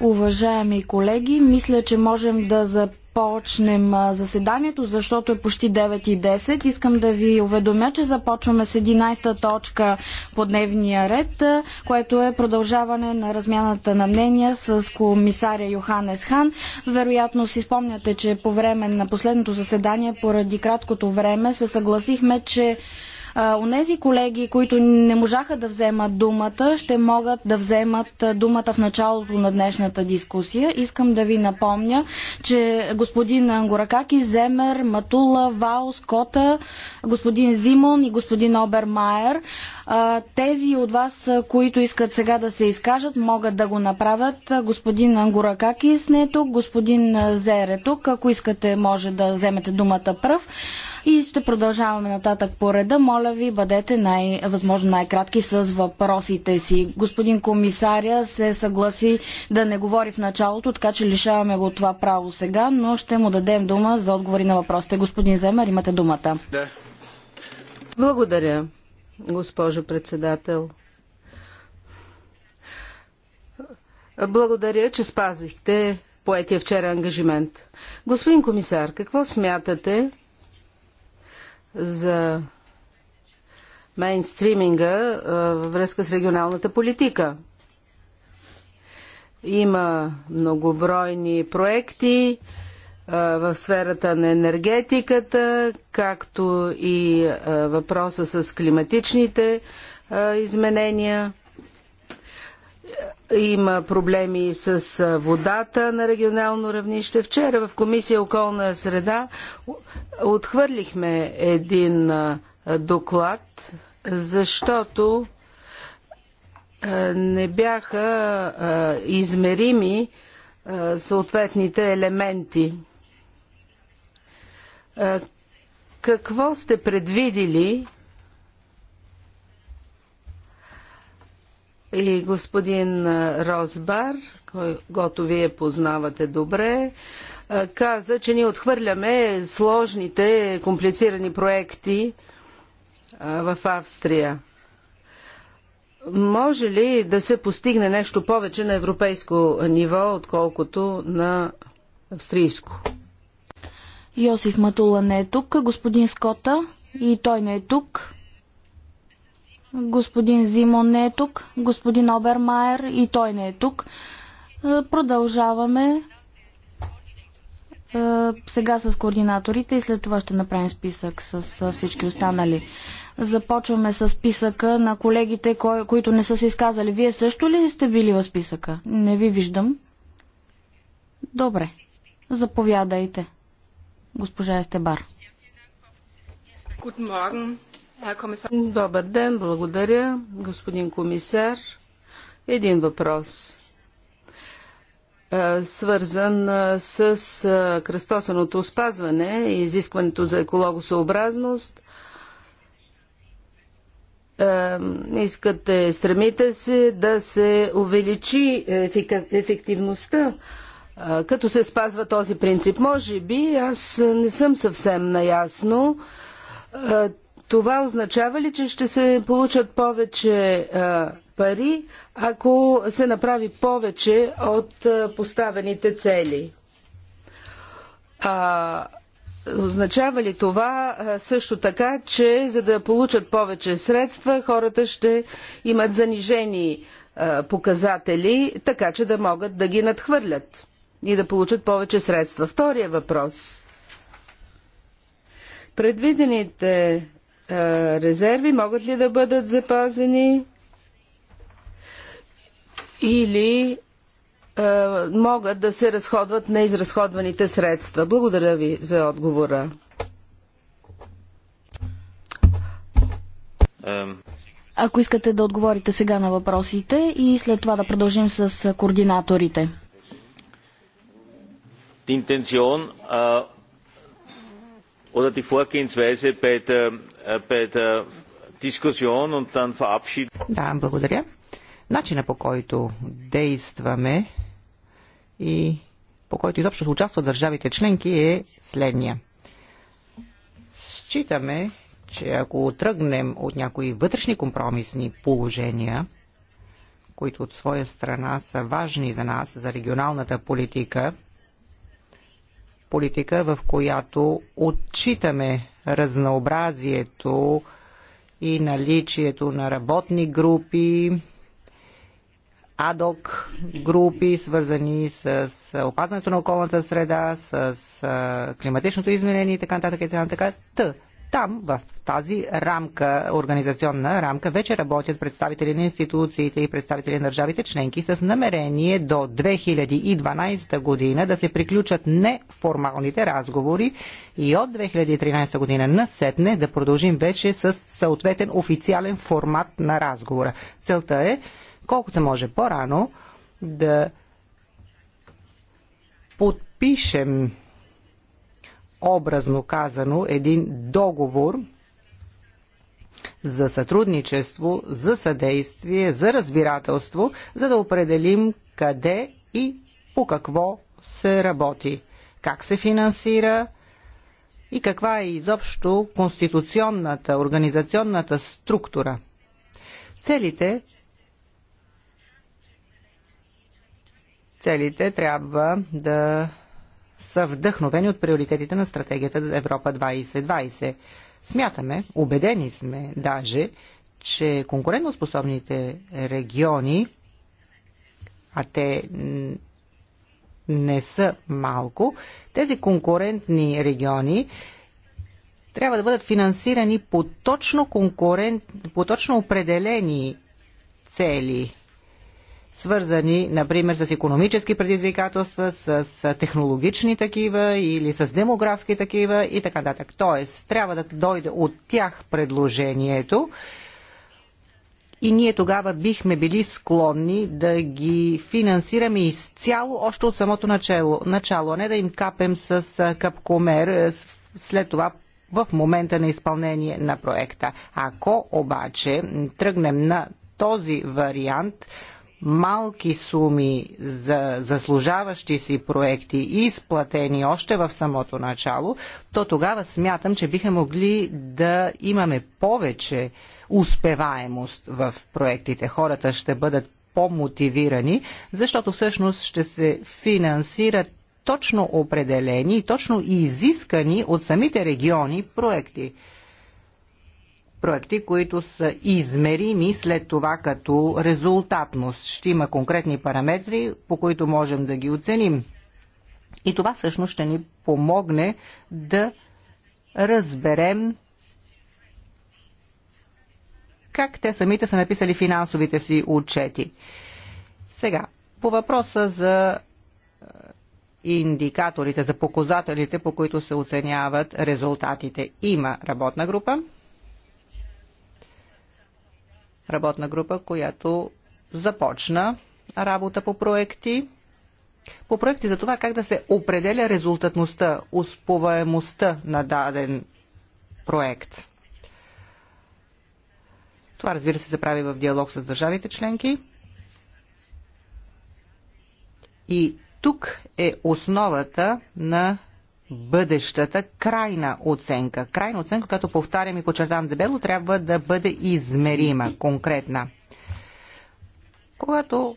Уважаеми колеги, мисля, че можем да започнем заседанието, защото е почти 9.10. Искам да ви уведомя, че започваме с 11-та точка по дневния ред, което е продължаване на размяната на мнения с комисаря Йоханес Хан. Вероятно си спомняте, че по време на последното заседание, поради краткото време, се съгласихме, че Онези колеги, които не можаха да вземат думата, ще могат да вземат думата в началото на днешната дискусия. Искам да ви напомня, че господин Ангоракаки, Земер, Матула, Ваус, Кота, господин Зимон и господин Обермайер, тези от вас, които искат сега да се изкажат, могат да го направят. Господин Ангуракакис не е тук, господин Зер е тук. Ако искате, може да вземете думата пръв и ще продължаваме нататък по реда. Моля ви, бъдете най- възможно най-кратки с въпросите си. Господин комисаря се съгласи да не говори в началото, така че лишаваме го от това право сега, но ще му дадем дума за отговори на въпросите. Господин Земер, имате думата. Да. Благодаря, госпожо председател. Благодаря, че спазихте поетия вчера ангажимент. Господин комисар, какво смятате за мейнстриминга във връзка с регионалната политика. Има многобройни проекти в сферата на енергетиката, както и въпроса с климатичните изменения. Има проблеми с водата на регионално равнище. Вчера в Комисия околна среда отхвърлихме един доклад, защото не бяха измерими съответните елементи. Какво сте предвидили и господин Розбар, който вие познавате добре, каза, че ние отхвърляме сложните, комплицирани проекти в Австрия. Може ли да се постигне нещо повече на европейско ниво, отколкото на австрийско? Йосиф Матула не е тук, господин Скота и той не е тук. Господин Зимон не е тук, господин Обермайер и той не е тук. Е, продължаваме е, сега с координаторите и след това ще направим списък с всички останали. Започваме с списъка на колегите, които не са се изказали. Вие също ли сте били в списъка? Не ви виждам. Добре. Заповядайте, госпожа Естебар. Добър ден, благодаря, господин комисар. Един въпрос, свързан с кръстосаното спазване и изискването за екологосъобразност. Искате, стремите се да се увеличи ефективността като се спазва този принцип. Може би аз не съм съвсем наясно това означава ли, че ще се получат повече а, пари, ако се направи повече от а, поставените цели? А, означава ли това а, също така, че за да получат повече средства, хората ще имат занижени а, показатели, така че да могат да ги надхвърлят и да получат повече средства? Втория въпрос. Предвидените резерви могат ли да бъдат запазени или могат да се разходват неизразходваните средства? Благодаря ви за отговора. Ако искате да отговорите сега на въпросите и след това да продължим с координаторите. Интенцион, а, oder die Vorgehensweise bei der е, е, е, да, благодаря. Начина по който действаме и по който изобщо се участват държавите членки е следния. Считаме, че ако тръгнем от някои вътрешни компромисни положения, които от своя страна са важни за нас, за регионалната политика, политика, в която отчитаме разнообразието и наличието на работни групи, адок групи, свързани с опазването на околната среда, с климатичното изменение и така нататък и така нататък. Та, там, в тази рамка, организационна рамка, вече работят представители на институциите и представители на държавите членки с намерение до 2012 година да се приключат неформалните разговори и от 2013 година насетне да продължим вече с съответен официален формат на разговора. Целта е, колкото може по-рано, да подпишем образно казано, един договор за сътрудничество, за съдействие, за разбирателство, за да определим къде и по какво се работи, как се финансира и каква е изобщо конституционната, организационната структура. Целите целите трябва да са вдъхновени от приоритетите на стратегията Европа 2020. Смятаме, убедени сме даже, че конкурентоспособните региони, а те не са малко, тези конкурентни региони трябва да бъдат финансирани по точно, конкурент, по точно определени цели свързани, например, с економически предизвикателства, с технологични такива или с демографски такива и така нататък. Тоест, трябва да дойде от тях предложението и ние тогава бихме били склонни да ги финансираме изцяло още от самото начало, начало а не да им капем с капкомер след това в момента на изпълнение на проекта. Ако обаче тръгнем на този вариант, малки суми за заслужаващи си проекти, изплатени още в самото начало, то тогава смятам, че биха могли да имаме повече успеваемост в проектите. Хората ще бъдат по-мотивирани, защото всъщност ще се финансират точно определени и точно изискани от самите региони проекти проекти, които са измерими след това като резултатност. Ще има конкретни параметри, по които можем да ги оценим. И това всъщност ще ни помогне да разберем как те самите са написали финансовите си отчети. Сега, по въпроса за е, индикаторите, за показателите, по които се оценяват резултатите. Има работна група, работна група, която започна работа по проекти. По проекти за това как да се определя резултатността, успеваемостта на даден проект. Това разбира се се прави в диалог с държавите членки. И тук е основата на бъдещата крайна оценка. Крайна оценка, като повтарям и подчертавам дебело, трябва да бъде измерима, конкретна. Когато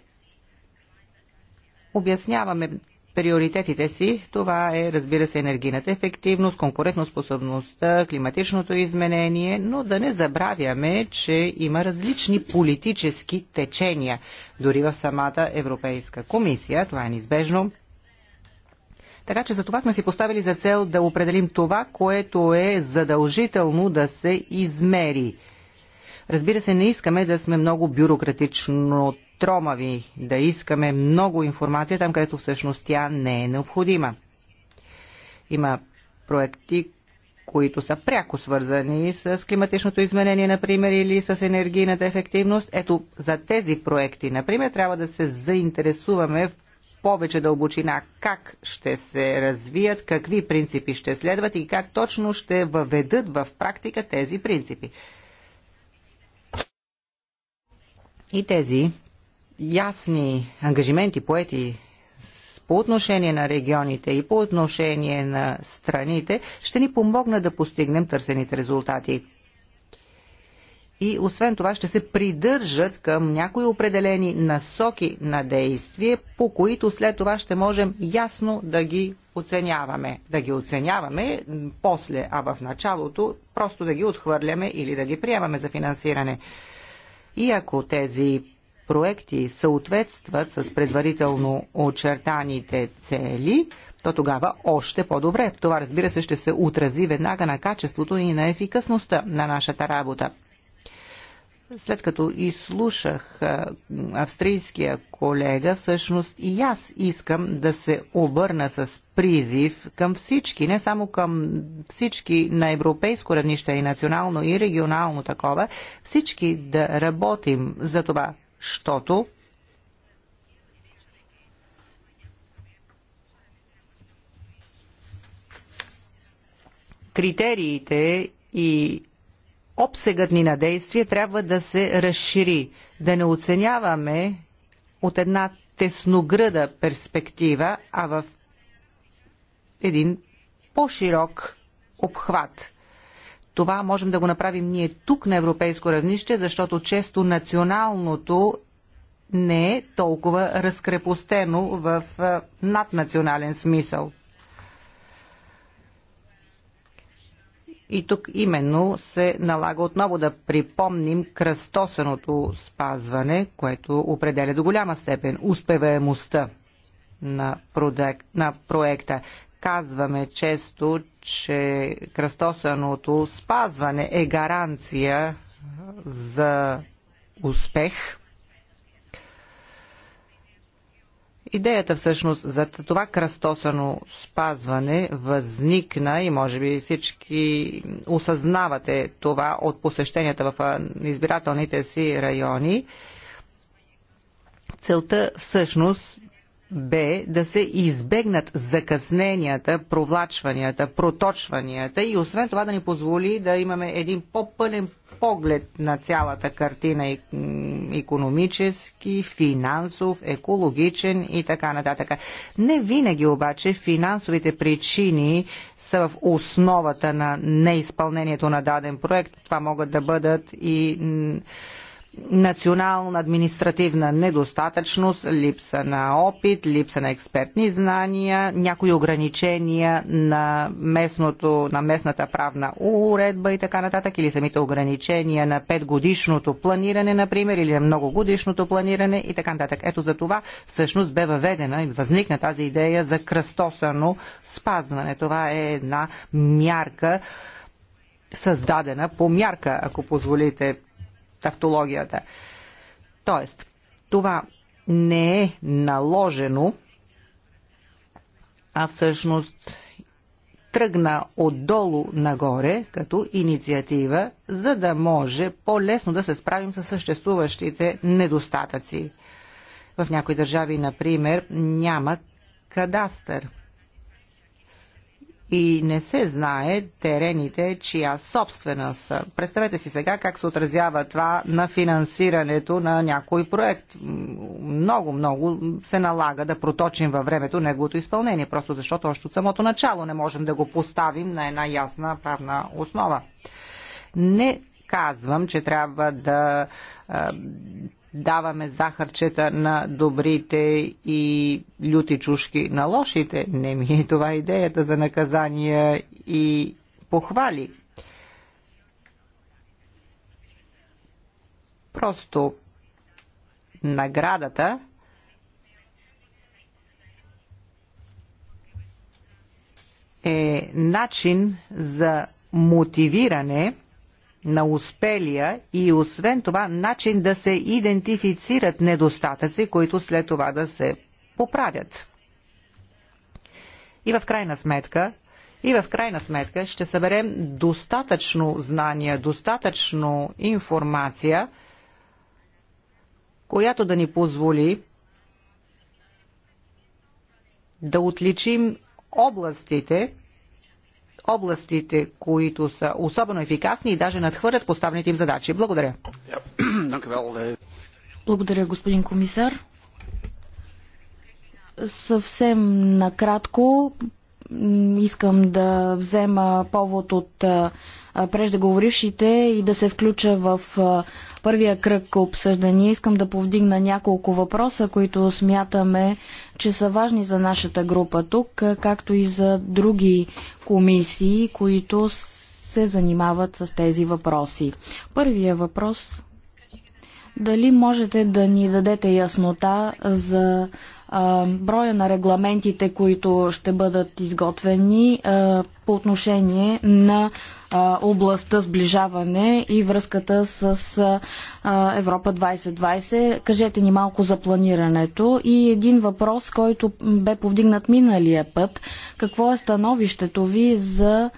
обясняваме приоритетите си, това е, разбира се, енергийната ефективност, конкурентоспособността, климатичното изменение, но да не забравяме, че има различни политически течения. Дори в самата Европейска комисия, това е неизбежно, така че за това сме си поставили за цел да определим това, което е задължително да се измери. Разбира се, не искаме да сме много бюрократично тромави, да искаме много информация там, където всъщност тя не е необходима. Има проекти, които са пряко свързани с климатичното изменение, например, или с енергийната ефективност. Ето, за тези проекти, например, трябва да се заинтересуваме в повече дълбочина как ще се развият, какви принципи ще следват и как точно ще въведат в практика тези принципи. И тези ясни ангажименти, поети по отношение на регионите и по отношение на страните, ще ни помогна да постигнем търсените резултати и освен това ще се придържат към някои определени насоки на действие, по които след това ще можем ясно да ги оценяваме. Да ги оценяваме после, а в началото просто да ги отхвърляме или да ги приемаме за финансиране. И ако тези проекти съответстват с предварително очертаните цели, то тогава още по-добре. Това разбира се ще се отрази веднага на качеството и на ефикасността на нашата работа. След като изслушах австрийския колега, всъщност и аз искам да се обърна с призив към всички, не само към всички на европейско равнище и национално и регионално такова, всички да работим за това, защото критериите и обсегът ни на действие трябва да се разшири, да не оценяваме от една тесногръда перспектива, а в един по-широк обхват. Това можем да го направим ние тук на европейско равнище, защото често националното не е толкова разкрепостено в наднационален смисъл. И тук именно се налага отново да припомним кръстосаното спазване, което определя до голяма степен успеваемостта на, на проекта. Казваме често, че кръстосаното спазване е гаранция за успех Идеята всъщност за това кръстосано спазване възникна и може би всички осъзнавате това от посещенията в избирателните си райони. Целта всъщност бе да се избегнат закъсненията, провлачванията, проточванията и освен това да ни позволи да имаме един по-пълен поглед на цялата картина економически, финансов, екологичен и така нататък. Не винаги обаче финансовите причини са в основата на неизпълнението на даден проект. Това могат да бъдат и национална административна недостатъчност, липса на опит, липса на експертни знания, някои ограничения на, местното, на местната правна уредба и така нататък, или самите ограничения на петгодишното планиране, например, или на многогодишното планиране и така нататък. Ето за това всъщност бе въведена и възникна тази идея за кръстосано спазване. Това е една мярка, създадена по мярка, ако позволите тавтологията. Тоест, това не е наложено, а всъщност тръгна отдолу нагоре като инициатива, за да може по-лесно да се справим с съществуващите недостатъци. В някои държави, например, няма кадастър и не се знае терените, чия собственост. са. Представете си сега как се отразява това на финансирането на някой проект. Много, много се налага да проточим във времето неговото изпълнение, просто защото още от самото начало не можем да го поставим на една ясна правна основа. Не казвам, че трябва да даваме захарчета на добрите и люти чушки на лошите. Не ми е това идеята за наказания и похвали. Просто наградата е начин за мотивиране – на успелия и освен това начин да се идентифицират недостатъци, които след това да се поправят. И в крайна сметка, и в крайна сметка ще съберем достатъчно знания, достатъчно информация, която да ни позволи да отличим областите, областите, които са особено ефикасни и даже надхвърлят поставените им задачи. Благодаря. Благодаря, господин комисар съвсем накратко искам да взема повод от преждеговорившите и да се включа в първия кръг обсъждания. Искам да повдигна няколко въпроса, които смятаме, че са важни за нашата група тук, както и за други комисии, които се занимават с тези въпроси. Първия въпрос дали можете да ни дадете яснота за броя на регламентите, които ще бъдат изготвени по отношение на областта сближаване и връзката с Европа 2020. Кажете ни малко за планирането и един въпрос, който бе повдигнат миналия път. Какво е становището ви за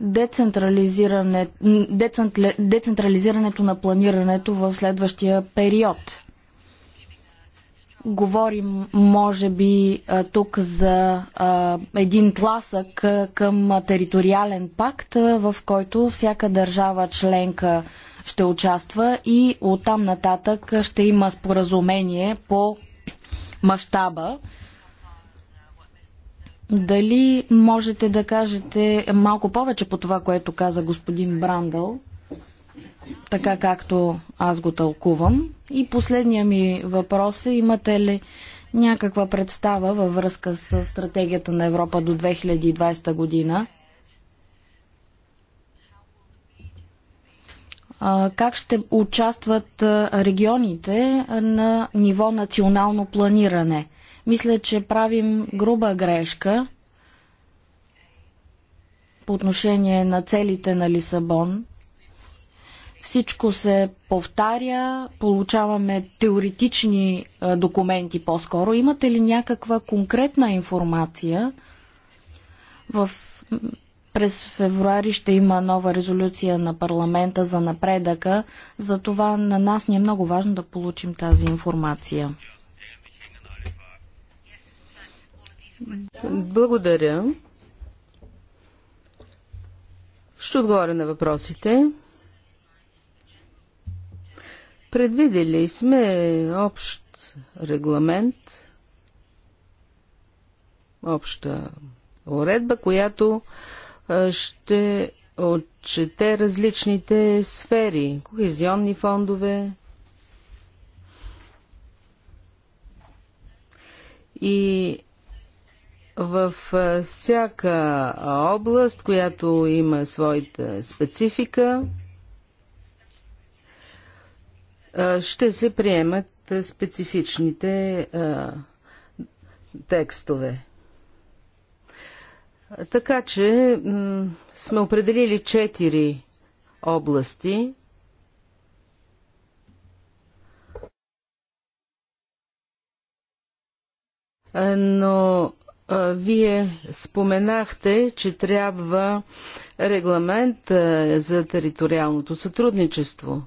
децентрализиране, децентрализирането на планирането в следващия период? Говорим, може би, тук за един тласък към териториален пакт, в който всяка държава членка ще участва и оттам нататък ще има споразумение по мащаба. Дали можете да кажете малко повече по това, което каза господин Брандъл? така както аз го тълкувам. И последния ми въпрос е, имате ли някаква представа във връзка с стратегията на Европа до 2020 година? Как ще участват регионите на ниво национално планиране? Мисля, че правим груба грешка по отношение на целите на Лисабон – всичко се повтаря, получаваме теоретични документи по-скоро. Имате ли някаква конкретна информация? В... През февруари ще има нова резолюция на парламента за напредъка. Затова на нас ни е много важно да получим тази информация. Благодаря. Ще отговоря на въпросите. Предвидели сме общ регламент, обща уредба, която ще отчете различните сфери, кохезионни фондове и в всяка област, която има своята специфика, ще се приемат специфичните текстове. Така че сме определили четири области. Но а, вие споменахте, че трябва регламент а, за териториалното сътрудничество.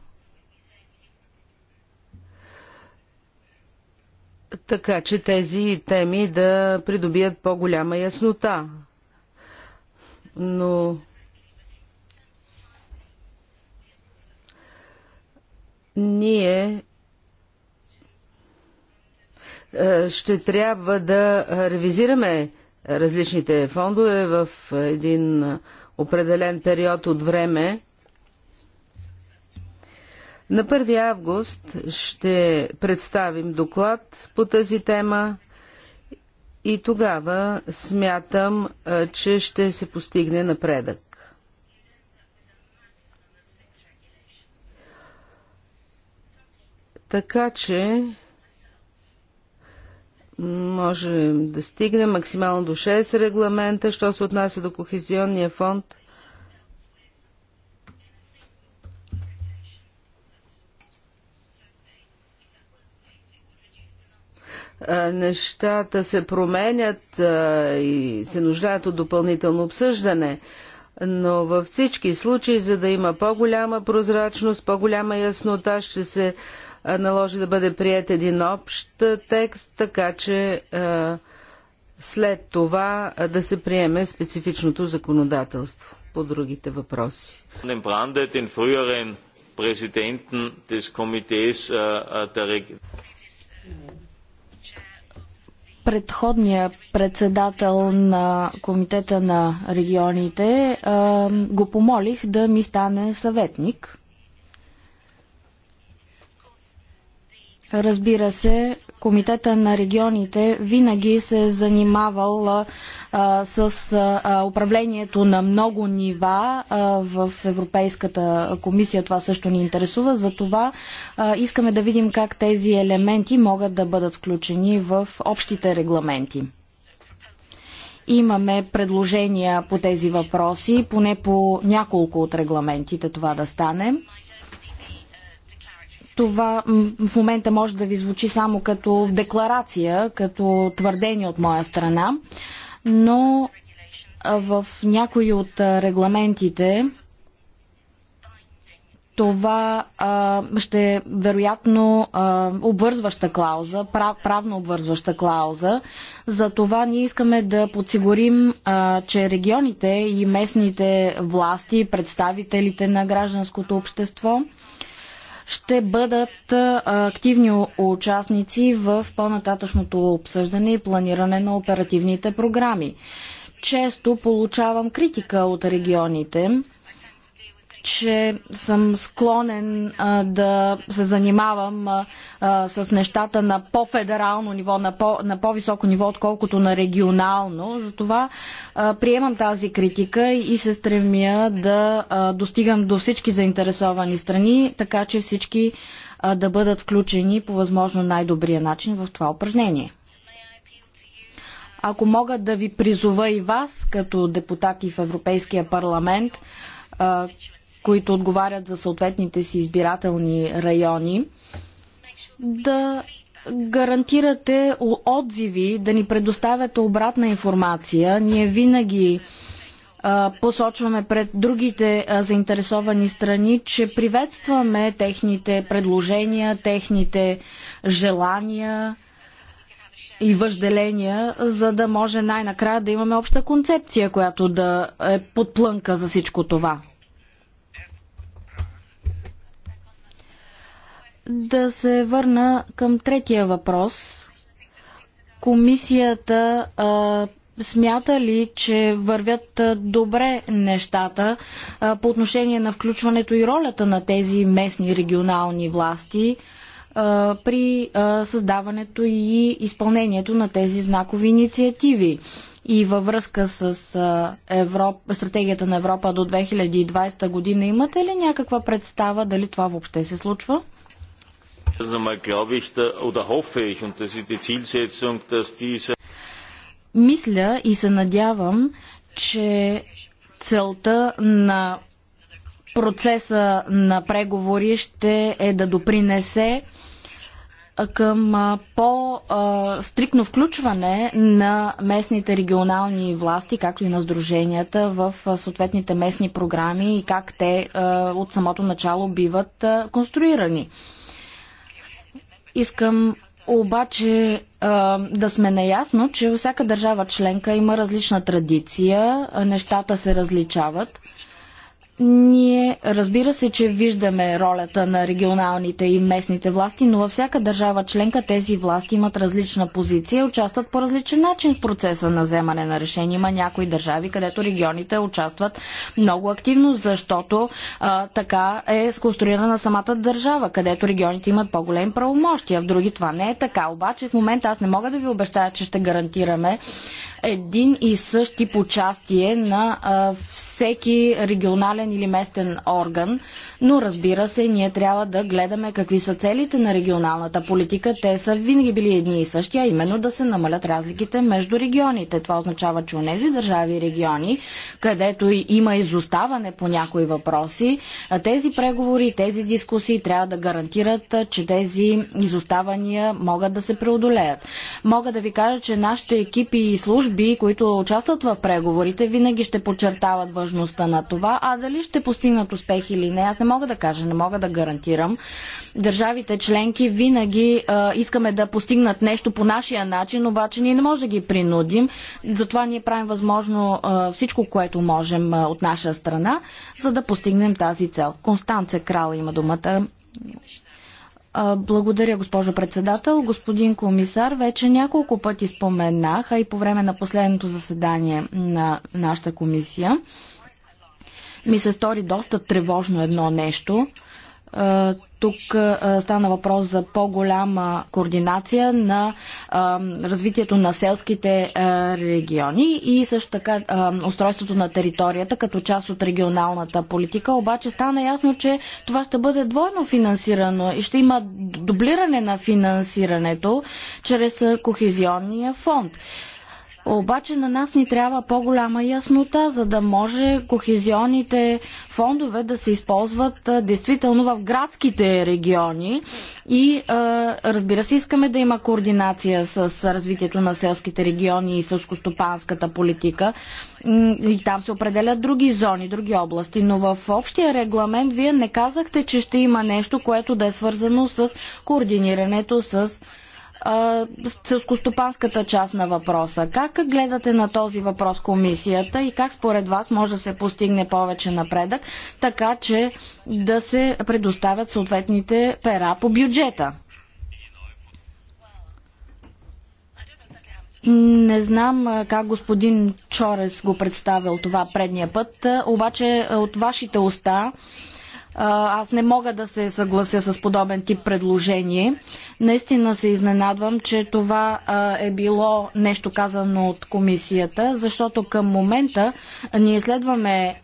така че тези теми да придобият по-голяма яснота. Но ние е, ще трябва да ревизираме различните фондове в един определен период от време на 1 август ще представим доклад по тази тема и тогава смятам, че ще се постигне напредък. Така че можем да стигнем максимално до 6 регламента, що се отнася до Кохезионния фонд. нещата се променят и се нуждаят от допълнително обсъждане. Но във всички случаи, за да има по-голяма прозрачност, по-голяма яснота, ще се наложи да бъде прият един общ текст, така че след това да се приеме специфичното законодателство по другите въпроси предходния председател на Комитета на регионите го помолих да ми стане съветник. Разбира се, Комитета на регионите винаги се е занимавал а, с а, управлението на много нива а, в Европейската комисия. Това също ни интересува. Затова а, искаме да видим как тези елементи могат да бъдат включени в общите регламенти имаме предложения по тези въпроси, поне по няколко от регламентите това да стане. Това в момента може да ви звучи само като декларация, като твърдение от моя страна, но в някои от регламентите това а, ще е вероятно а, обвързваща клауза, прав, правно обвързваща клауза. За това ние искаме да подсигурим, а, че регионите и местните власти, представителите на гражданското общество, ще бъдат активни участници в по-нататъчното обсъждане и планиране на оперативните програми. Често получавам критика от регионите, че съм склонен а, да се занимавам а, а, с нещата на по-федерално ниво, на, по, на по-високо ниво, отколкото на регионално. Затова а, приемам тази критика и се стремя да а, достигам до всички заинтересовани страни, така че всички а, да бъдат включени по възможно най-добрия начин в това упражнение. Ако мога да ви призова и вас, като депутати в Европейския парламент, които отговарят за съответните си избирателни райони, да гарантирате отзиви, да ни предоставяте обратна информация. Ние винаги а, посочваме пред другите а, заинтересовани страни, че приветстваме техните предложения, техните желания и въжделения, за да може най-накрая да имаме обща концепция, която да е подплънка за всичко това. да се върна към третия въпрос. Комисията а, смята ли, че вървят добре нещата а, по отношение на включването и ролята на тези местни регионални власти а, при а, създаването и изпълнението на тези знакови инициативи? и във връзка с Европа, стратегията на Европа до 2020 година. Имате ли някаква представа дали това въобще се случва? Мисля и се надявам, че целта на процеса на преговори ще е да допринесе към по-стрикно включване на местните регионални власти, както и на сдруженията в съответните местни програми и как те от самото начало биват конструирани. Искам обаче да сме наясно, че всяка държава членка има различна традиция, нещата се различават. Ние, разбира се, че виждаме ролята на регионалните и местните власти, но във всяка държава членка тези власти имат различна позиция и участват по различен начин в процеса на вземане на решения. Има някои държави, където регионите участват много активно, защото а, така е сконструирана самата държава, където регионите имат по-големи правомощия. В други това не е така. Обаче в момента аз не мога да ви обещая, че ще гарантираме един и същи почастие на а, всеки регионален централен или местен орган, но разбира се, ние трябва да гледаме какви са целите на регионалната политика. Те са винаги били едни и същи, а именно да се намалят разликите между регионите. Това означава, че у нези държави и региони, където има изоставане по някои въпроси, тези преговори, тези дискусии трябва да гарантират, че тези изоставания могат да се преодолеят. Мога да ви кажа, че нашите екипи и служби, които участват в преговорите, винаги ще подчертават важността на това, а дали дали ще постигнат успех или не, аз не мога да кажа, не мога да гарантирам. Държавите членки винаги а, искаме да постигнат нещо по нашия начин, обаче ние не може да ги принудим. Затова ние правим възможно а, всичко, което можем а, от наша страна, за да постигнем тази цел. Констанция Крала има думата. Благодаря, госпожо председател. Господин комисар, вече няколко пъти споменаха и по време на последното заседание на нашата комисия, ми се стори доста тревожно едно нещо. Тук стана въпрос за по-голяма координация на развитието на селските региони и също така устройството на територията като част от регионалната политика. Обаче стана ясно, че това ще бъде двойно финансирано и ще има дублиране на финансирането чрез Кохезионния фонд. Обаче на нас ни трябва по-голяма яснота, за да може кохезионните фондове да се използват действително в градските региони и разбира се, искаме да има координация с развитието на селските региони и селскостопанската политика. И там се определят други зони, други области, но в общия регламент вие не казахте, че ще има нещо, което да е свързано с координирането с селскостопанската част на въпроса. Как гледате на този въпрос комисията и как според вас може да се постигне повече напредък, така че да се предоставят съответните пера по бюджета? Не знам как господин Чорес го представил това предния път, обаче от вашите уста аз не мога да се съглася с подобен тип предложение. Наистина се изненадвам, че това е било нещо казано от комисията, защото към момента ние следваме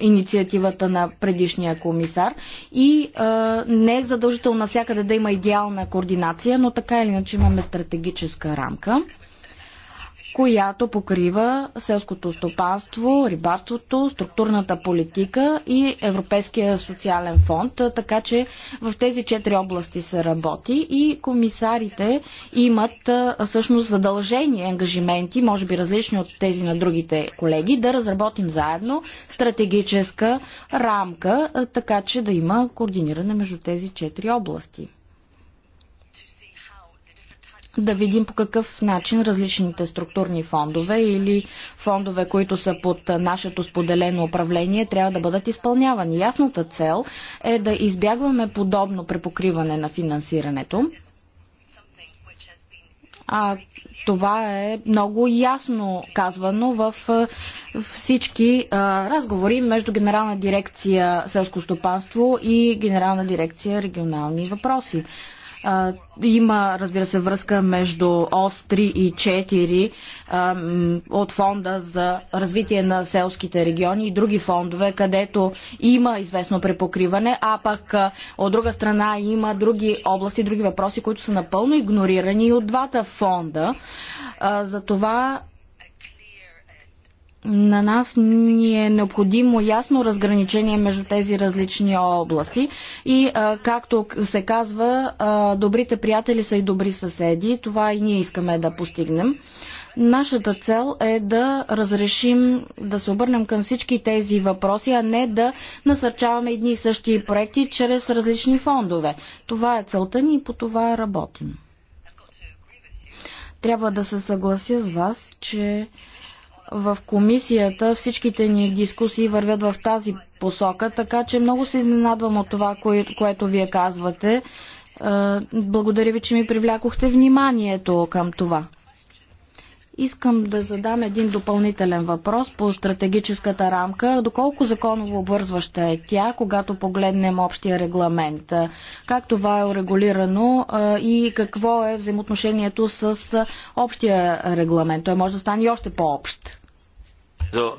инициативата на предишния комисар и не е задължително навсякъде да има идеална координация, но така или иначе имаме стратегическа рамка която покрива селското стопанство, рибарството, структурната политика и Европейския социален фонд. Така че в тези четири области се работи и комисарите имат всъщност задължения, ангажименти, може би различни от тези на другите колеги, да разработим заедно стратегическа рамка, така че да има координиране между тези четири области да видим по какъв начин различните структурни фондове или фондове, които са под нашето споделено управление, трябва да бъдат изпълнявани. Ясната цел е да избягваме подобно препокриване на финансирането. А това е много ясно казвано в всички разговори между Генерална дирекция селско стопанство и Генерална дирекция регионални въпроси. А, има, разбира се, връзка между ОС 3 и 4 а, от фонда за развитие на селските региони и други фондове, където има известно препокриване, а пък а, от друга страна има други области, други въпроси, които са напълно игнорирани от двата фонда. А, това на нас ни е необходимо ясно разграничение между тези различни области и, а, както се казва, а, добрите приятели са и добри съседи. Това и ние искаме да постигнем. Нашата цел е да разрешим, да се обърнем към всички тези въпроси, а не да насърчаваме едни и същи проекти чрез различни фондове. Това е целта ни и по това работим. Трябва да се съглася с вас, че в комисията всичките ни дискусии вървят в тази посока, така че много се изненадвам от това, кое, което вие казвате. Е, благодаря ви, че ми привлякохте вниманието към това. Искам да задам един допълнителен въпрос по стратегическата рамка. Доколко законово обвързваща е тя, когато погледнем общия регламент? Как това е урегулирано е, и какво е взаимоотношението с общия регламент? Той може да стане и още по-общ. Also,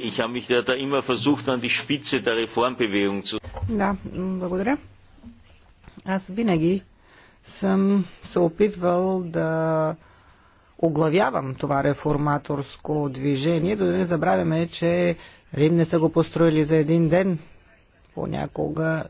äh, ich habe mich da, da immer versucht, an die Spitze der Reformbewegung zu... Да, благодаря. Аз винаги съм се опитвал да оглавявам това реформаторско движение. Да не забравяме, че Рим не са го построили за един ден. Понякога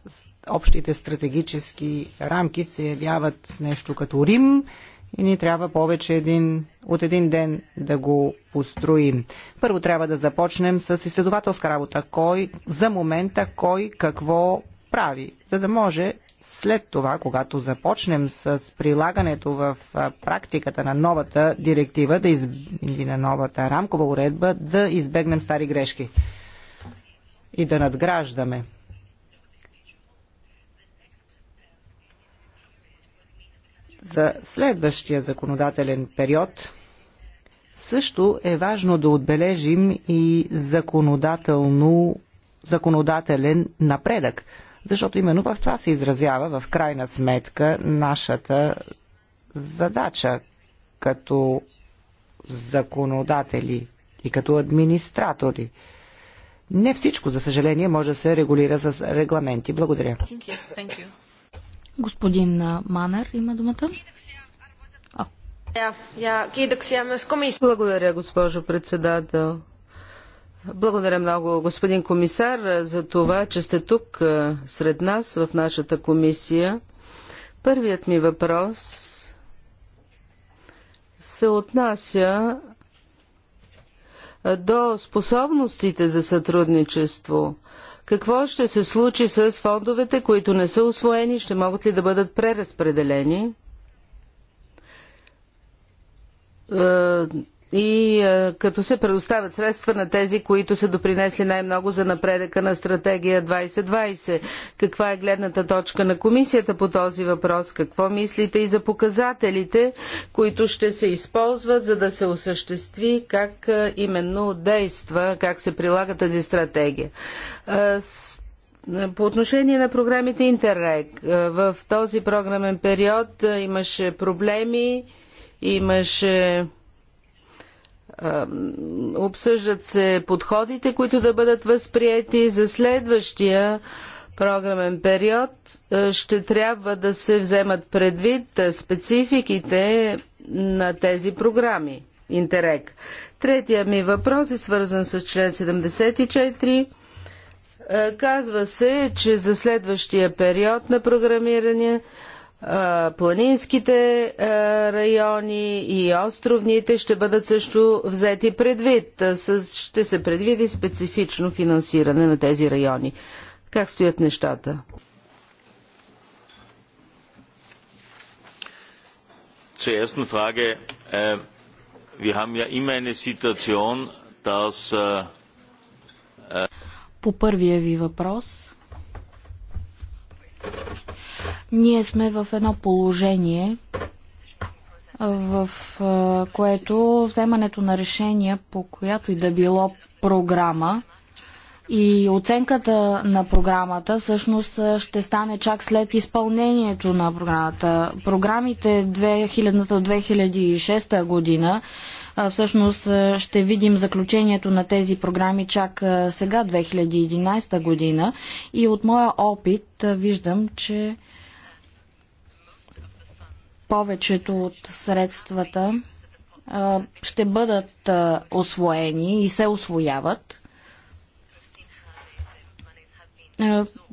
общите стратегически рамки се явяват нещо като Рим – и ни трябва повече един, от един ден да го построим. Първо трябва да започнем с изследователска работа. Кой за момента, кой какво прави, за да може след това, когато започнем с прилагането в практиката на новата директива да из... или на новата рамкова уредба, да избегнем стари грешки и да надграждаме. за следващия законодателен период, също е важно да отбележим и законодателно, законодателен напредък, защото именно в това се изразява в крайна сметка нашата задача като законодатели и като администратори. Не всичко, за съжаление, може да се регулира с регламенти. Благодаря. Господин Манер има думата. Благодаря, госпожо председател. Благодаря много, господин комисар, за това, че сте тук сред нас в нашата комисия. Първият ми въпрос се отнася до способностите за сътрудничество какво ще се случи с фондовете, които не са освоени? Ще могат ли да бъдат преразпределени? Е, и е, като се предоставят средства на тези, които са допринесли най-много за напредъка на стратегия 2020. Каква е гледната точка на комисията по този въпрос? Какво мислите и за показателите, които ще се използват, за да се осъществи как е, именно действа, как се прилага тази стратегия? Е, с... По отношение на програмите Интеррег, в този програмен период имаше проблеми, имаше Обсъждат се подходите, които да бъдат възприяти за следващия програмен период. Е, ще трябва да се вземат предвид е, спецификите на тези програми. Интерек. Третия ми въпрос е свързан с член 74. Е, казва се, че за следващия период на програмиране планинските райони и островните ще бъдат също взети предвид. Ще се предвиди специфично финансиране на тези райони. Как стоят нещата? Zur ersten Frage. Äh, wir haben ja immer eine Situation, dass. Äh, äh, По първия ви въпрос ние сме в едно положение, в което вземането на решения по която и да било програма и оценката на програмата всъщност ще стане чак след изпълнението на програмата. Програмите 2000-2006 година Всъщност ще видим заключението на тези програми чак сега, 2011 година. И от моя опит виждам, че повечето от средствата ще бъдат освоени и се освояват.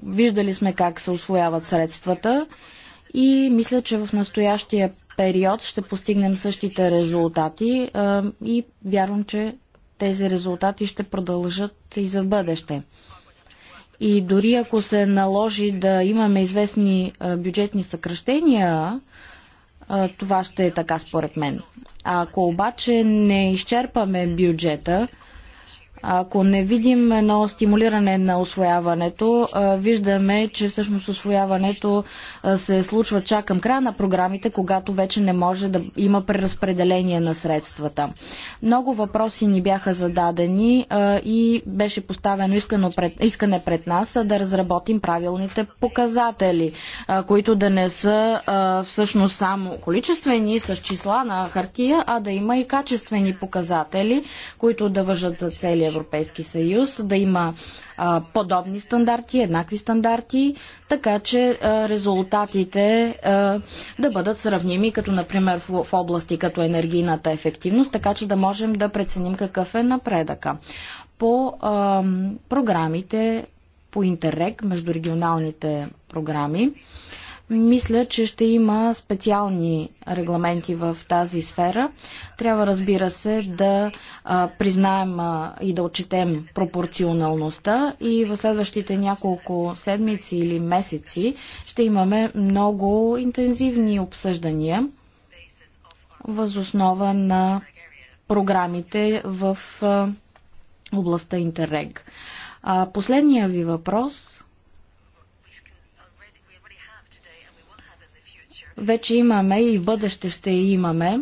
Виждали сме как се освояват средствата и мисля, че в настоящия период ще постигнем същите резултати и вярвам, че тези резултати ще продължат и за бъдеще. И дори ако се наложи да имаме известни бюджетни съкръщения, това ще е така според мен. ако обаче не изчерпаме бюджета, ако не видим едно стимулиране на освояването, виждаме, че всъщност освояването се случва чак към края на програмите, когато вече не може да има преразпределение на средствата. Много въпроси ни бяха зададени и беше поставено искане пред нас да разработим правилните показатели, които да не са всъщност само количествени с числа на хартия, а да има и качествени показатели, които да въжат за целия Европейски съюз, да има а, подобни стандарти, еднакви стандарти, така че а, резултатите а, да бъдат сравними, като например в, в области като енергийната ефективност, така че да можем да преценим какъв е напредъка. По а, програмите по между регионалните програми, а, мисля, че ще има специални регламенти в тази сфера. Трябва, разбира се, да а, признаем а, и да отчетем пропорционалността и в следващите няколко седмици или месеци ще имаме много интензивни обсъждания възоснова на програмите в а, областта Интеррег. Последния ви въпрос Вече имаме и в бъдеще ще имаме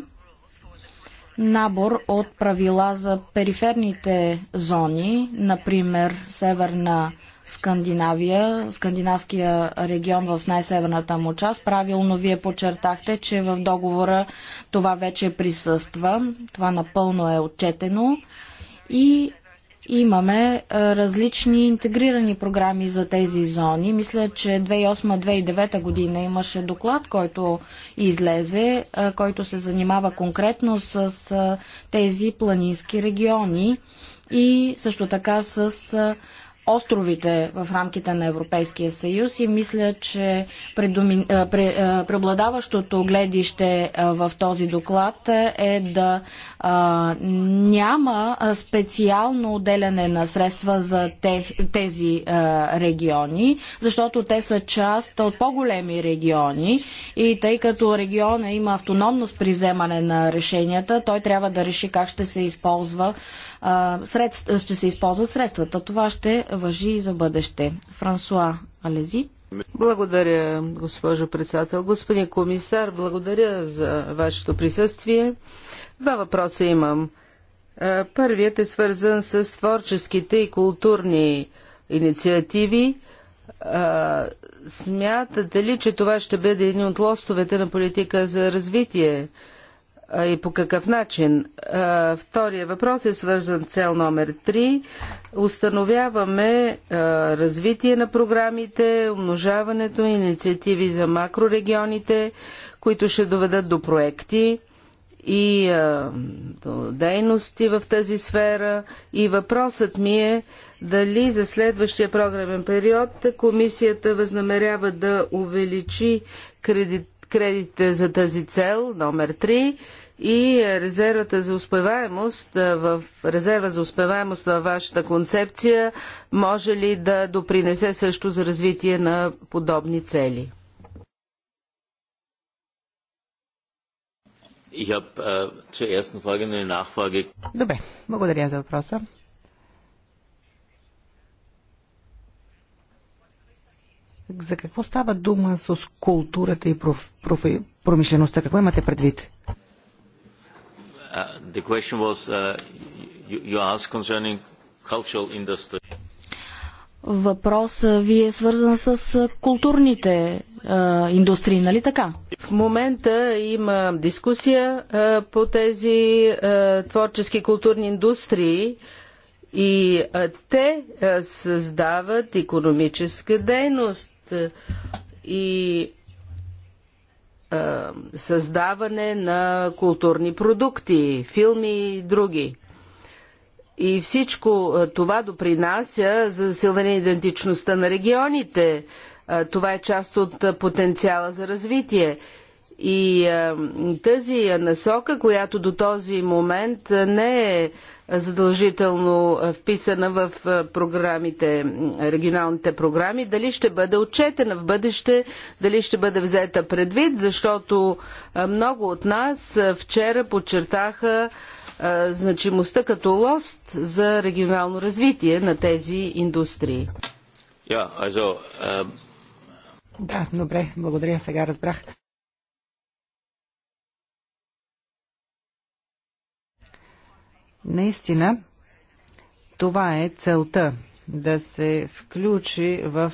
набор от правила за периферните зони, например Северна Скандинавия, скандинавския регион в най-северната му част. Правилно вие подчертахте, че в договора това вече присъства. Това напълно е отчетено. И имаме различни интегрирани програми за тези зони. Мисля, че 2008-2009 година имаше доклад, който излезе, който се занимава конкретно с тези планински региони и също така с островите в рамките на Европейския съюз и мисля, че пре... преобладаващото гледище в този доклад е да а, няма специално отделяне на средства за тех... тези а, региони, защото те са част от по-големи региони и тъй като региона има автономност при вземане на решенията, той трябва да реши как ще се използва средств, ще се използват средствата. Това ще въжи и за бъдеще. Франсуа Алези. Благодаря, госпожо председател. Господин комисар, благодаря за вашето присъствие. Два въпроса имам. Първият е свързан с творческите и културни инициативи. Смятате ли, че това ще бъде един от лостовете на политика за развитие? и по какъв начин? Втория въпрос е свързан цел номер 3. Установяваме развитие на програмите, умножаването, инициативи за макрорегионите, които ще доведат до проекти и до дейности в тази сфера. И въпросът ми е дали за следващия програмен период комисията възнамерява да увеличи кредит кредитите за тази цел, номер 3, и резервата за успеваемост в резерва за успеваемост във вашата концепция може ли да допринесе също за развитие на подобни цели? Äh, Добре, благодаря за въпроса. за какво става дума с културата и проф, проф, промишлеността? Какво имате предвид? Uh, uh Въпрос ви е свързан с културните а, индустрии, нали така? В момента има дискусия а, по тези а, творчески културни индустрии и а, те а, създават економическа дейност и създаване на културни продукти, филми и други. И всичко това допринася за засилване идентичността на регионите. Това е част от потенциала за развитие. И тази насока, която до този момент не е задължително е, вписана в е, програмите, регионалните програми, дали ще бъде отчетена в бъдеще, дали ще бъде взета предвид, защото е, много от нас вчера подчертаха значимостта като лост за регионално развитие на тези индустрии. Uh, да, добре, благодаря, сега разбрах. Наистина, това е целта да се включи в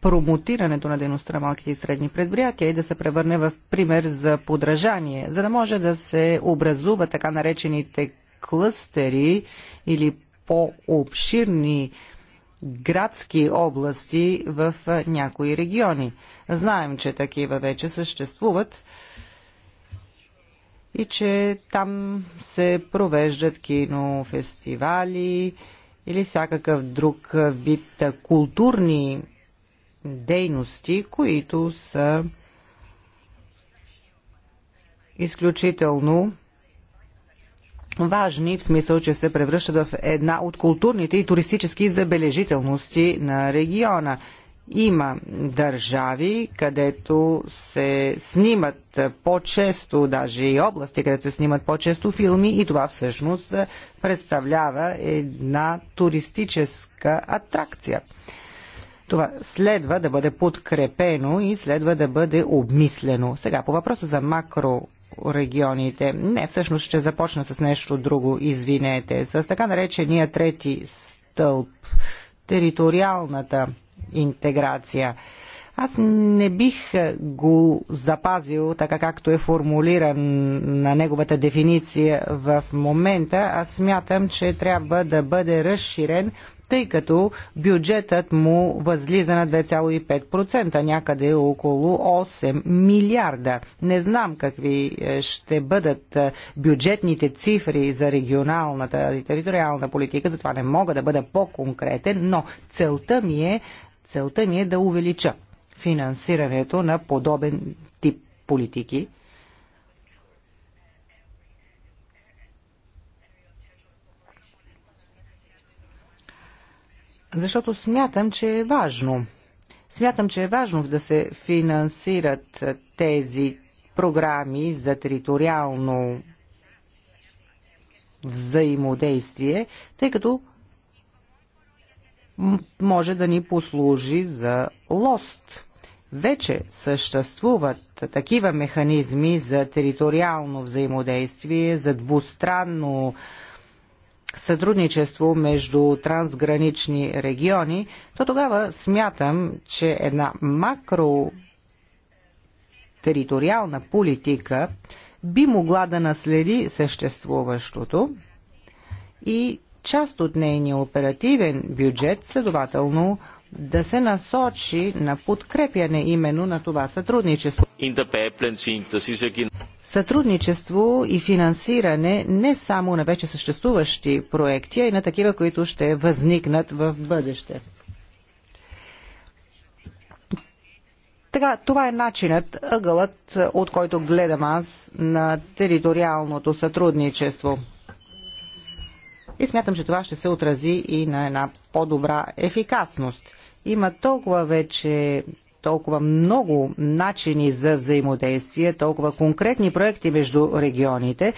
промотирането на дейността на малките и средни предприятия и да се превърне в пример за подражание, за да може да се образува така наречените клъстери или по-обширни градски области в някои региони. Знаем, че такива вече съществуват и че там се провеждат кинофестивали или всякакъв друг вид културни дейности, които са изключително важни, в смисъл, че се превръщат в една от културните и туристически забележителности на региона. Има държави, където се снимат по-често, даже и области, където се снимат по-често филми и това всъщност представлява една туристическа атракция. Това следва да бъде подкрепено и следва да бъде обмислено. Сега по въпроса за макро регионите. Не, всъщност ще започна с нещо друго, извинете. С така наречения трети стълб, териториалната интеграция. Аз не бих го запазил така както е формулиран на неговата дефиниция в момента. Аз смятам, че трябва да бъде разширен тъй като бюджетът му възлиза на 2,5%, някъде около 8 милиарда. Не знам какви е, ще бъдат е, бюджетните цифри за регионалната и териториална политика, затова не мога да бъда по-конкретен, но целта ми е Целта ми е да увелича финансирането на подобен тип политики. Защото смятам, че е важно. Смятам, че е важно да се финансират тези програми за териториално взаимодействие, тъй като може да ни послужи за лост. Вече съществуват такива механизми за териториално взаимодействие, за двустранно сътрудничество между трансгранични региони, то тогава смятам, че една макро териториална политика би могла да наследи съществуващото и част от нейния оперативен бюджет, следователно да се насочи на подкрепяне именно на това сътрудничество. Сътрудничество и финансиране не само на вече съществуващи проекти, а и на такива, които ще възникнат в бъдеще. Така, това е начинът, ъгълът, от който гледам аз на териториалното сътрудничество. И смятам, че това ще се отрази и на една по-добра ефикасност. Има толкова вече толкова много начини за взаимодействие, толкова конкретни проекти между регионите,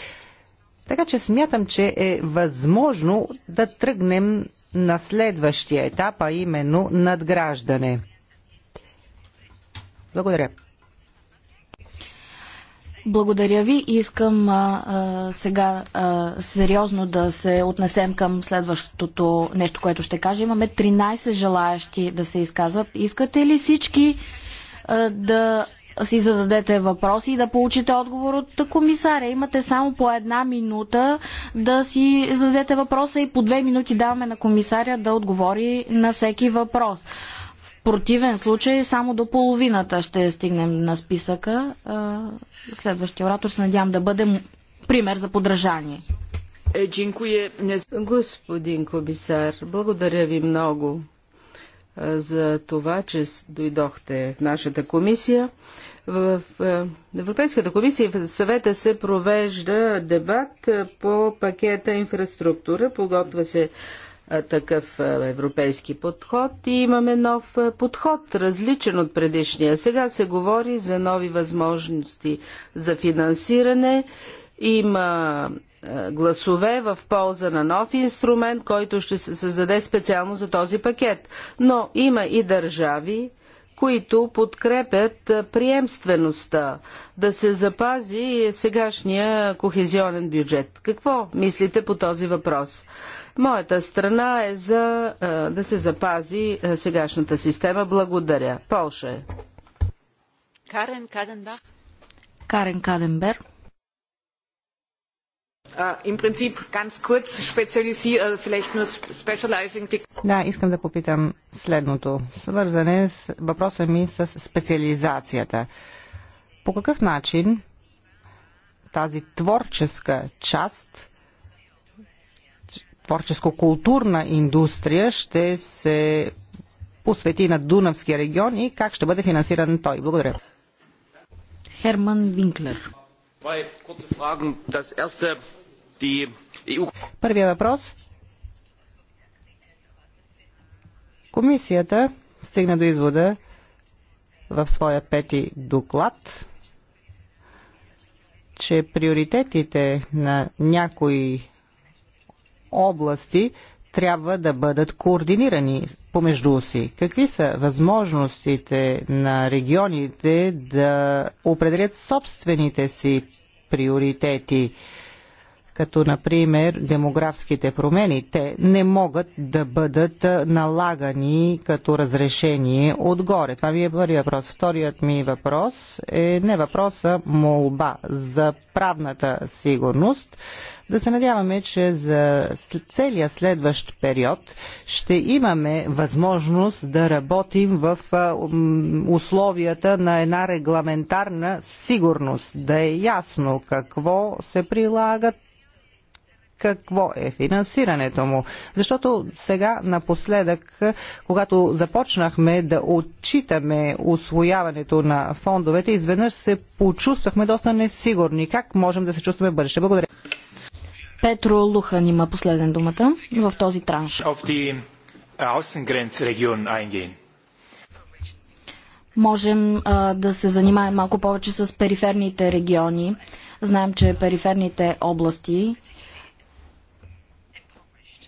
така че смятам, че е възможно да тръгнем на следващия етап, а именно надграждане. Благодаря. Благодаря ви. Искам а, а, сега а, сериозно да се отнесем към следващото нещо, което ще кажа. Имаме 13 желаящи да се изказват. Искате ли всички а, да си зададете въпроси и да получите отговор от комисаря. Имате само по една минута да си зададете въпроса и по две минути даваме на комисаря да отговори на всеки въпрос противен случай само до половината ще стигнем на списъка. Следващия оратор се надявам да бъде пример за подражание. Е, Господин комисар, благодаря ви много за това, че дойдохте в нашата комисия. В Европейската комисия и в съвета се провежда дебат по пакета инфраструктура. Подготвя се такъв европейски подход и имаме нов подход, различен от предишния. Сега се говори за нови възможности за финансиране. Има гласове в полза на нов инструмент, който ще се създаде специално за този пакет. Но има и държави, които подкрепят приемствеността да се запази сегашния кохезионен бюджет. Какво мислите по този въпрос? Моята страна е за да се запази сегашната система. Благодаря. Полша е. Карен Каденбах. Карен Каденберг. Äh, Im ganz kurz, äh, vielleicht nur specializing. Да, искам да попитам следното. Свързане с въпроса ми с специализацията. По какъв начин тази творческа част, творческо-културна индустрия ще се посвети на Дунавския регион и как ще бъде финансиран той? Благодаря. Херман Винклер. E Първият въпрос. Комисията стигна до извода в своя пети доклад, че приоритетите на някои области трябва да бъдат координирани помежду си. Какви са възможностите на регионите да определят собствените си приоритети, като например демографските промени. Те не могат да бъдат налагани като разрешение отгоре. Това ми е първият въпрос. Вторият ми въпрос е не въпроса, молба за правната сигурност да се надяваме, че за целия следващ период ще имаме възможност да работим в условията на една регламентарна сигурност. Да е ясно какво се прилага, какво е финансирането му. Защото сега напоследък, когато започнахме да отчитаме освояването на фондовете, изведнъж се почувствахме доста несигурни. Как можем да се чувстваме бъдеще? Благодаря. Петро Лухан има последен думата в този транш. Uh, Можем а, да се занимаем малко повече с периферните региони. Знаем, че периферните области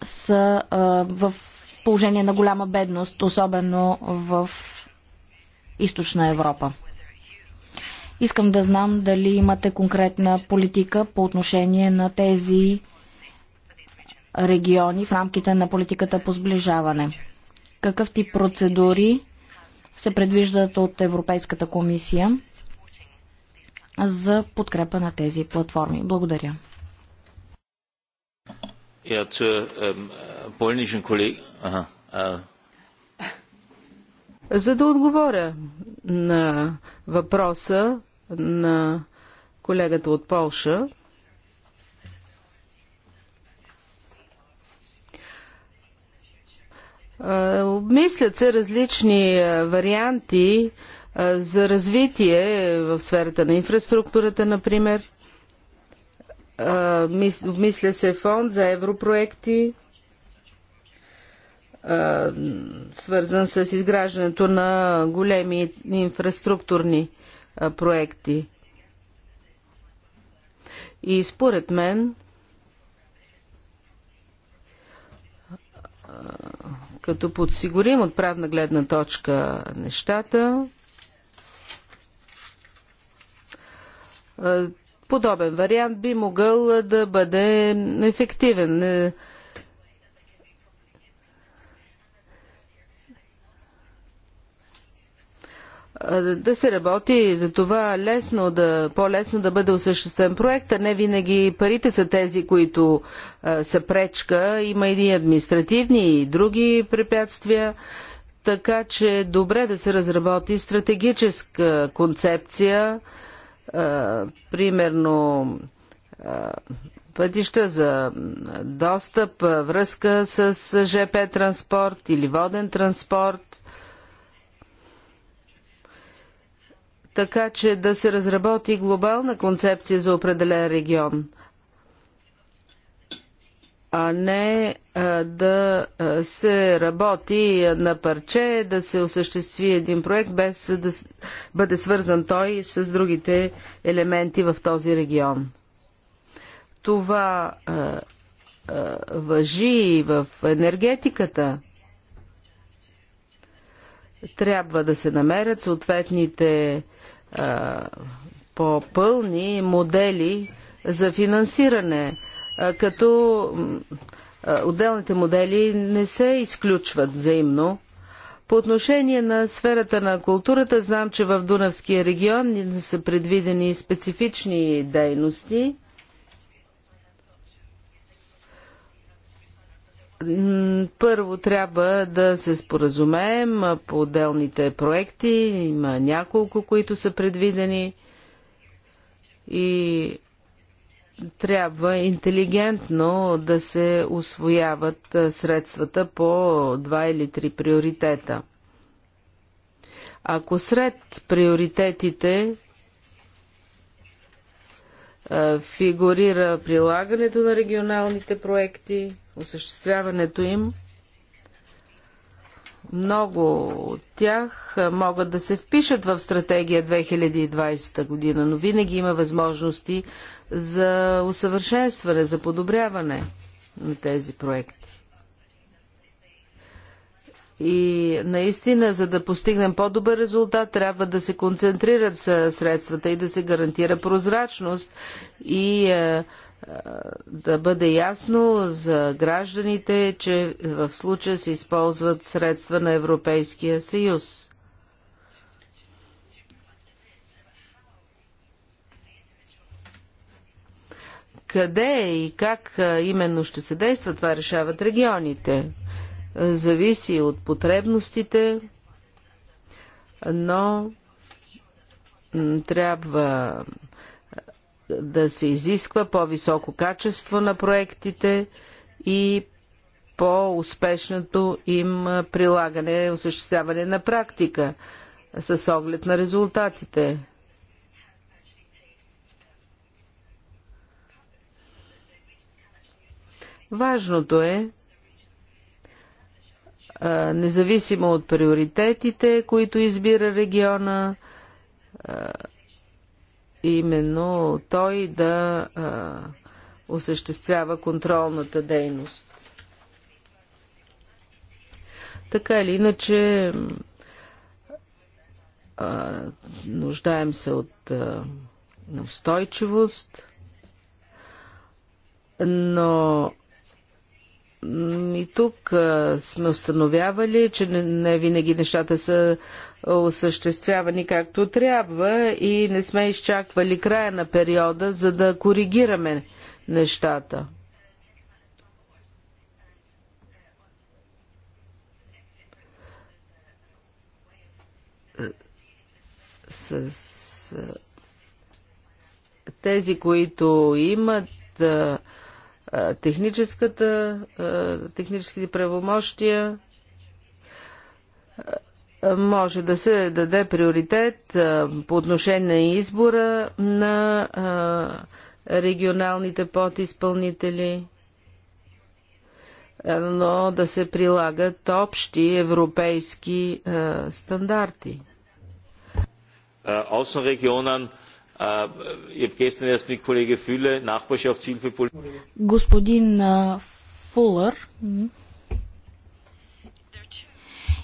са а, в положение на голяма бедност, особено в източна Европа. Искам да знам дали имате конкретна политика по отношение на тези региони в рамките на политиката по сближаване. Какъв тип процедури се предвиждат от Европейската комисия за подкрепа на тези платформи? Благодаря. Ähm, äh. За да отговоря на въпроса на колегата от Полша. Обмислят се различни варианти за развитие в сферата на инфраструктурата, например. Обмисля се фонд за европроекти, свързан с изграждането на големи инфраструктурни проекти. И според мен като подсигурим от правна гледна точка нещата, подобен вариант би могъл да бъде ефективен. Е, да се работи за това лесно да, по-лесно да бъде осъществен проект, а не винаги парите са тези, които а, са пречка. Има и административни и други препятствия. Така че добре да се разработи стратегическа концепция, а, примерно а, пътища за достъп, връзка с ЖП транспорт или воден транспорт – така че да се разработи глобална концепция за определен регион, а не да се работи на парче, да се осъществи един проект, без да бъде свързан той с другите елементи в този регион. Това а, а, въжи и в енергетиката. Трябва да се намерят съответните по-пълни модели за финансиране, като отделните модели не се изключват взаимно. По отношение на сферата на културата, знам, че в Дунавския регион са предвидени специфични дейности – Първо трябва да се споразумеем по отделните проекти. Има няколко, които са предвидени. И трябва интелигентно да се освояват средствата по два или три приоритета. Ако сред приоритетите фигурира прилагането на регионалните проекти, осъществяването им, много от тях могат да се впишат в стратегия 2020 година, но винаги има възможности за усъвършенстване, за подобряване на тези проекти. И наистина, за да постигнем по-добър резултат, трябва да се концентрират средствата и да се гарантира прозрачност и е, да бъде ясно за гражданите, че в случая се използват средства на Европейския съюз. Къде и как именно ще се действа, това решават регионите. Зависи от потребностите, но трябва да се изисква по-високо качество на проектите и по-успешното им прилагане, осъществяване на практика с оглед на резултатите. Важното е, независимо от приоритетите, които избира региона, именно той да а, осъществява контролната дейност. Така или иначе, а, нуждаем се от а, устойчивост, но и тук а, сме установявали, че не, не винаги нещата са осъществявани както трябва и не сме изчаквали края на периода, за да коригираме нещата. С тези, които имат техническата, техническите правомощия, може да се даде приоритет по отношение на избора на регионалните подизпълнители, но да се прилагат общи европейски стандарти. Э, э, Господин Фулър, э,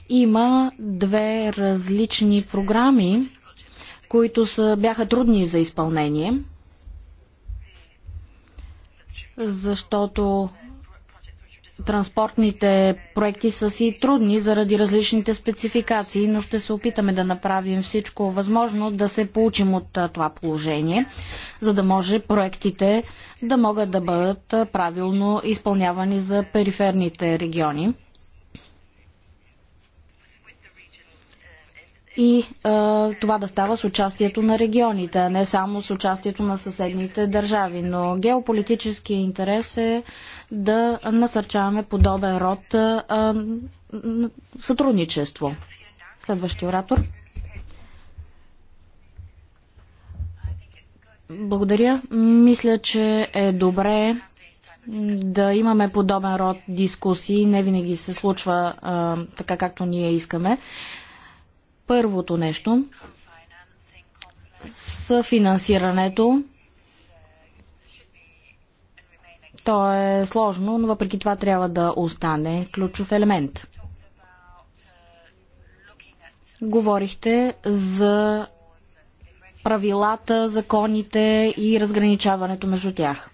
има две различни програми, които са, бяха трудни за изпълнение, защото транспортните проекти са си трудни заради различните спецификации, но ще се опитаме да направим всичко възможно да се получим от това положение, за да може проектите да могат да бъдат правилно изпълнявани за периферните региони. и а, това да става с участието на регионите, а не само с участието на съседните държави. Но геополитическия интерес е да насърчаваме подобен род а, а, сътрудничество. Следващия оратор. Благодаря. Мисля, че е добре да имаме подобен род дискусии. Не винаги се случва а, така, както ние искаме. Първото нещо с финансирането. То е сложно, но въпреки това трябва да остане ключов елемент. Говорихте за правилата, законите и разграничаването между тях.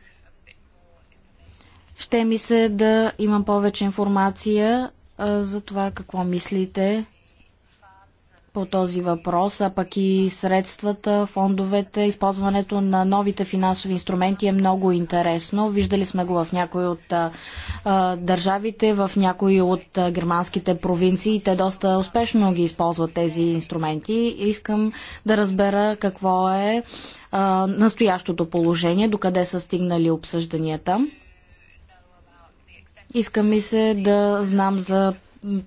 Ще ми се да имам повече информация за това какво мислите по този въпрос, а пък и средствата, фондовете, използването на новите финансови инструменти е много интересно. Виждали сме го в някои от а, държавите, в някои от а, германските провинции. Те доста успешно ги използват тези инструменти. Искам да разбера какво е а, настоящото положение, докъде са стигнали обсъжданията. Искам и се да знам за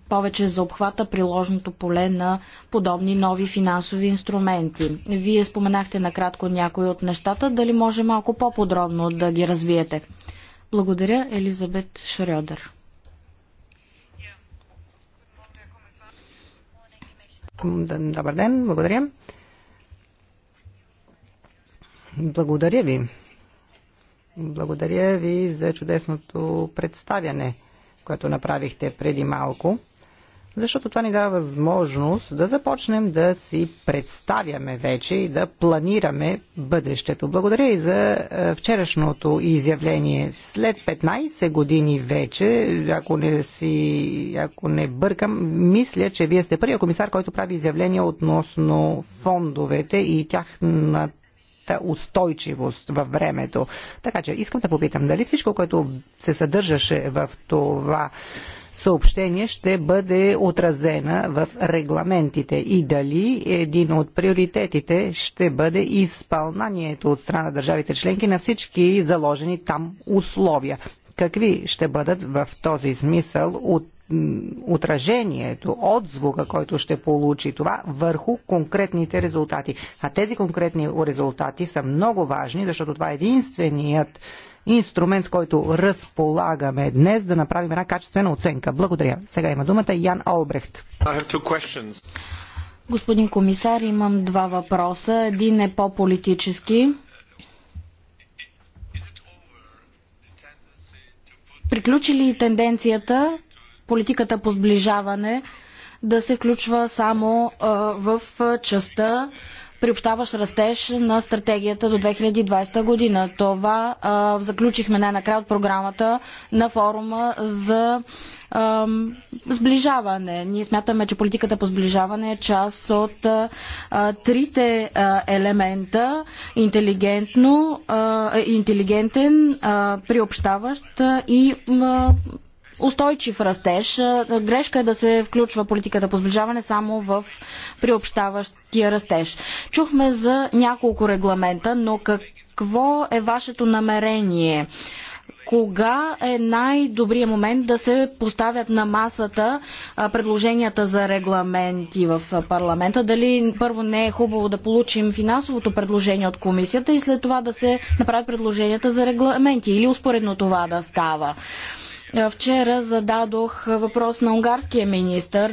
повече за обхвата, приложното поле на подобни нови финансови инструменти. Вие споменахте накратко някои от нещата. Дали може малко по-подробно да ги развиете? Благодаря, Елизабет Шрёдер. Добър ден, благодаря. Благодаря ви. Благодаря ви за чудесното представяне което направихте преди малко, защото това ни дава възможност да започнем да си представяме вече и да планираме бъдещето. Благодаря и за е, вчерашното изявление. След 15 години вече, ако не, си, ако не бъркам, мисля, че вие сте първият комисар, който прави изявление относно фондовете и тяхната устойчивост във времето. Така че искам да попитам дали всичко, което се съдържаше в това съобщение ще бъде отразена в регламентите и дали един от приоритетите ще бъде изпълнанието от страна на държавите членки на всички заложени там условия. Какви ще бъдат в този смисъл от отражението, отзвука, който ще получи това върху конкретните резултати. А тези конкретни резултати са много важни, защото това е единственият инструмент, с който разполагаме днес да направим една качествена оценка. Благодаря. Сега има думата Ян Олбрехт. Господин комисар, имам два въпроса. Един е по-политически. Приключи ли тенденцията политиката по сближаване да се включва само в частта приобщаващ растеж на стратегията до 2020 година. Това а, заключихме най-накрая от програмата на форума за сближаване. Ние смятаме, че политиката по сближаване е част от а, трите а, елемента интелигентно, а, интелигентен, а, приобщаващ и а, устойчив растеж. Грешка е да се включва политиката по сближаване само в приобщаващия растеж. Чухме за няколко регламента, но какво е вашето намерение? кога е най-добрият момент да се поставят на масата предложенията за регламенти в парламента? Дали първо не е хубаво да получим финансовото предложение от комисията и след това да се направят предложенията за регламенти или успоредно това да става? Вчера зададох въпрос на унгарския министр.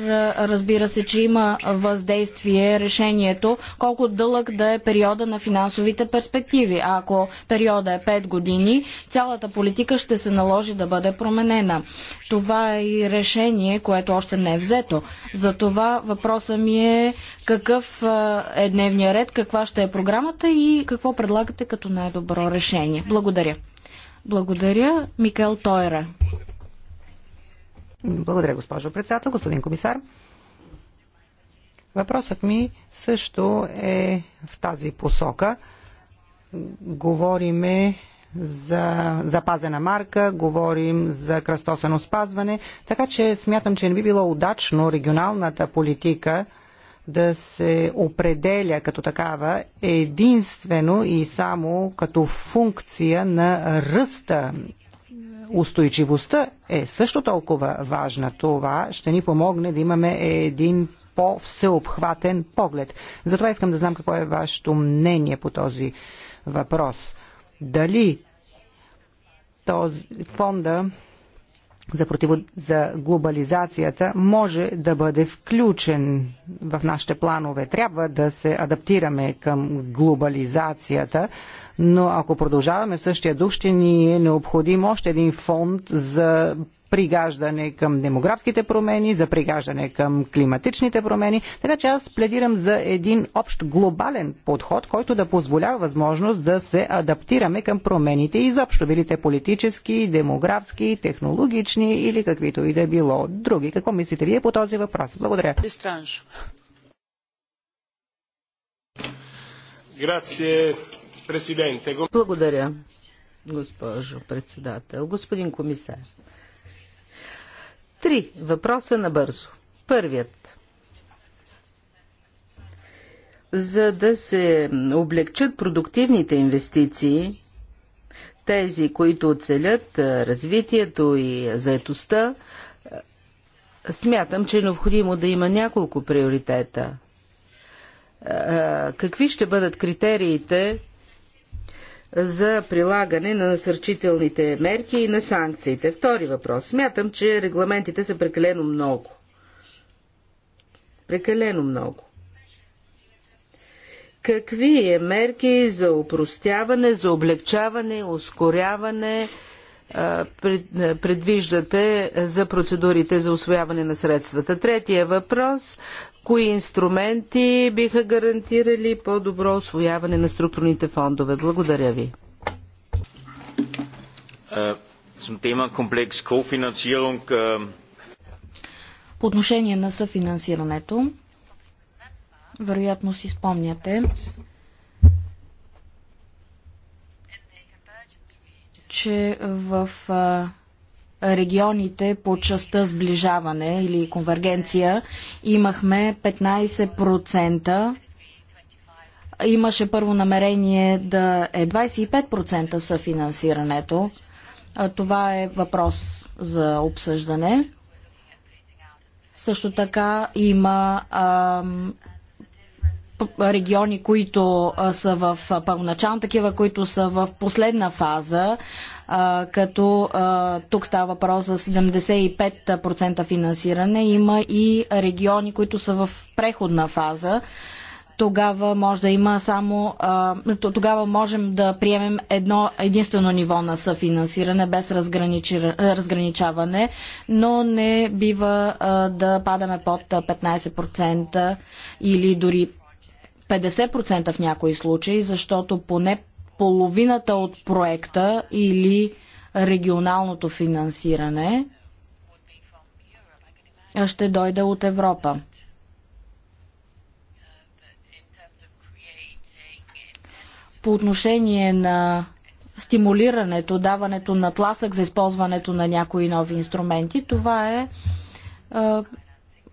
Разбира се, че има въздействие решението колко дълъг да е периода на финансовите перспективи. ако периода е 5 години, цялата политика ще се наложи да бъде променена. Това е и решение, което още не е взето. Затова въпросът ми е какъв е дневния ред, каква ще е програмата и какво предлагате като най-добро решение. Благодаря. Благодаря, Микел Тойра. Благодаря, госпожо председател. Господин комисар, въпросът ми също е в тази посока. Говориме за запазена марка, говорим за кръстосано спазване, така че смятам, че не би било удачно регионалната политика да се определя като такава единствено и само като функция на ръста устойчивостта е също толкова важна. Това ще ни помогне да имаме един по-всеобхватен поглед. Затова искам да знам какво е вашето мнение по този въпрос. Дали този фонда за, против... за глобализацията може да бъде включен в нашите планове. Трябва да се адаптираме към глобализацията, но ако продължаваме в същия дух, ще ни е необходим още един фонд за пригаждане към демографските промени, за пригаждане към климатичните промени. Така че аз пледирам за един общ глобален подход, който да позволява възможност да се адаптираме към промените изобщо, били те политически, демографски, технологични или каквито и да било други. Какво мислите вие по този въпрос? Благодаря. Благодаря, госпожо председател. Господин комисар, Три въпроса на бързо. Първият. За да се облегчат продуктивните инвестиции, тези, които оцелят развитието и заетостта, смятам, че е необходимо да има няколко приоритета. Какви ще бъдат критериите за прилагане на насърчителните мерки и на санкциите. Втори въпрос. Смятам, че регламентите са прекалено много. Прекалено много. Какви е мерки за упростяване, за облегчаване, ускоряване предвиждате за процедурите за освояване на средствата? Третия въпрос кои инструменти биха гарантирали по-добро освояване на структурните фондове? Благодаря ви. Е, е, По отношение на съфинансирането, вероятно си спомняте, че в е, регионите по частта сближаване или конвергенция имахме 15%. Имаше първо намерение да е 25% съфинансирането. Това е въпрос за обсъждане. Също така има ам, региони, които са в първоначално, такива, които са в последна фаза като тук става въпрос за 75% финансиране. Има и региони, които са в преходна фаза тогава може да има само. Тогава можем да приемем едно единствено ниво на съфинансиране без разграничаване, но не бива да падаме под 15% или дори 50% в някои случаи, защото поне половината от проекта или регионалното финансиране ще дойде от Европа. По отношение на стимулирането, даването на тласък за използването на някои нови инструменти, това е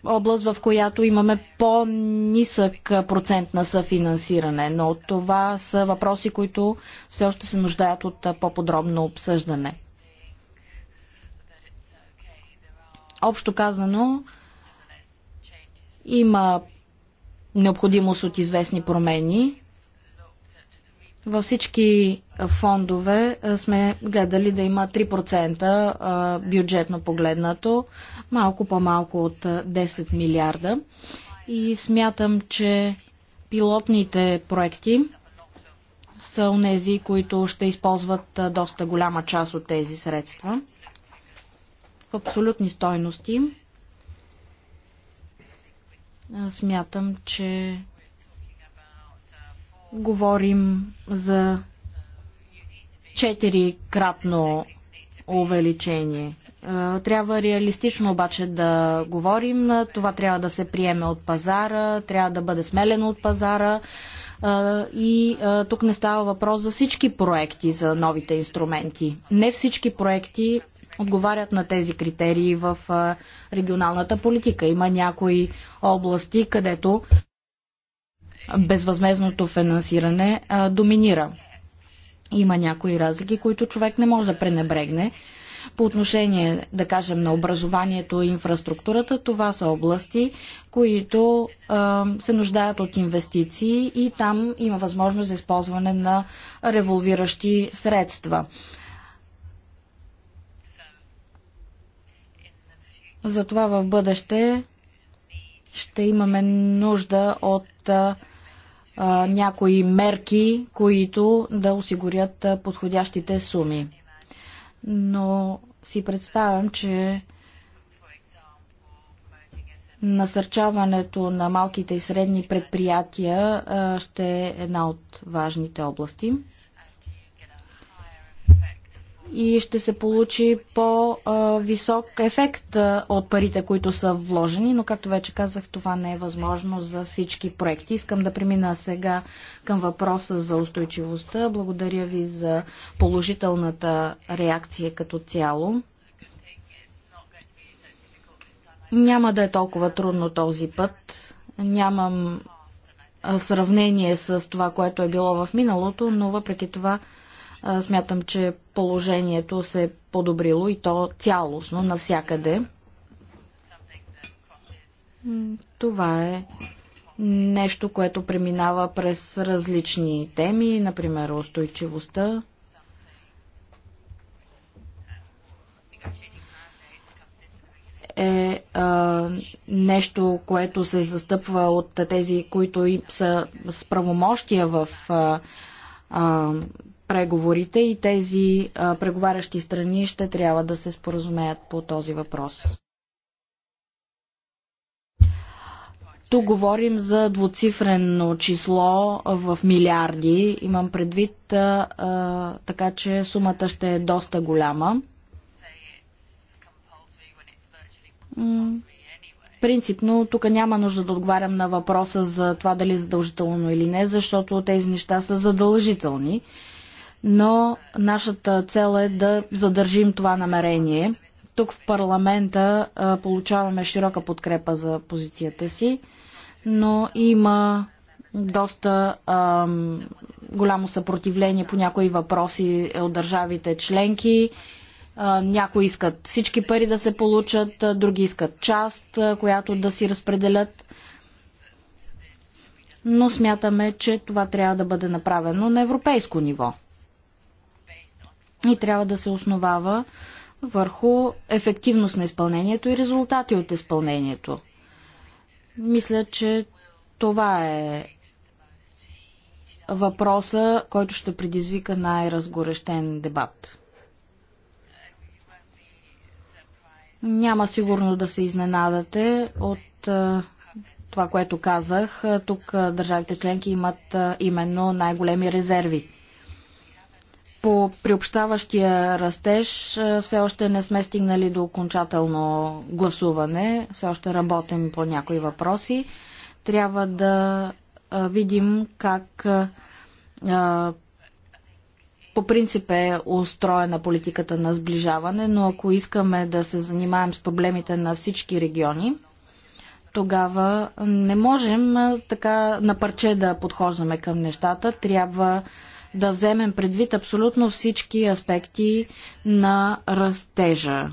област, в която имаме по-нисък процент на съфинансиране, но това са въпроси, които все още се нуждаят от по-подробно обсъждане. Общо казано, има необходимост от известни промени. Във всички фондове сме гледали да има 3% бюджетно погледнато, малко по-малко от 10 милиарда. И смятам, че пилотните проекти са онези, които ще използват доста голяма част от тези средства. В абсолютни стойности смятам, че Говорим за четирикратно увеличение. Трябва реалистично обаче да говорим. Това трябва да се приеме от пазара, трябва да бъде смелено от пазара. И тук не става въпрос за всички проекти, за новите инструменти. Не всички проекти отговарят на тези критерии в регионалната политика. Има някои области, където безвъзмезното финансиране а, доминира. Има някои разлики, които човек не може да пренебрегне. По отношение, да кажем, на образованието и инфраструктурата, това са области, които а, се нуждаят от инвестиции и там има възможност за използване на револвиращи средства. Затова в бъдеще ще имаме нужда от а, а, някои мерки, които да осигурят подходящите суми. Но си представям, че насърчаването на малките и средни предприятия ще е една от важните области и ще се получи по-висок ефект от парите, които са вложени, но както вече казах, това не е възможно за всички проекти. Искам да премина сега към въпроса за устойчивостта. Благодаря ви за положителната реакция като цяло. Няма да е толкова трудно този път. Нямам сравнение с това, което е било в миналото, но въпреки това Смятам, че положението се е подобрило и то цялостно навсякъде. Това е нещо, което преминава през различни теми, например устойчивостта. е а, нещо, което се застъпва от тези, които са с правомощия в а, а, преговорите и тези а, преговарящи страни ще трябва да се споразумеят по този въпрос. Тук говорим за двуцифрено число в милиарди. Имам предвид, а, а, така че сумата ще е доста голяма. принципно тук няма нужда да отговарям на въпроса за това дали е задължително или не, защото тези неща са задължителни но нашата цел е да задържим това намерение. Тук в парламента получаваме широка подкрепа за позицията си, но има доста ам, голямо съпротивление по някои въпроси от държавите членки. А, някои искат всички пари да се получат, а, други искат част, а, която да си разпределят. Но смятаме, че това трябва да бъде направено на европейско ниво и трябва да се основава върху ефективност на изпълнението и резултати от изпълнението. Мисля, че това е въпроса, който ще предизвика най-разгорещен дебат. Няма сигурно да се изненадате от това, което казах. Тук държавите членки имат именно най-големи резерви. По приобщаващия растеж все още не сме стигнали до окончателно гласуване, все още работим по някои въпроси. Трябва да видим как по принцип е устроена политиката на сближаване, но ако искаме да се занимаем с проблемите на всички региони, тогава не можем така на парче да подхождаме към нещата. Трябва да вземем предвид абсолютно всички аспекти на растежа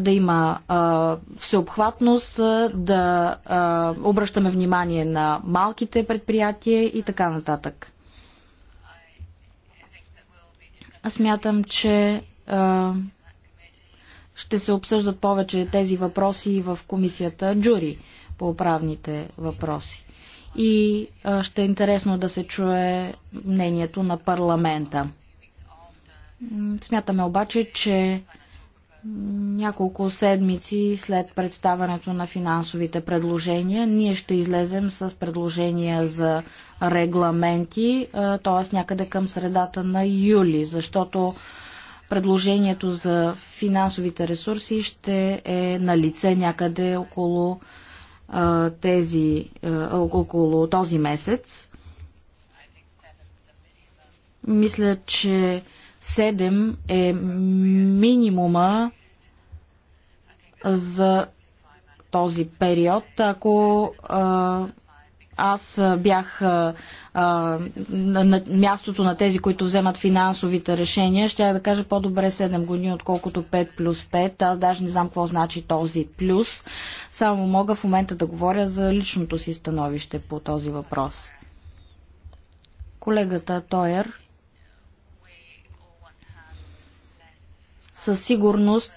да има а, всеобхватност, да а, обръщаме внимание на малките предприятия и така нататък. Аз смятам, че а, ще се обсъждат повече тези въпроси в комисията джури по правните въпроси и ще е интересно да се чуе мнението на парламента. Смятаме обаче, че няколко седмици след представането на финансовите предложения, ние ще излезем с предложения за регламенти, т.е. някъде към средата на юли, защото предложението за финансовите ресурси ще е на лице някъде около тези, около този месец. Мисля, че 7 е минимума за този период, ако а, аз бях а, на, на мястото на тези, които вземат финансовите решения. Ще я да кажа по-добре 7 години, отколкото 5 плюс 5. Аз даже не знам какво значи този плюс. Само мога в момента да говоря за личното си становище по този въпрос. Колегата Тойер. Със сигурност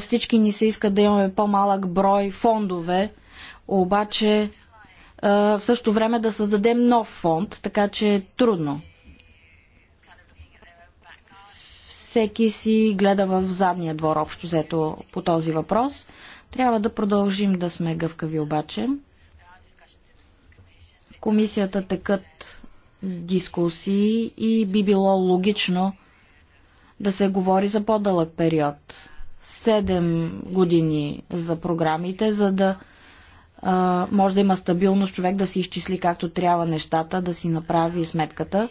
всички ни се иска да имаме по-малък брой фондове, обаче в същото време да създадем нов фонд, така че е трудно. Всеки си гледа в задния двор общо взето по този въпрос. Трябва да продължим да сме гъвкави обаче. В комисията текат дискусии и би било логично да се говори за по-дълъг период. Седем години за програмите, за да а, може да има стабилност човек да си изчисли както трябва нещата, да си направи сметката.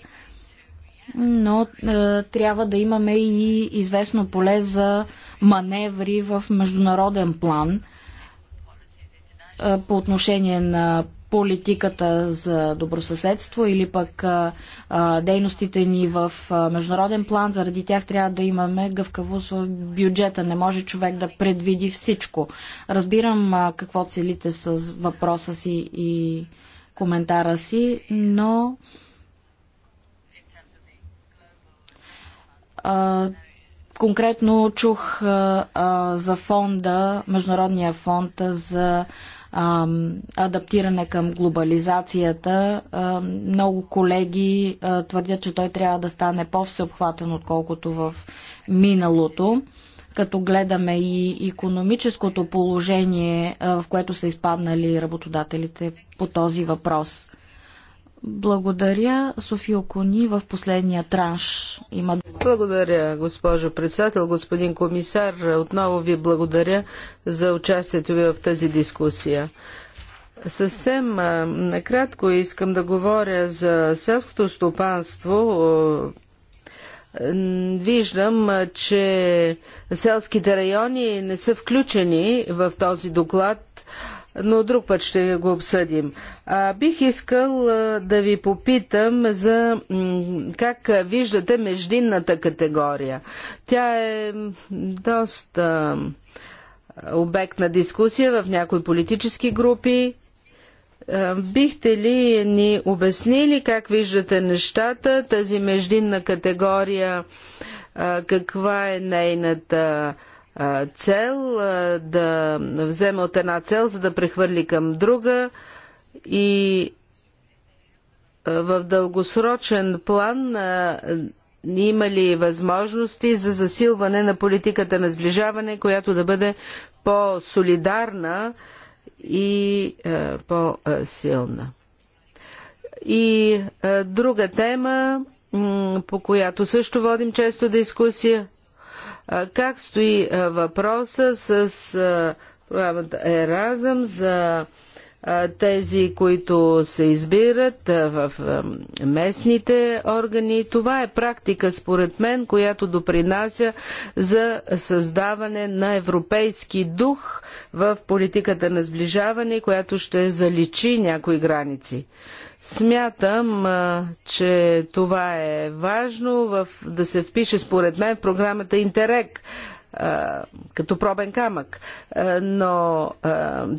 Но а, трябва да имаме и известно поле за маневри в международен план а, по отношение на политиката за добросъседство или пък а, дейностите ни в а, международен план, заради тях трябва да имаме гъвкавост в бюджета. Не може човек да предвиди всичко. Разбирам а, какво целите с въпроса си и коментара си, но а, конкретно чух а, а, за фонда, Международния фонд за а, адаптиране към глобализацията. много колеги а, твърдят, че той трябва да стане по-всеобхватен, отколкото в миналото като гледаме и економическото положение, в което са изпаднали работодателите по този въпрос. Благодаря. София Кони в последния транш има. Благодаря, госпожо председател, господин комисар. Отново ви благодаря за участието ви в тази дискусия. Съвсем накратко искам да говоря за селското стопанство. Виждам, че селските райони не са включени в този доклад но друг път ще го обсъдим. А, бих искал а, да ви попитам за как виждате междинната категория. Тя е доста обект на дискусия в някои политически групи. А, бихте ли ни обяснили как виждате нещата, тази междинна категория, каква е нейната цел, да вземе от една цел, за да прехвърли към друга и в дългосрочен план има ли възможности за засилване на политиката на сближаване, която да бъде по-солидарна и по-силна. И друга тема, по която също водим често дискусия, как стои въпроса с програмата Еразъм за тези, които се избират в местните органи. Това е практика, според мен, която допринася за създаване на европейски дух в политиката на сближаване, която ще заличи някои граници. Смятам, че това е важно в, да се впише според мен в програмата Интерек като пробен камък. Но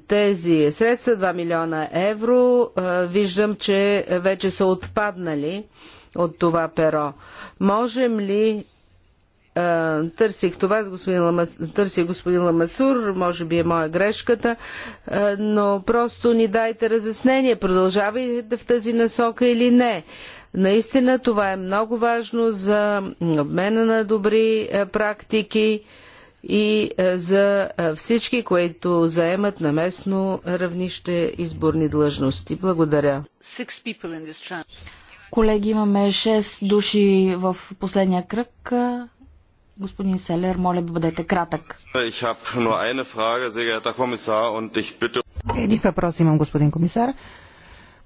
тези средства, 2 милиона евро, виждам, че вече са отпаднали от това перо. Можем ли търсих това с господин Ламас... търсих господин Ламасур, може би е моя грешката, но просто ни дайте разяснение, продължавайте в тази насока или не. Наистина това е много важно за обмена на добри практики и за всички, които заемат на местно равнище изборни длъжности. Благодаря. Колеги, имаме 6 души в последния кръг. Господин Селер, моля би, бъдете кратък. Един въпрос имам, господин комисар.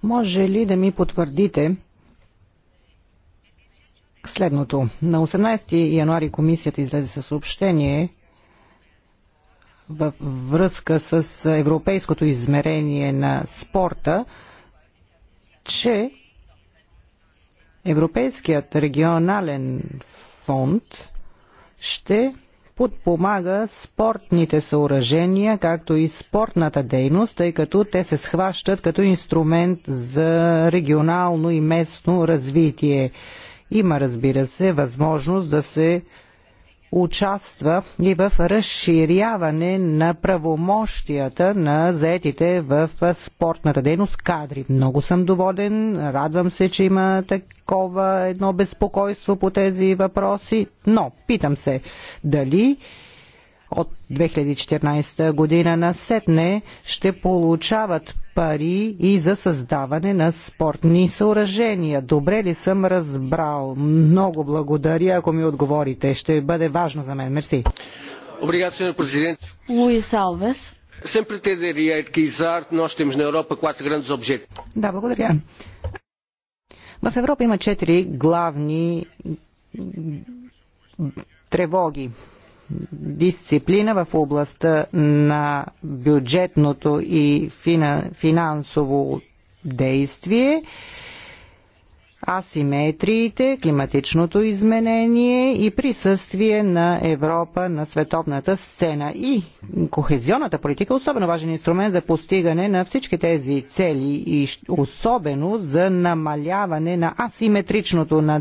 Може ли да ми потвърдите следното? На 18 януари комисията излезе със съобщение във връзка с европейското измерение на спорта, че Европейският регионален фонд ще подпомага спортните съоръжения, както и спортната дейност, тъй като те се схващат като инструмент за регионално и местно развитие. Има, разбира се, възможност да се участва и в разширяване на правомощията на заетите в спортната дейност кадри. Много съм доволен, радвам се, че има такова едно безпокойство по тези въпроси, но питам се дали от 2014 година насетне ще получават пари и за създаване на спортни съоръжения. Добре ли съм разбрал? Много благодаря, ако ми отговорите. Ще бъде важно за мен. Мерси. Obrigado, Sr. Да, благодаря. В Европа има четири главни тревоги дисциплина в областта на бюджетното и финансово действие, асиметриите, климатичното изменение и присъствие на Европа на световната сцена. И кохезионната политика е особено важен инструмент за постигане на всички тези цели и особено за намаляване на асиметричното, на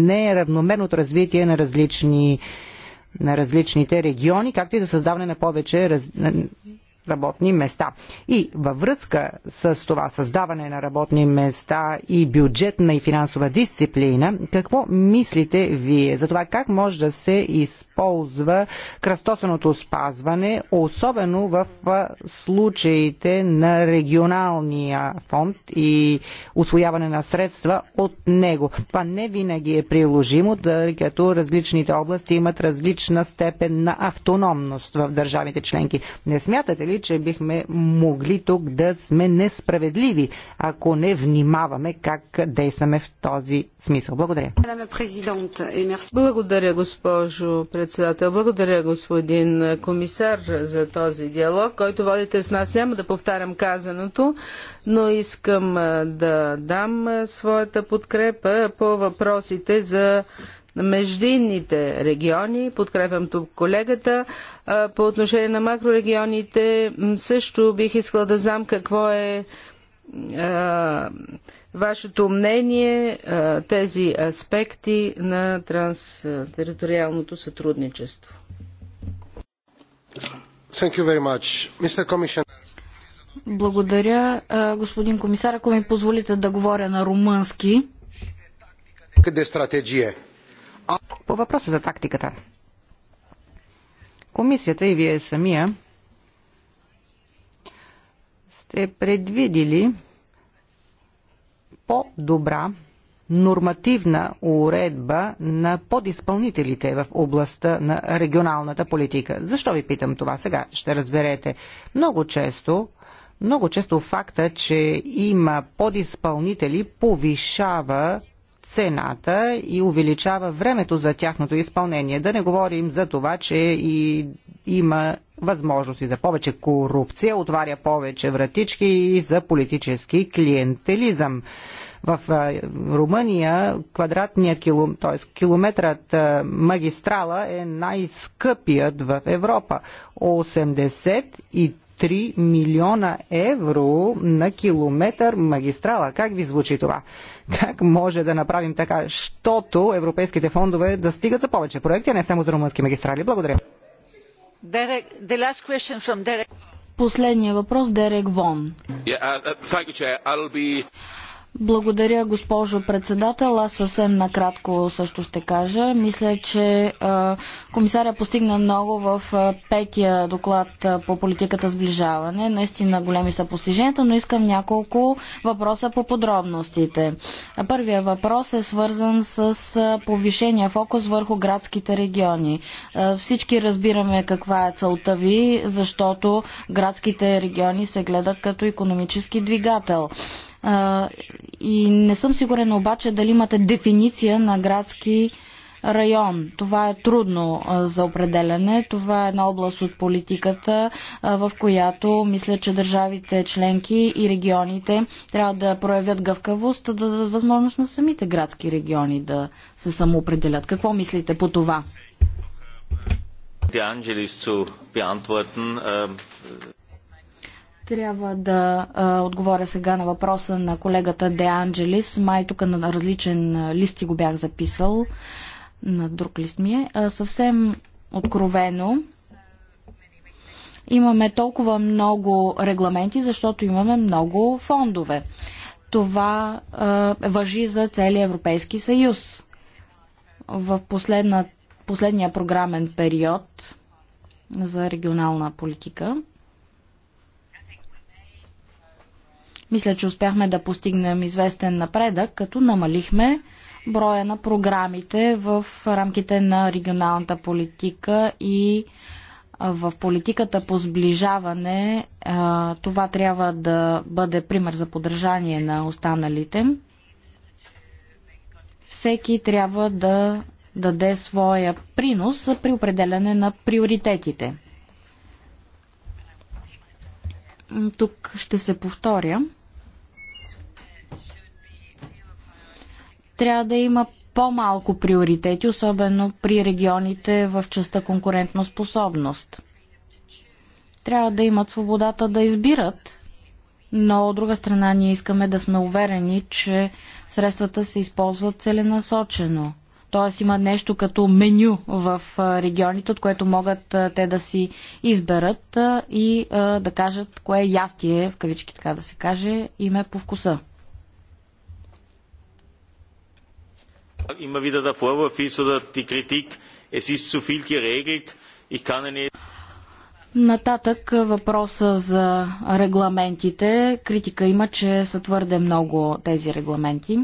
неравномерното развитие на различни на различните региони, както и за създаване на повече раз работни места. И във връзка с това създаване на работни места и бюджетна и финансова дисциплина, какво мислите вие за това как може да се използва кръстосаното спазване, особено в случаите на регионалния фонд и освояване на средства от него? Това не винаги е приложимо, тъй като различните области имат различна степен на автономност в държавите членки. Не смятате ли, ли, че бихме могли тук да сме несправедливи, ако не внимаваме как действаме в този смисъл. Благодаря. Благодаря, госпожо председател. Благодаря, господин комисар, за този диалог, който водите с нас. Няма да повтарям казаното, но искам да дам своята подкрепа по въпросите за междинните региони. Подкрепям тук колегата. По отношение на макрорегионите също бих искала да знам какво е вашето мнение тези аспекти на транстериториалното сътрудничество. Благодаря, господин комисар. Ако ми позволите да говоря на румънски. Къде de е по въпроса за тактиката. Комисията и вие самия сте предвидили по-добра нормативна уредба на подизпълнителите в областта на регионалната политика. Защо ви питам това сега? Ще разберете. Много често, много често факта, че има подизпълнители повишава цената и увеличава времето за тяхното изпълнение. Да не говорим за това, че и има възможности за повече корупция, отваря повече вратички и за политически клиентелизъм. В Румъния квадратният килом, т.е. километрът магистрала е най-скъпият в Европа. 83 3 милиона евро на километър магистрала. Как ви звучи това? Как може да направим така, щото европейските фондове да стигат за повече проекти, а не само за румънски магистрали? Благодаря. Последния въпрос, Дерек Вон. Yeah, uh, uh you, be... Благодаря, госпожо председател. Аз съвсем накратко също ще кажа. Мисля, че комисаря постигна много в петия доклад по политиката сближаване. Наистина големи са постиженията, но искам няколко въпроса по подробностите. Първия въпрос е свързан с повишения фокус върху градските региони. Всички разбираме каква е целта ви, защото градските региони се гледат като економически двигател и не съм сигурен обаче дали имате дефиниция на градски район. Това е трудно а, за определене. Това е една област от политиката, а, в която мисля, че държавите членки и регионите трябва да проявят гъвкавост, да дадат възможност на самите градски региони да се самоопределят. Какво мислите по това? Трябва да а, отговоря сега на въпроса на колегата Де Анджелис. Май тук на различен листи го бях записал. На друг лист ми е. А, съвсем откровено. Имаме толкова много регламенти, защото имаме много фондове. Това а, въжи за целия Европейски съюз. В последна, последния програмен период за регионална политика Мисля, че успяхме да постигнем известен напредък, като намалихме броя на програмите в рамките на регионалната политика и в политиката по сближаване това трябва да бъде пример за поддържание на останалите. Всеки трябва да даде своя принос при определяне на приоритетите. Тук ще се повторя. трябва да има по-малко приоритети, особено при регионите в частта конкурентно способност. Трябва да имат свободата да избират, но от друга страна ние искаме да сме уверени, че средствата се използват целенасочено. Т.е. има нещо като меню в регионите, от което могат те да си изберат и да кажат кое ястие, в кавички така да се каже, им е по вкуса. Immer wieder der Vorwurf ist oder die Kritik, es ist zu viel geregelt. Ich kann eine... Нататък въпроса за регламентите. Критика има, че са твърде много тези регламенти.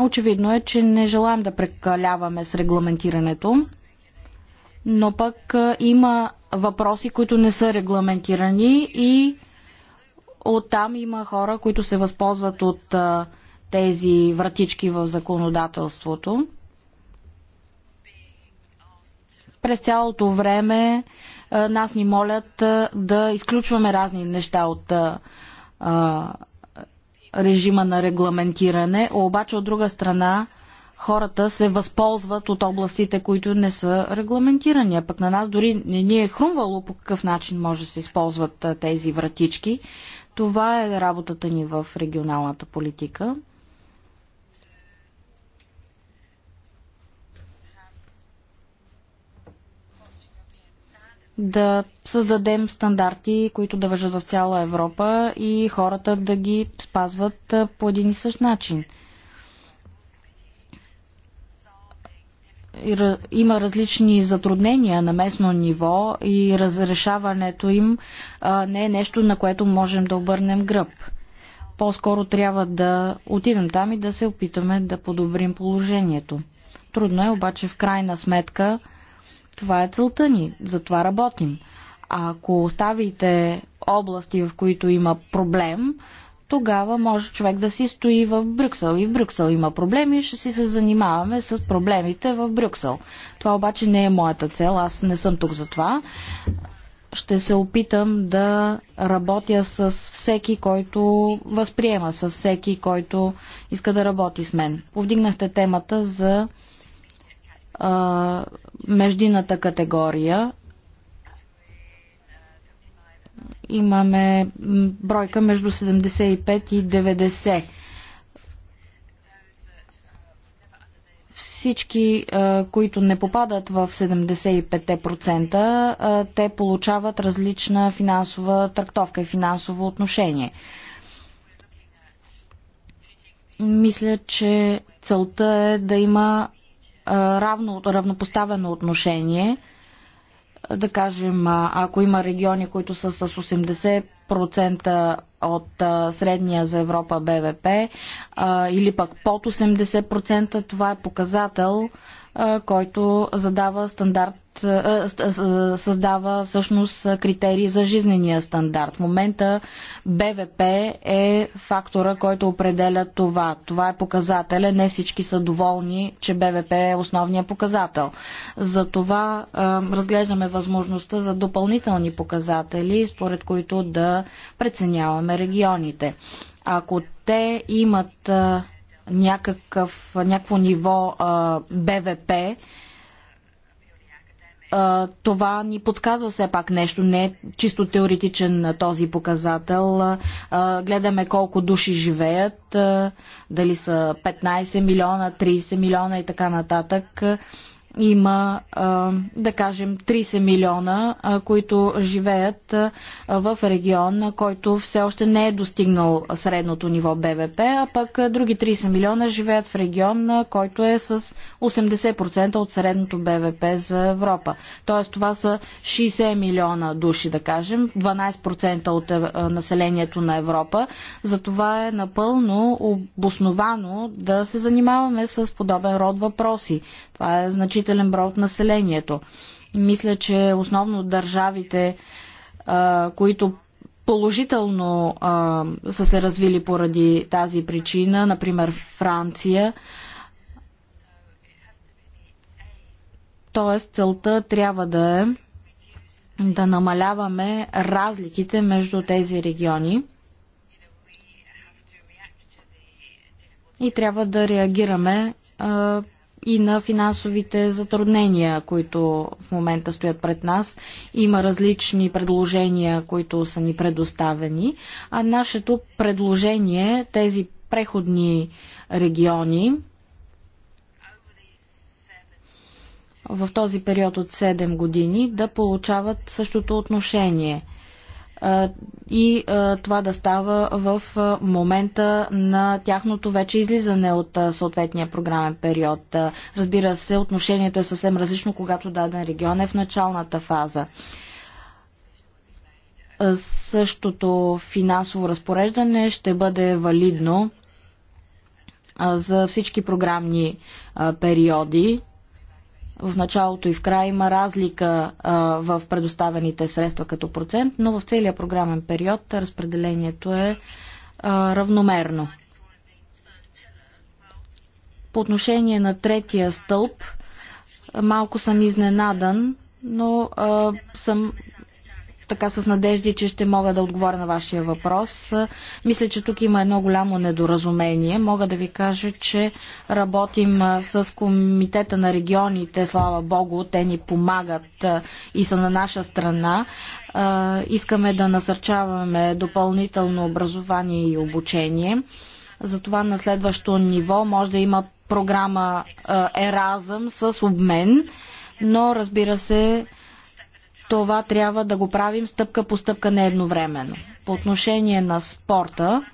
Очевидно е, че не желаем да прекаляваме с регламентирането, но пък има въпроси, които не са регламентирани и Оттам има хора, които се възползват от а, тези вратички в законодателството. През цялото време а, нас ни молят а, да изключваме разни неща от а, режима на регламентиране, обаче от друга страна хората се възползват от областите, които не са регламентирани. А пък на нас дори не ни е хрумвало по какъв начин може да се използват тези вратички. Това е работата ни в регионалната политика. да създадем стандарти, които да въжат в цяла Европа и хората да ги спазват по един и същ начин. има различни затруднения на местно ниво и разрешаването им не е нещо, на което можем да обърнем гръб. По-скоро трябва да отидем там и да се опитаме да подобрим положението. Трудно е обаче в крайна сметка това е целта ни, за това работим. А ако оставите области, в които има проблем, тогава може човек да си стои в Брюксел. И в Брюксел има проблеми, ще си се занимаваме с проблемите в Брюксел. Това обаче не е моята цел, аз не съм тук за това. Ще се опитам да работя с всеки, който възприема, с всеки, който иска да работи с мен. Повдигнахте темата за а, междината категория имаме бройка между 75 и 90. Всички, които не попадат в 75%, те получават различна финансова трактовка и финансово отношение. Мисля, че целта е да има равно, равнопоставено отношение – да кажем, ако има региони, които са с 80% от средния за Европа БВП или пък под 80%, това е показател, който задава стандарт създава всъщност критерии за жизнения стандарт. В момента БВП е фактора, който определя това. Това е показателя. Не всички са доволни, че БВП е основният показател. Затова това разглеждаме възможността за допълнителни показатели, според които да преценяваме регионите. Ако те имат някакъв, някакво ниво БВП, това ни подсказва все пак нещо. Не е чисто теоретичен този показател. Гледаме колко души живеят, дали са 15 милиона, 30 милиона и така нататък има, да кажем, 30 милиона, които живеят в регион, който все още не е достигнал средното ниво БВП, а пък други 30 милиона живеят в регион, който е с 80% от средното БВП за Европа. Тоест това са 60 милиона души, да кажем, 12% от населението на Европа. Затова е напълно обосновано да се занимаваме с подобен род въпроси. Това е значително значителен брой от населението. Мисля, че основно държавите, които положително са се развили поради тази причина, например Франция. т.е. целта трябва да е да намаляваме разликите между тези региони и трябва да реагираме а, и на финансовите затруднения, които в момента стоят пред нас. Има различни предложения, които са ни предоставени, а нашето предложение е тези преходни региони в този период от 7 години да получават същото отношение – и това да става в момента на тяхното вече излизане от съответния програмен период. Разбира се, отношението е съвсем различно, когато даден регион е в началната фаза. Същото финансово разпореждане ще бъде валидно за всички програмни периоди в началото и в края има разлика в предоставените средства като процент, но в целия програмен период разпределението е равномерно. По отношение на третия стълб, малко съм изненадан, но съм така с надежди, че ще мога да отговоря на вашия въпрос. Мисля, че тук има едно голямо недоразумение. Мога да ви кажа, че работим с Комитета на регионите, слава Богу, те ни помагат и са на наша страна. Искаме да насърчаваме допълнително образование и обучение. Затова на следващо ниво може да има програма Еразъм с обмен, но разбира се, това трябва да го правим стъпка по стъпка, не едновременно. По отношение на спорта,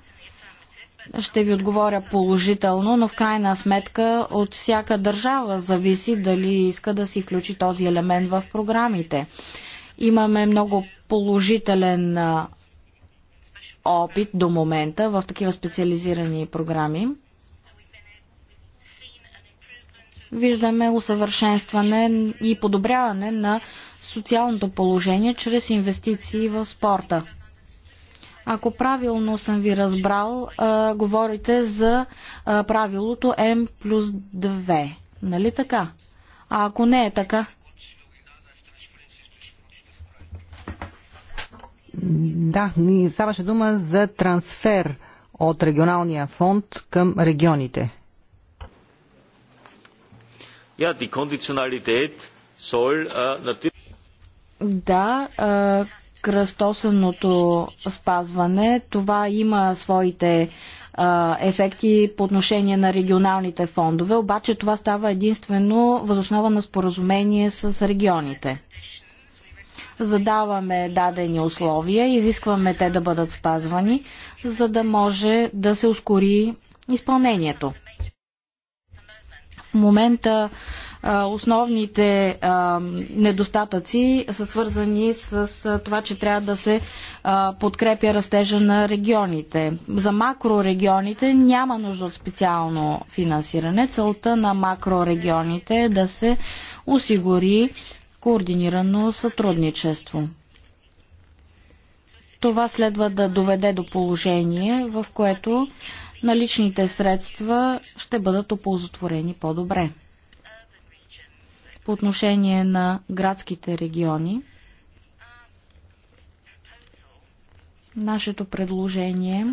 ще ви отговоря положително, но в крайна сметка от всяка държава зависи дали иска да си включи този елемент в програмите. Имаме много положителен опит до момента в такива специализирани програми. Виждаме усъвършенстване и подобряване на социалното положение чрез инвестиции в спорта. Ако правилно съм ви разбрал, а, говорите за а, правилото М плюс 2. Нали така? А ако не е така? Да, ни ставаше дума за трансфер от регионалния фонд към регионите. Ja, die Konditionalität soll uh, natürlich да, кръстосаното спазване, това има своите ефекти по отношение на регионалните фондове, обаче това става единствено възоснова на споразумение с регионите. Задаваме дадени условия, изискваме те да бъдат спазвани, за да може да се ускори изпълнението момента основните недостатъци са свързани с това, че трябва да се подкрепя растежа на регионите. За макрорегионите няма нужда от специално финансиране. Целта на макрорегионите е да се осигури координирано сътрудничество. Това следва да доведе до положение, в което наличните средства ще бъдат оползотворени по-добре. По отношение на градските региони, нашето предложение,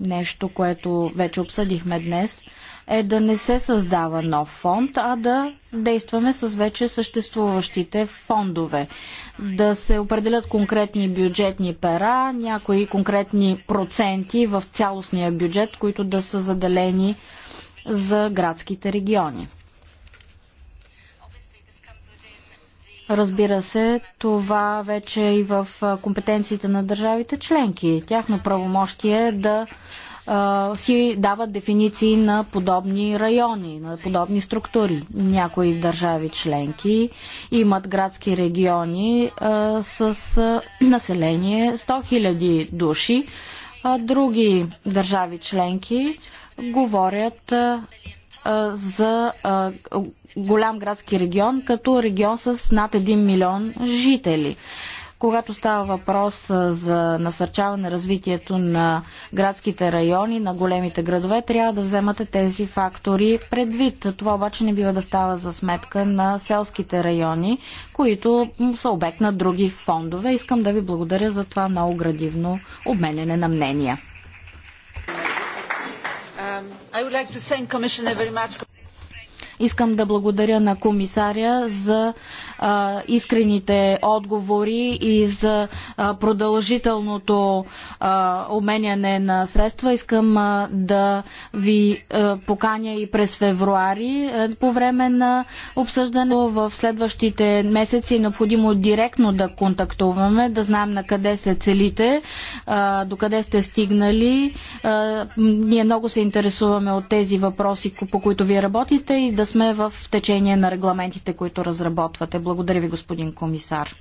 нещо, което вече обсъдихме днес, е да не се създава нов фонд, а да действаме с вече съществуващите фондове да се определят конкретни бюджетни пера, някои конкретни проценти в цялостния бюджет, които да са заделени за градските региони. Разбира се, това вече е и в компетенциите на държавите членки. Тяхно правомощие е да си дават дефиниции на подобни райони, на подобни структури. Някои държави членки имат градски региони с население 100 000 души, а други държави членки говорят за голям градски регион като регион с над 1 милион жители когато става въпрос за насърчаване развитието на градските райони, на големите градове, трябва да вземате тези фактори предвид. Това обаче не бива да става за сметка на селските райони, които са обект на други фондове. Искам да ви благодаря за това много градивно обменене на мнения. Um, like for... Искам да благодаря на комисаря за а, искрените отговори и за а, продължителното а, обменяне на средства. Искам а, да ви а, поканя и през февруари а, по време на обсъждането в следващите месеци е необходимо директно да контактуваме, да знаем на къде се целите, а, докъде сте стигнали. А, ние много се интересуваме от тези въпроси, по които вие работите и да сме в течение на регламентите, които разработвате. Благодаря ви, господин комисар.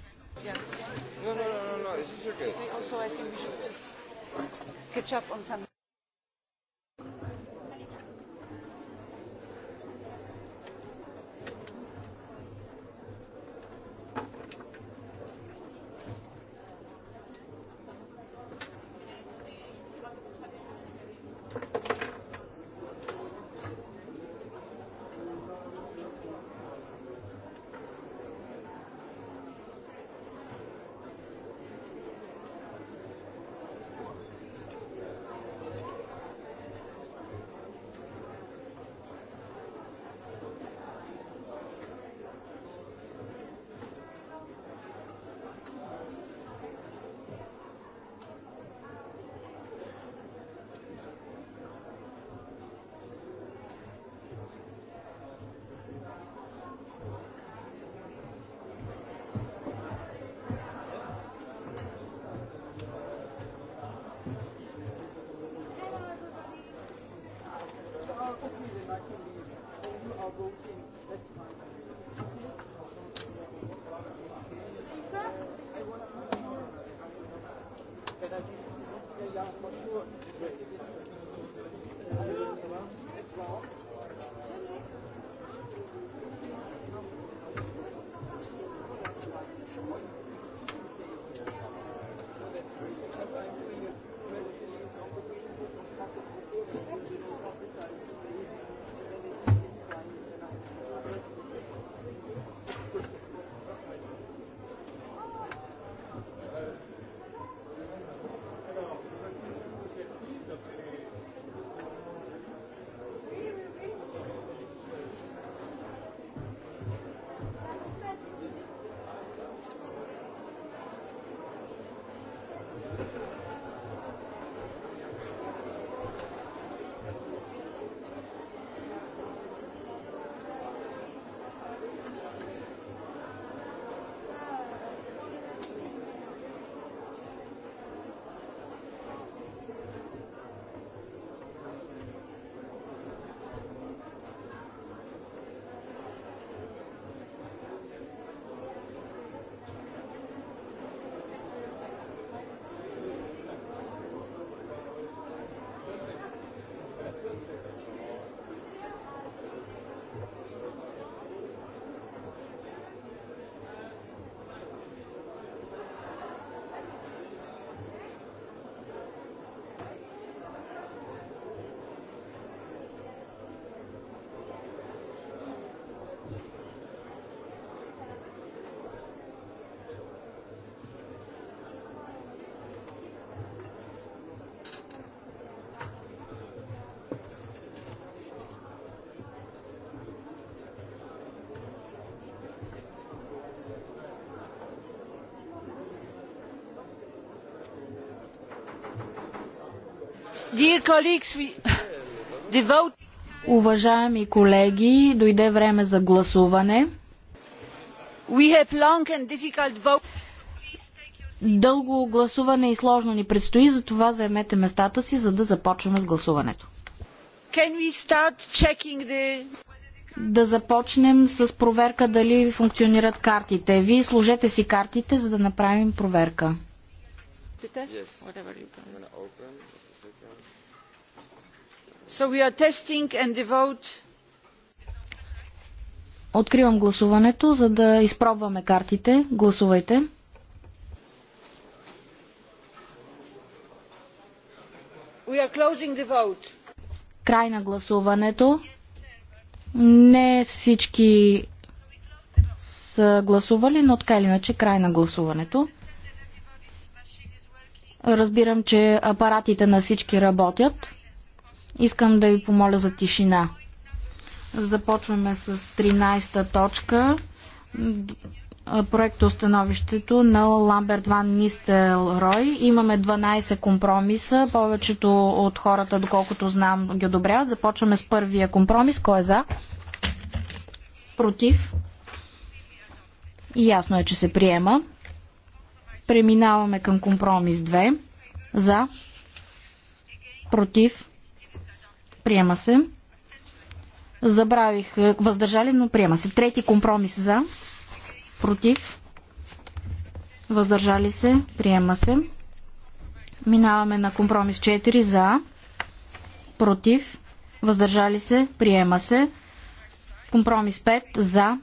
Уважаеми колеги, дойде време за гласуване. Дълго гласуване и сложно ни предстои, затова заемете местата си, за да започваме с гласуването. Да започнем с проверка дали функционират картите. Вие сложете си картите, за да направим проверка. Yes. Откривам гласуването, за да изпробваме картите. Гласувайте. We are closing the vote. Край на гласуването. Не всички са гласували, но така или иначе край на гласуването. Разбирам, че апаратите на всички работят. Искам да ви помоля за тишина. Започваме с 13-та точка. установището на Ламберт Ван Нистел Рой. Имаме 12 компромиса. Повечето от хората, доколкото знам, ги одобряват. Започваме с първия компромис. Кой е за? Против? Ясно е, че се приема. Преминаваме към компромис 2. За? Против? Приема се. Забравих е, въздържали, но приема се. Трети компромис за. Против. Въздържали се. Приема се. Минаваме на компромис 4 за. Против. Въздържали се. Приема се. Компромис 5 за.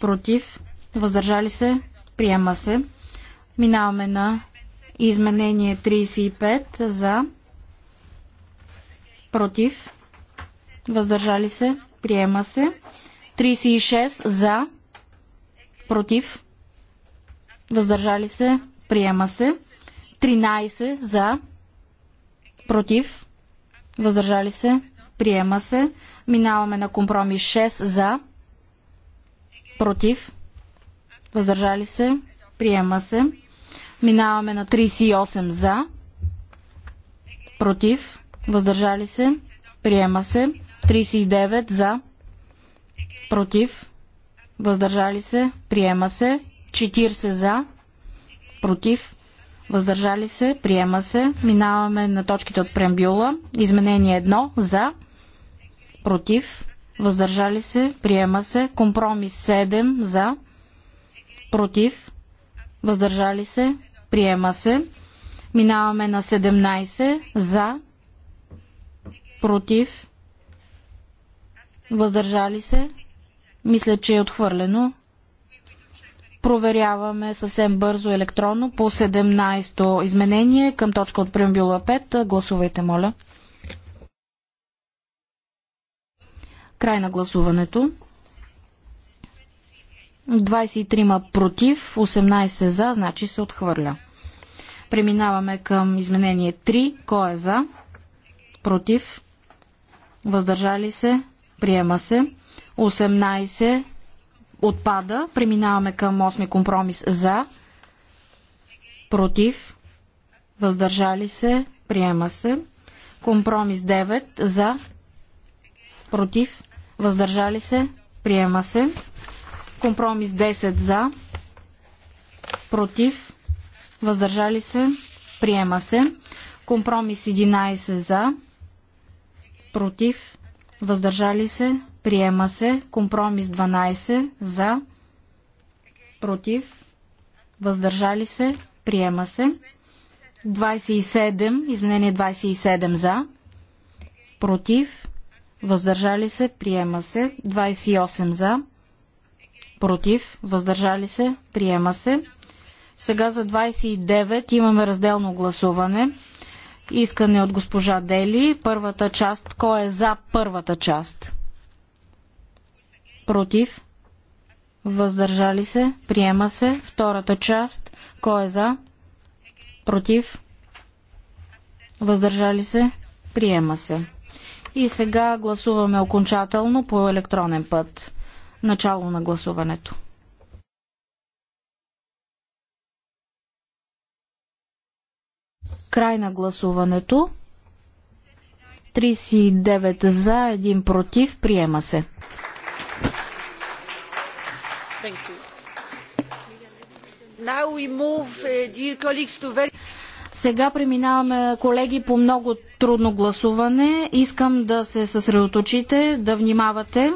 Против. Въздържали се. Приема се. Минаваме на изменение 35 за против, въздържали се, приема се. 36 за, против, въздържали се, приема се. 13 за, против, въздържали се, приема се. Минаваме на компромис 6 за, против, въздържали се, приема се. Минаваме на 38 за, против, въздържали се, приема се. 39 за, против, въздържали се, приема се. 40 за, против, въздържали се, приема се. Минаваме на точките от преамбюла. Изменение 1 за, против, въздържали се, приема се. Компромис 7 за, против, въздържали се, приема се. Минаваме на 17 за, против, въздържали се, мисля, че е отхвърлено. Проверяваме съвсем бързо електронно по 17-то изменение към точка от преамбюла 5. Гласувайте, моля. Край на гласуването. 23 против, 18 за, значи се отхвърля. Преминаваме към изменение 3. Кой е за? Против? въздържали се, приема се. 18 отпада. Преминаваме към 8 компромис за, против, въздържали се, приема се. Компромис 9 за, против, въздържали се, приема се. Компромис 10 за, против, въздържали се, приема се. Компромис 11 за, против, въздържали се, приема се. Компромис 12 за, против, въздържали се, приема се. 27, изменение 27 за, против, въздържали се, приема се. 28 за, против, въздържали се, приема се. Сега за 29 имаме разделно гласуване искане от госпожа Дели. Първата част. Кой е за първата част? Против? Въздържали се? Приема се. Втората част. Кой е за? Против? Въздържали се? Приема се. И сега гласуваме окончателно по електронен път. Начало на гласуването. Край на гласуването. 39 за, 1 против. Приема се. Uh, Сега преминаваме, колеги, по много трудно гласуване. Искам да се съсредоточите, да внимавате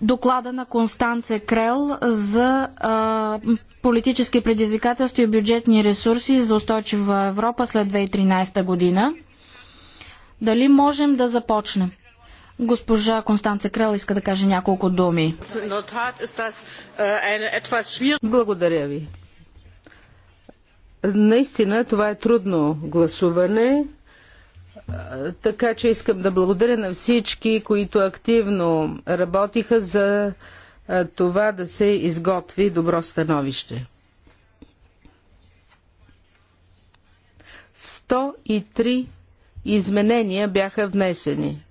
доклада на Констанце Крел за а, политически предизвикателства и бюджетни ресурси за устойчива Европа след 2013 година. Дали можем да започнем? Госпожа Констанце Крел иска да каже няколко думи. Благодаря ви. Наистина това е трудно гласуване. Така че искам да благодаря на всички, които активно работиха за това да се изготви добро становище. 103 изменения бяха внесени.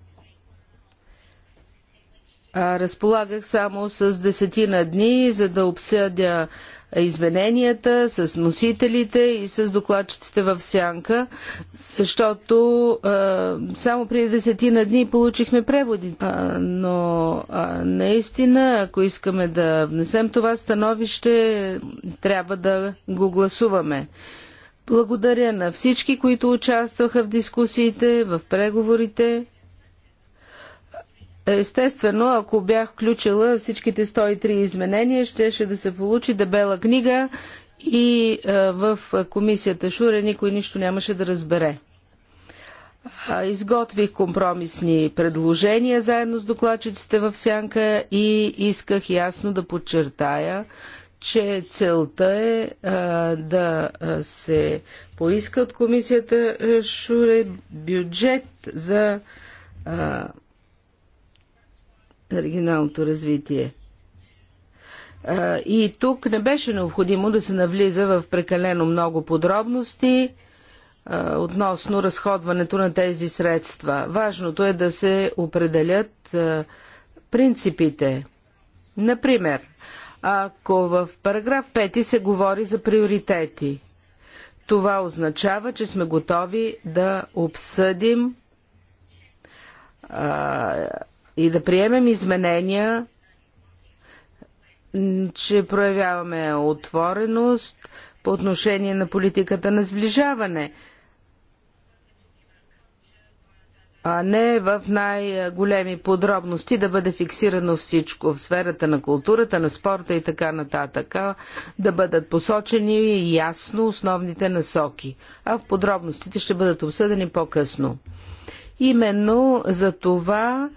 А разполагах само с десетина дни, за да обсъдя измененията, с носителите и с докладчиците в сянка, защото само преди десетина дни получихме преводи. но наистина, ако искаме да внесем това становище, трябва да го гласуваме. Благодаря на всички, които участваха в дискусиите, в преговорите. Естествено, ако бях включила всичките 103 изменения, щеше да се получи дебела книга и е, в комисията Шуре никой нищо нямаше да разбере. Изготвих компромисни предложения заедно с докладчиците в Сянка и исках ясно да подчертая, че целта е, е да е, се поиска от комисията Шуре бюджет за регионалното развитие. И тук не беше необходимо да се навлиза в прекалено много подробности относно разходването на тези средства. Важното е да се определят принципите. Например, ако в параграф 5 се говори за приоритети, това означава, че сме готови да обсъдим и да приемем изменения, че проявяваме отвореност по отношение на политиката на сближаване, а не в най-големи подробности да бъде фиксирано всичко в сферата на културата, на спорта и така нататък, да бъдат посочени ясно основните насоки, а в подробностите ще бъдат обсъдени по-късно. Именно за това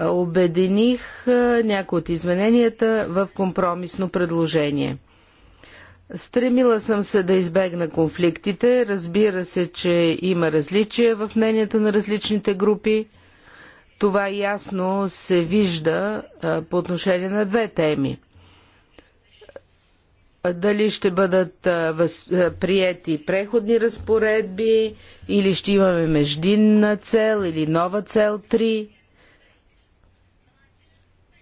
обединих някои от измененията в компромисно предложение. Стремила съм се да избегна конфликтите. Разбира се, че има различия в мненията на различните групи. Това ясно се вижда по отношение на две теми. Дали ще бъдат приети преходни разпоредби или ще имаме междинна цел или нова цел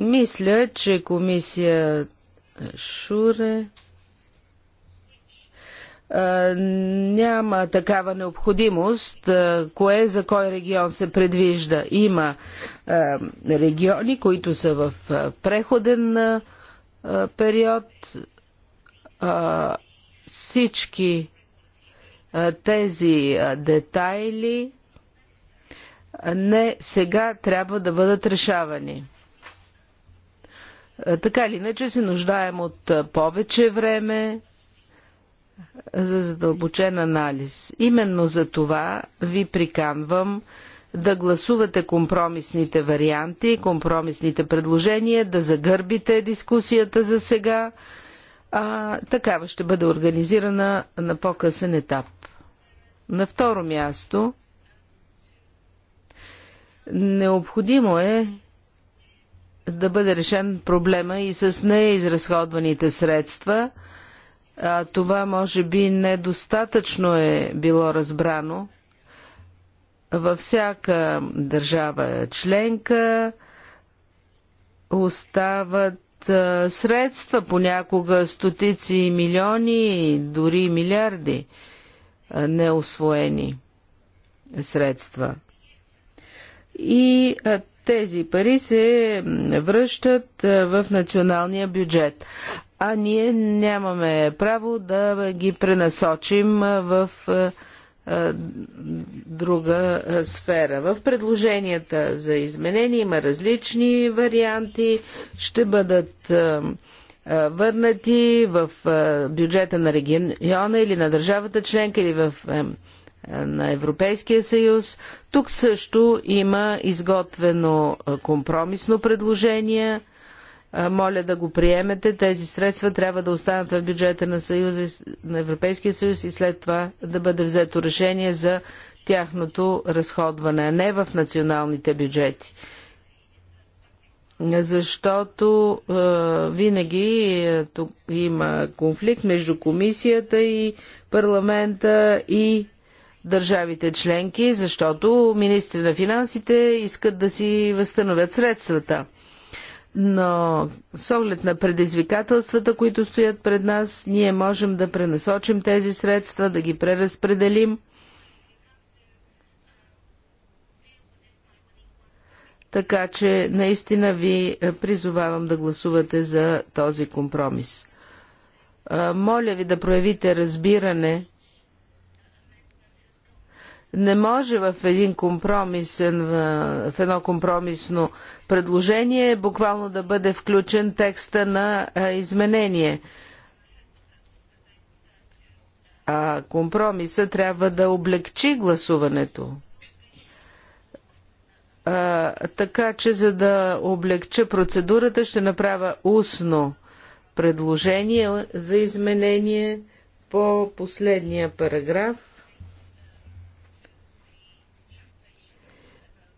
мисля, че комисия Шуре няма такава необходимост, кое за кой регион се предвижда. Има региони, които са в преходен период. Всички тези детайли не сега трябва да бъдат решавани. Е, така или иначе се нуждаем от е, повече време за задълбочен анализ. Именно за това ви приканвам да гласувате компромисните варианти, компромисните предложения, да загърбите дискусията за сега. А, такава ще бъде организирана на по-късен етап. На второ място, необходимо е да бъде решен проблема и с неизразходваните средства. А, това може би недостатъчно е било разбрано. Във всяка държава членка остават а, средства, понякога стотици милиони, дори милиарди а, неосвоени средства. И а, тези пари се връщат в националния бюджет, а ние нямаме право да ги пренасочим в друга сфера. В предложенията за изменение има различни варианти. Ще бъдат върнати в бюджета на региона или на държавата членка или в на Европейския съюз. Тук също има изготвено компромисно предложение. Моля да го приемете. Тези средства трябва да останат в бюджета на, съюз, на Европейския съюз и след това да бъде взето решение за тяхното разходване, а не в националните бюджети. Защото е, винаги е, тук има конфликт между комисията и парламента и държавите членки, защото министри на финансите искат да си възстановят средствата. Но с оглед на предизвикателствата, които стоят пред нас, ние можем да пренасочим тези средства, да ги преразпределим. Така че наистина ви призовавам да гласувате за този компромис. Моля ви да проявите разбиране не може в, един компромисен, в едно компромисно предложение буквално да бъде включен текста на изменение. А компромиса трябва да облегчи гласуването. А, така че, за да облегча процедурата, ще направя устно предложение за изменение по последния параграф.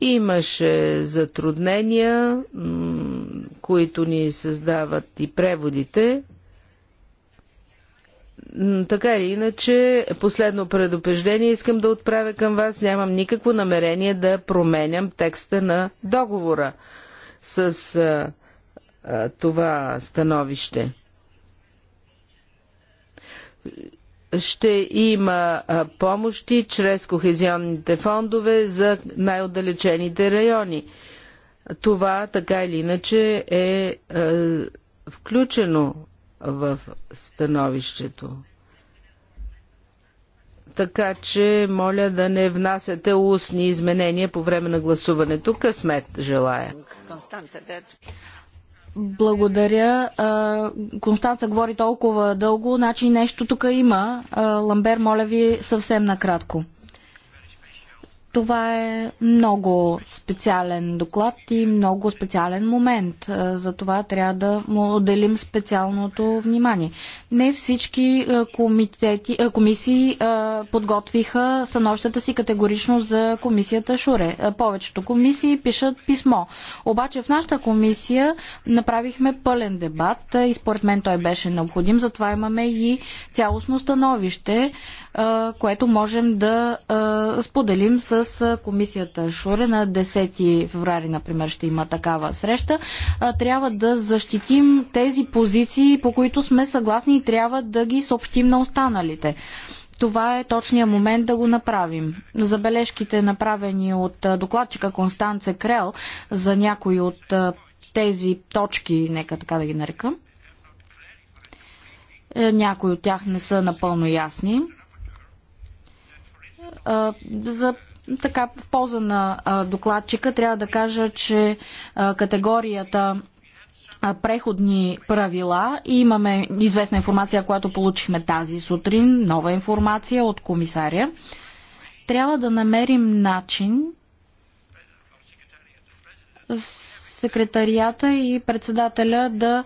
Имаше затруднения, които ни създават и преводите. Така или иначе, последно предупреждение искам да отправя към вас. Нямам никакво намерение да променям текста на договора с а, а, това становище ще има помощи чрез кохезионните фондове за най-отдалечените райони. Това така или иначе е, е включено в становището. Така че моля да не внасяте устни изменения по време на гласуването. Късмет желая. Благодаря. Констанца говори толкова дълго, значи нещо тук има. Ламбер, моля ви съвсем накратко. Това е много специален доклад и много специален момент. Е, за това трябва да му отделим специалното внимание. Не всички е, комитети, е, комисии подготвиха становищата си категорично за комисията Шуре. Повечето комисии пишат писмо. Обаче в нашата комисия направихме пълен дебат и според мен той беше необходим. Затова имаме и цялостно становище което можем да споделим с комисията Шуре. На 10 феврари, например, ще има такава среща. Трябва да защитим тези позиции, по които сме съгласни и трябва да ги съобщим на останалите това е точният момент да го направим. Забележките, направени от докладчика Констанце Крел за някои от тези точки, нека така да ги нарекам, е, някои от тях не са напълно ясни за така в полза на докладчика трябва да кажа, че категорията преходни правила и имаме известна информация, която получихме тази сутрин, нова информация от комисаря. Трябва да намерим начин секретарията и председателя да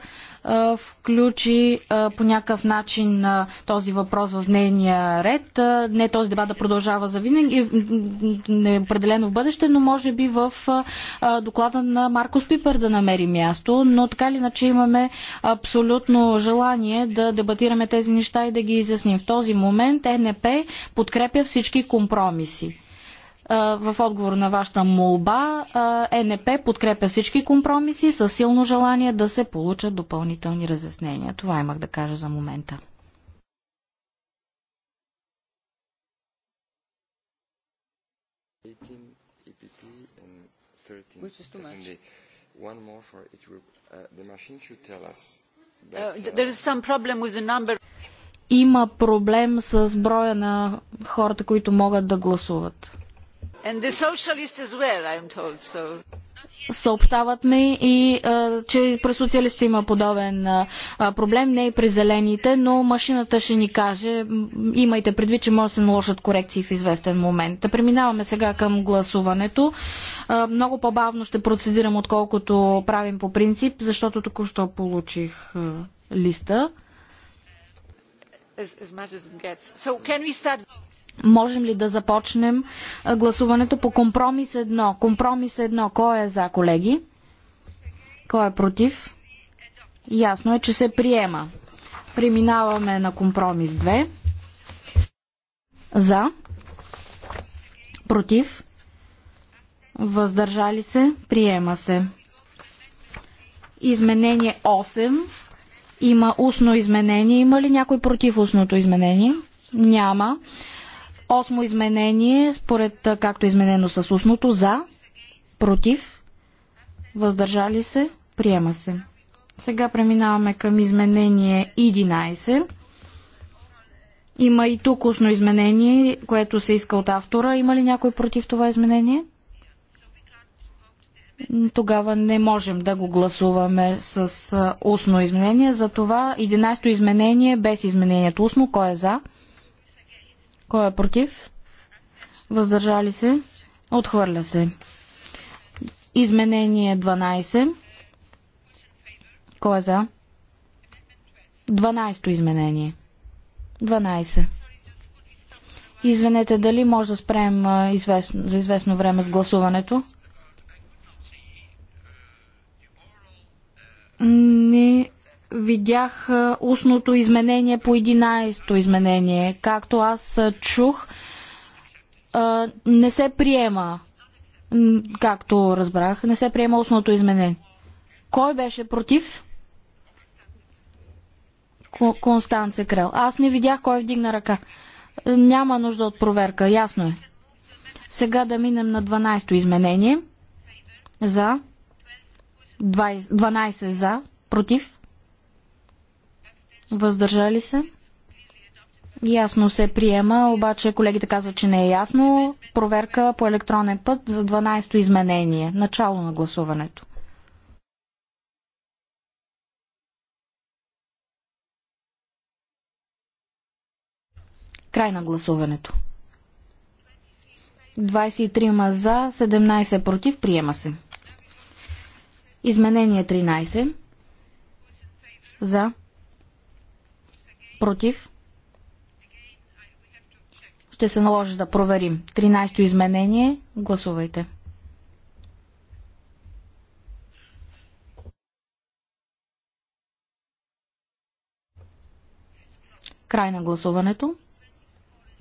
включи по някакъв начин този въпрос в нейния ред. Не този дебат да продължава за винаги, неопределено в бъдеще, но може би в доклада на Маркос Пипер да намери място. Но така или иначе имаме абсолютно желание да дебатираме тези неща и да ги изясним. В този момент ЕНП подкрепя всички компромиси в отговор на вашата молба, ЕНП подкрепя всички компромиси с силно желание да се получат допълнителни разяснения. Това имах да кажа за момента. Uh, uh, uh, Има проблем с броя на хората, които могат да гласуват. Съобщават ми и а, че при социалистите има подобен а, проблем, не и при зелените, но машината ще ни каже, имайте предвид, че може да се наложат корекции в известен момент. Та преминаваме сега към гласуването. А, много по-бавно ще процедирам, отколкото правим по принцип, защото току-що получих а, листа. As, as Можем ли да започнем гласуването по компромис 1? Компромис 1. Кой е за, колеги? Кой е против? Ясно е, че се приема. Преминаваме на компромис 2. За. Против. Въздържали се. Приема се. Изменение 8. Има устно изменение. Има ли някой против устното изменение? Няма. Осмо изменение, според както е изменено с устното, за, против, въздържали се, приема се. Сега преминаваме към изменение 11. Има и тук устно изменение, което се иска от автора. Има ли някой против това изменение? Тогава не можем да го гласуваме с устно изменение. Затова 11-то изменение без изменението устно. Кой е за? Кой е против? Въздържали се? Отхвърля се. Изменение 12. Кой е за? 12-то изменение. 12. Извинете, дали може да спрем известно, за известно време с гласуването? Не видях устното изменение по 11-то изменение. Както аз чух, не се приема, както разбрах, не се приема устното изменение. Кой беше против? Констанце Крел. Аз не видях кой вдигна ръка. Няма нужда от проверка, ясно е. Сега да минем на 12-то изменение. За. 12 за. Против въздържали се. Ясно се приема, обаче колегите казват, че не е ясно. Проверка по електронен път за 12-то изменение. Начало на гласуването. Край на гласуването. 23 за, 17 против, приема се. Изменение 13. За. Против? Ще се наложи да проверим. 13-то изменение. Гласувайте. Край на гласуването.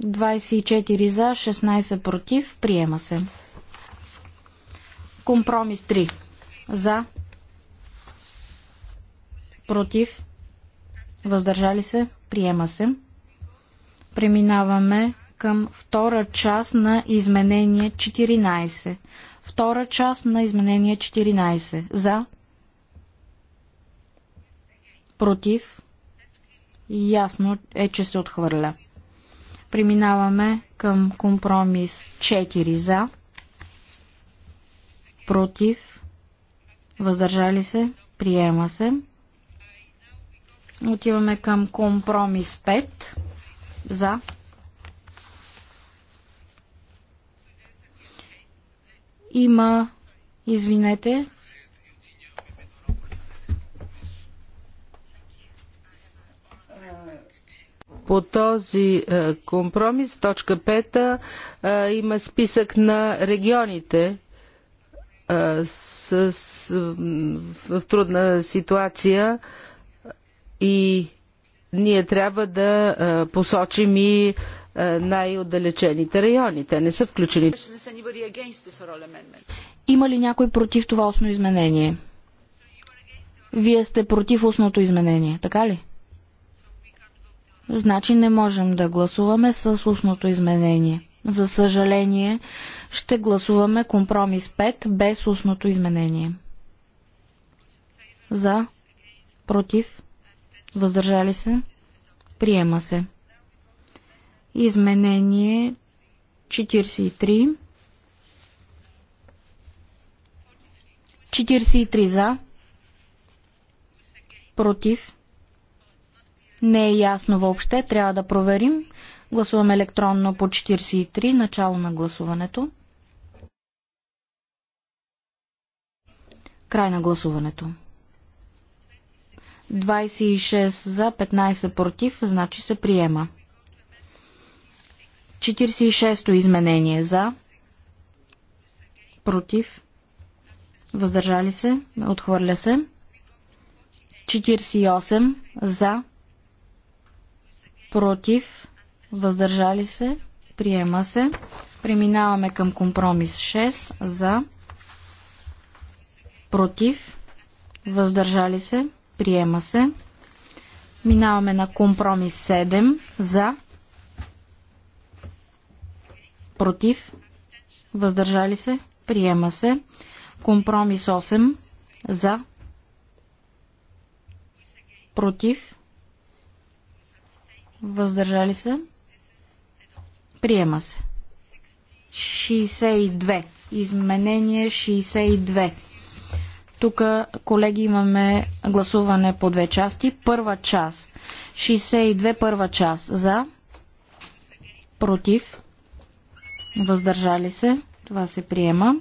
24 за, 16 против. Приема се. Компромис 3. За. Против. Въздържали се? Приема се. Преминаваме към втора част на изменение 14. Втора част на изменение 14. За? Против? Ясно е, че се отхвърля. Преминаваме към компромис 4 за, против, въздържали се, приема се. Отиваме към компромис 5. За. Има, извинете, по този е, компромис, точка 5, е, има списък на регионите е, с, в трудна ситуация и ние трябва да посочим и най-отдалечените райони. Те не са включени. Има ли някой против това осно изменение? Вие сте против устното изменение, така ли? Значи не можем да гласуваме с устното изменение. За съжаление, ще гласуваме компромис 5 без устното изменение. За? Против? Въздържали се? Приема се. Изменение 43. 43 за. Против. Не е ясно въобще. Трябва да проверим. Гласуваме електронно по 43. Начало на гласуването. Край на гласуването. 26 за, 15 против, значи се приема. 46-то изменение за, против, въздържали се, отхвърля се. 48 за, против, въздържали се, приема се. Преминаваме към компромис 6 за, против, въздържали се, Приема се. Минаваме на компромис 7 за против въздържали се. Приема се. Компромис 8 за против въздържали се. Приема се. 62. Изменение 62. Тук, колеги, имаме гласуване по две части. Първа част 62, първа част за, против, въздържали се. Това се приема.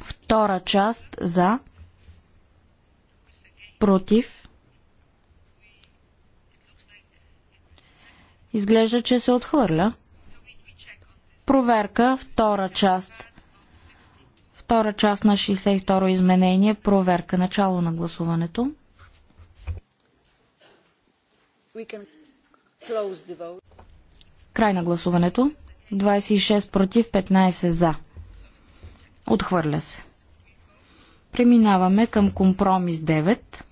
Втора част за, против. Изглежда, че се отхвърля. Проверка, втора част Втора част на 62-ро изменение. Проверка. Начало на гласуването. Край на гласуването. 26 против, 15 за. Отхвърля се. Преминаваме към компромис 9.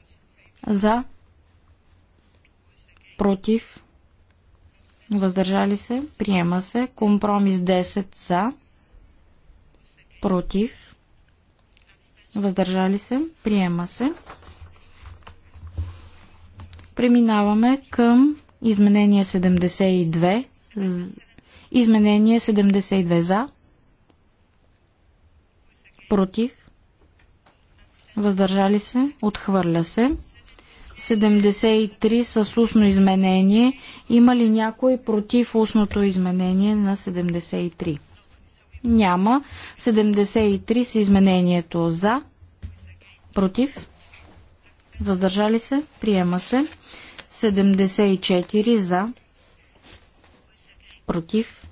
За. Против. Въздържали се. Приема се. Компромис 10 за против, въздържали се, приема се. Преминаваме към изменение 72. Изменение 72 за, против, въздържали се, отхвърля се. 73 с устно изменение. Има ли някой против устното изменение на 73? Няма. 73 с изменението за. Против. Въздържали се. Приема се. 74 за. Против.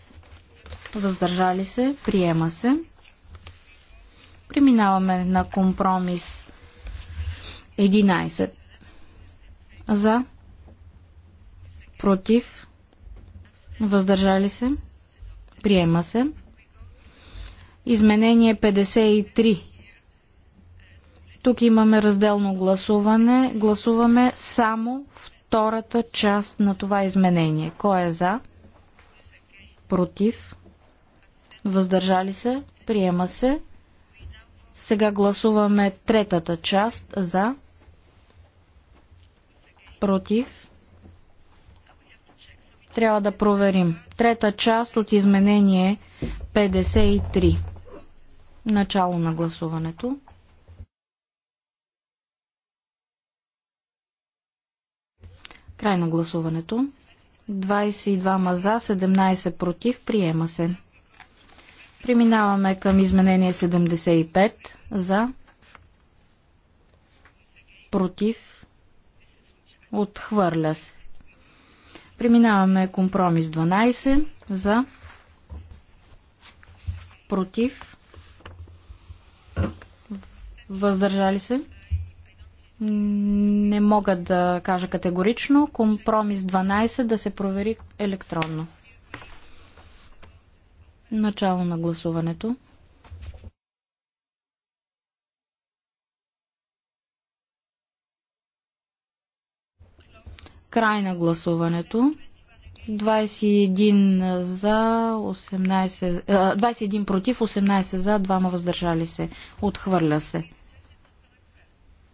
Въздържали се. Приема се. Преминаваме на компромис 11. За. Против. Въздържали се. Приема се. Изменение 53. Тук имаме разделно гласуване. Гласуваме само втората част на това изменение. Кой е за? Против? Въздържали се? Приема се. Сега гласуваме третата част за. Против? Трябва да проверим. Трета част от изменение 53. Начало на гласуването. Край на гласуването. 22 за, 17 против. Приема се. Преминаваме към изменение 75 за, против, отхвърля се. Преминаваме компромис 12 за, против, въздържали се. Не мога да кажа категорично. Компромис 12 да се провери електронно. Начало на гласуването. Край на гласуването. 21 за 18, 21 против, 18 за, 2 въздържали се. Отхвърля се.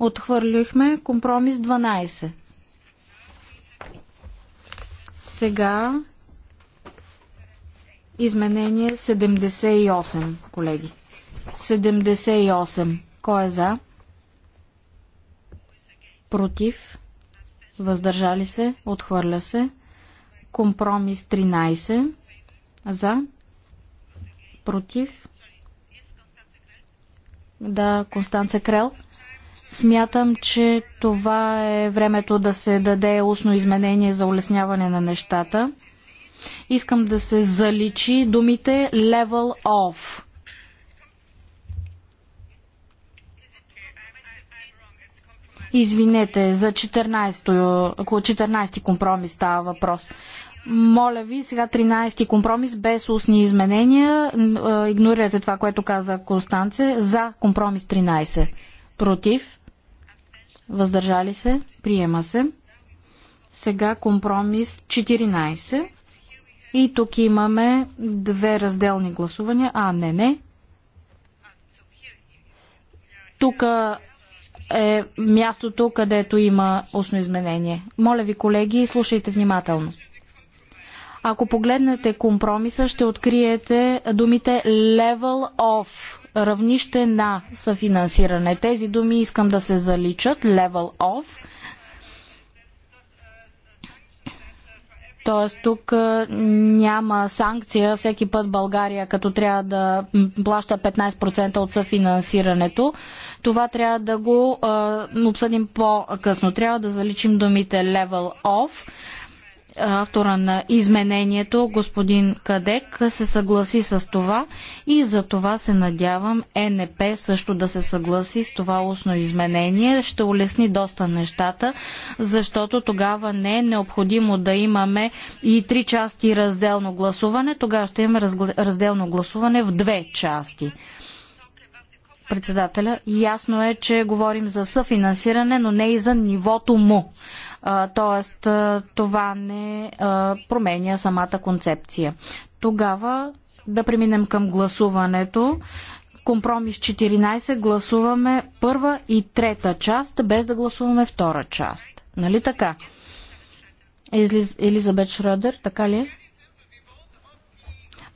Отхвърлихме компромис 12. Сега изменение 78, колеги. 78. Кой е за? Против? Въздържали се? Отхвърля се. Компромис 13. За? Против? Да, Констанца Крел. Смятам, че това е времето да се даде устно изменение за улесняване на нещата. Искам да се заличи думите level of. Извинете, за 14, 14 компромис става въпрос. Моля ви, сега 13-ти компромис без устни изменения. Игнорирате това, което каза Констанце за компромис 13 против, въздържали се, приема се. Сега компромис 14. И тук имаме две разделни гласувания. А, не, не. Тук е мястото, където има устно изменение. Моля ви, колеги, слушайте внимателно. Ако погледнете компромиса, ще откриете думите level of равнище на съфинансиране. Тези думи искам да се заличат. Level of. Т.е. тук няма санкция всеки път България, като трябва да плаща 15% от съфинансирането. Това трябва да го обсъдим по-късно. Трябва да заличим думите level of автора на изменението, господин Кадек, се съгласи с това и за това се надявам ЕНП също да се съгласи с това устно изменение. Ще улесни доста нещата, защото тогава не е необходимо да имаме и три части разделно гласуване, тогава ще имаме разделно гласуване в две части председателя. Ясно е, че говорим за съфинансиране, но не и за нивото му. Тоест, това не променя самата концепция. Тогава да преминем към гласуването. Компромис 14 гласуваме първа и трета част, без да гласуваме втора част. Нали така? Елизабет Шрадър, така ли е?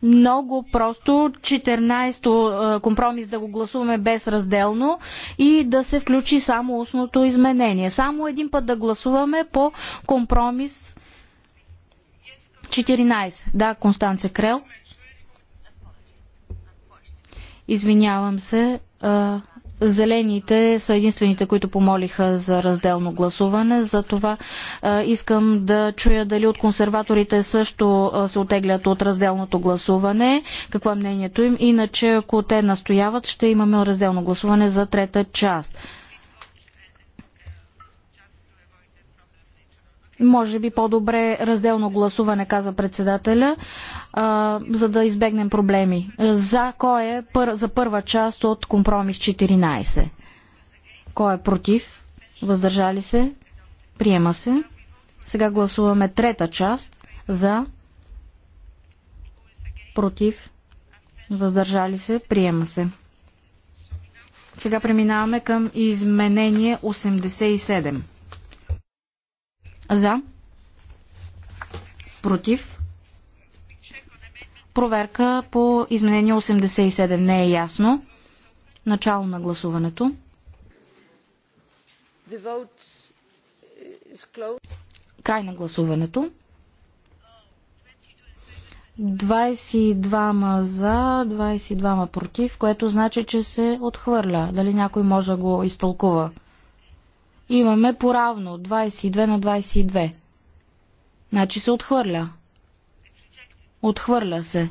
много просто 14-то е, компромис да го гласуваме безразделно и да се включи само устното изменение. Само един път да гласуваме по компромис 14. Да, Констанце Крел. Извинявам се. А, е, Зелените са единствените, които помолиха за разделно гласуване. Затова това искам да чуя дали от консерваторите също се отеглят от разделното гласуване, какво е мнението им. Иначе, ако те настояват, ще имаме разделно гласуване за трета част. Може би по-добре разделно гласуване, каза председателя, а, за да избегнем проблеми. За кой е пър, за първа част от компромис 14? Кой е против? Въздържали се? Приема се. Сега гласуваме трета част за против въздържали се, приема се. Сега преминаваме към изменение 87. За. Против. Проверка по изменение 87 не е ясно. Начало на гласуването. Край на гласуването. 22 за, 22 против, което значи, че се отхвърля. Дали някой може да го изтълкува? имаме поравно 22 на 22. Значи се отхвърля. Отхвърля се.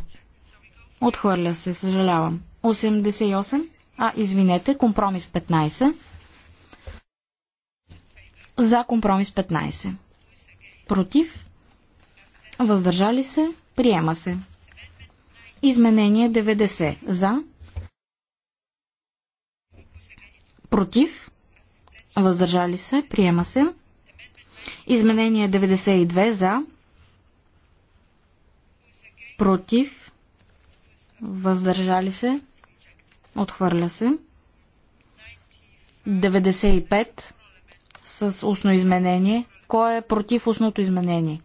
Отхвърля се, съжалявам. 88. А, извинете, компромис 15. За компромис 15. Против. Въздържали се. Приема се. Изменение 90. За. Против въздържали се, приема се. Изменение 92 за, против, въздържали се, отхвърля се. 95 с устно изменение. Кой е против устното изменение?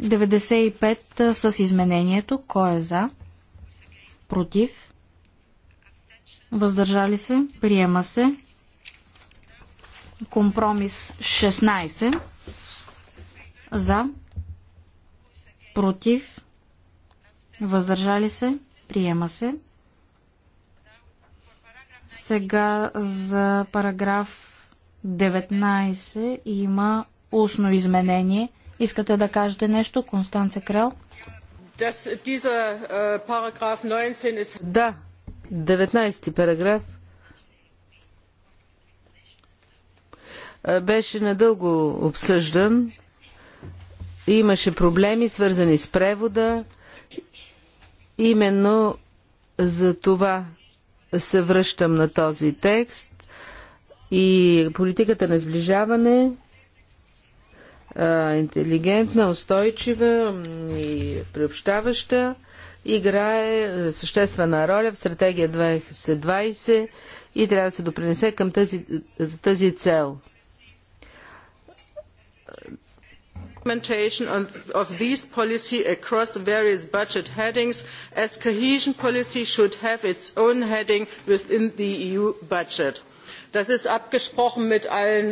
95 с изменението. Кой е за? Против? въздържали се, приема се. Компромис 16 за, против, въздържали се, приема се. Сега за параграф 19 има устно изменение. Искате да кажете нещо, Констанция Крел? Äh, да, 19 параграф беше надълго обсъждан. Имаше проблеми, свързани с превода. Именно за това се връщам на този текст. И политиката на сближаване интелигентна, устойчива и приобщаваща играе съществена роля в стратегия 2020 и трябва да се допринесе към тази, за тази цел. implementation of these across various budget headings as cohesion policy should have its own heading within the eu budget. das ist abgesprochen mit allen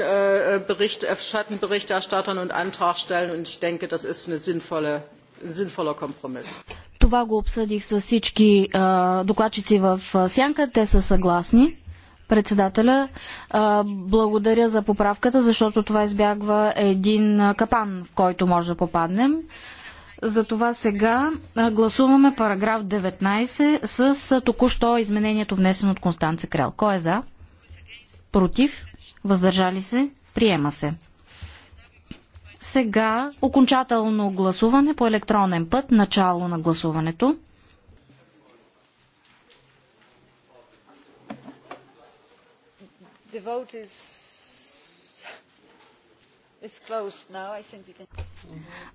schattenberichterstattern und antragstellern und ich denke das ist ein sinnvoller kompromiss. Това го обсъдих с всички а, докладчици в Сянка. Те са съгласни. Председателя, а, благодаря за поправката, защото това избягва един капан, в който може да попаднем. Затова сега гласуваме параграф 19 с току-що изменението внесено от Констанция Крел. Кой е за? Против? Въздържали се? Приема се. Сега окончателно гласуване по електронен път, начало на гласуването.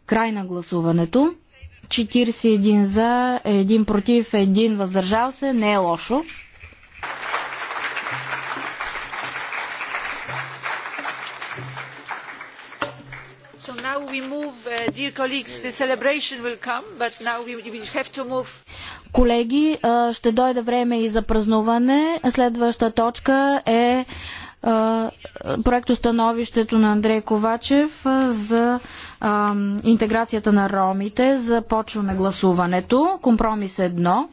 Край на гласуването. 41 за, 1 против, 1 въздържал се. Не е лошо. we move, uh, dear colleagues, the celebration will come, but now we, have to move. Колеги, ще дойде време и за празнуване. Следваща точка е проектостановището на Андрей Ковачев за интеграцията на ромите. Започваме гласуването. Компромис едно.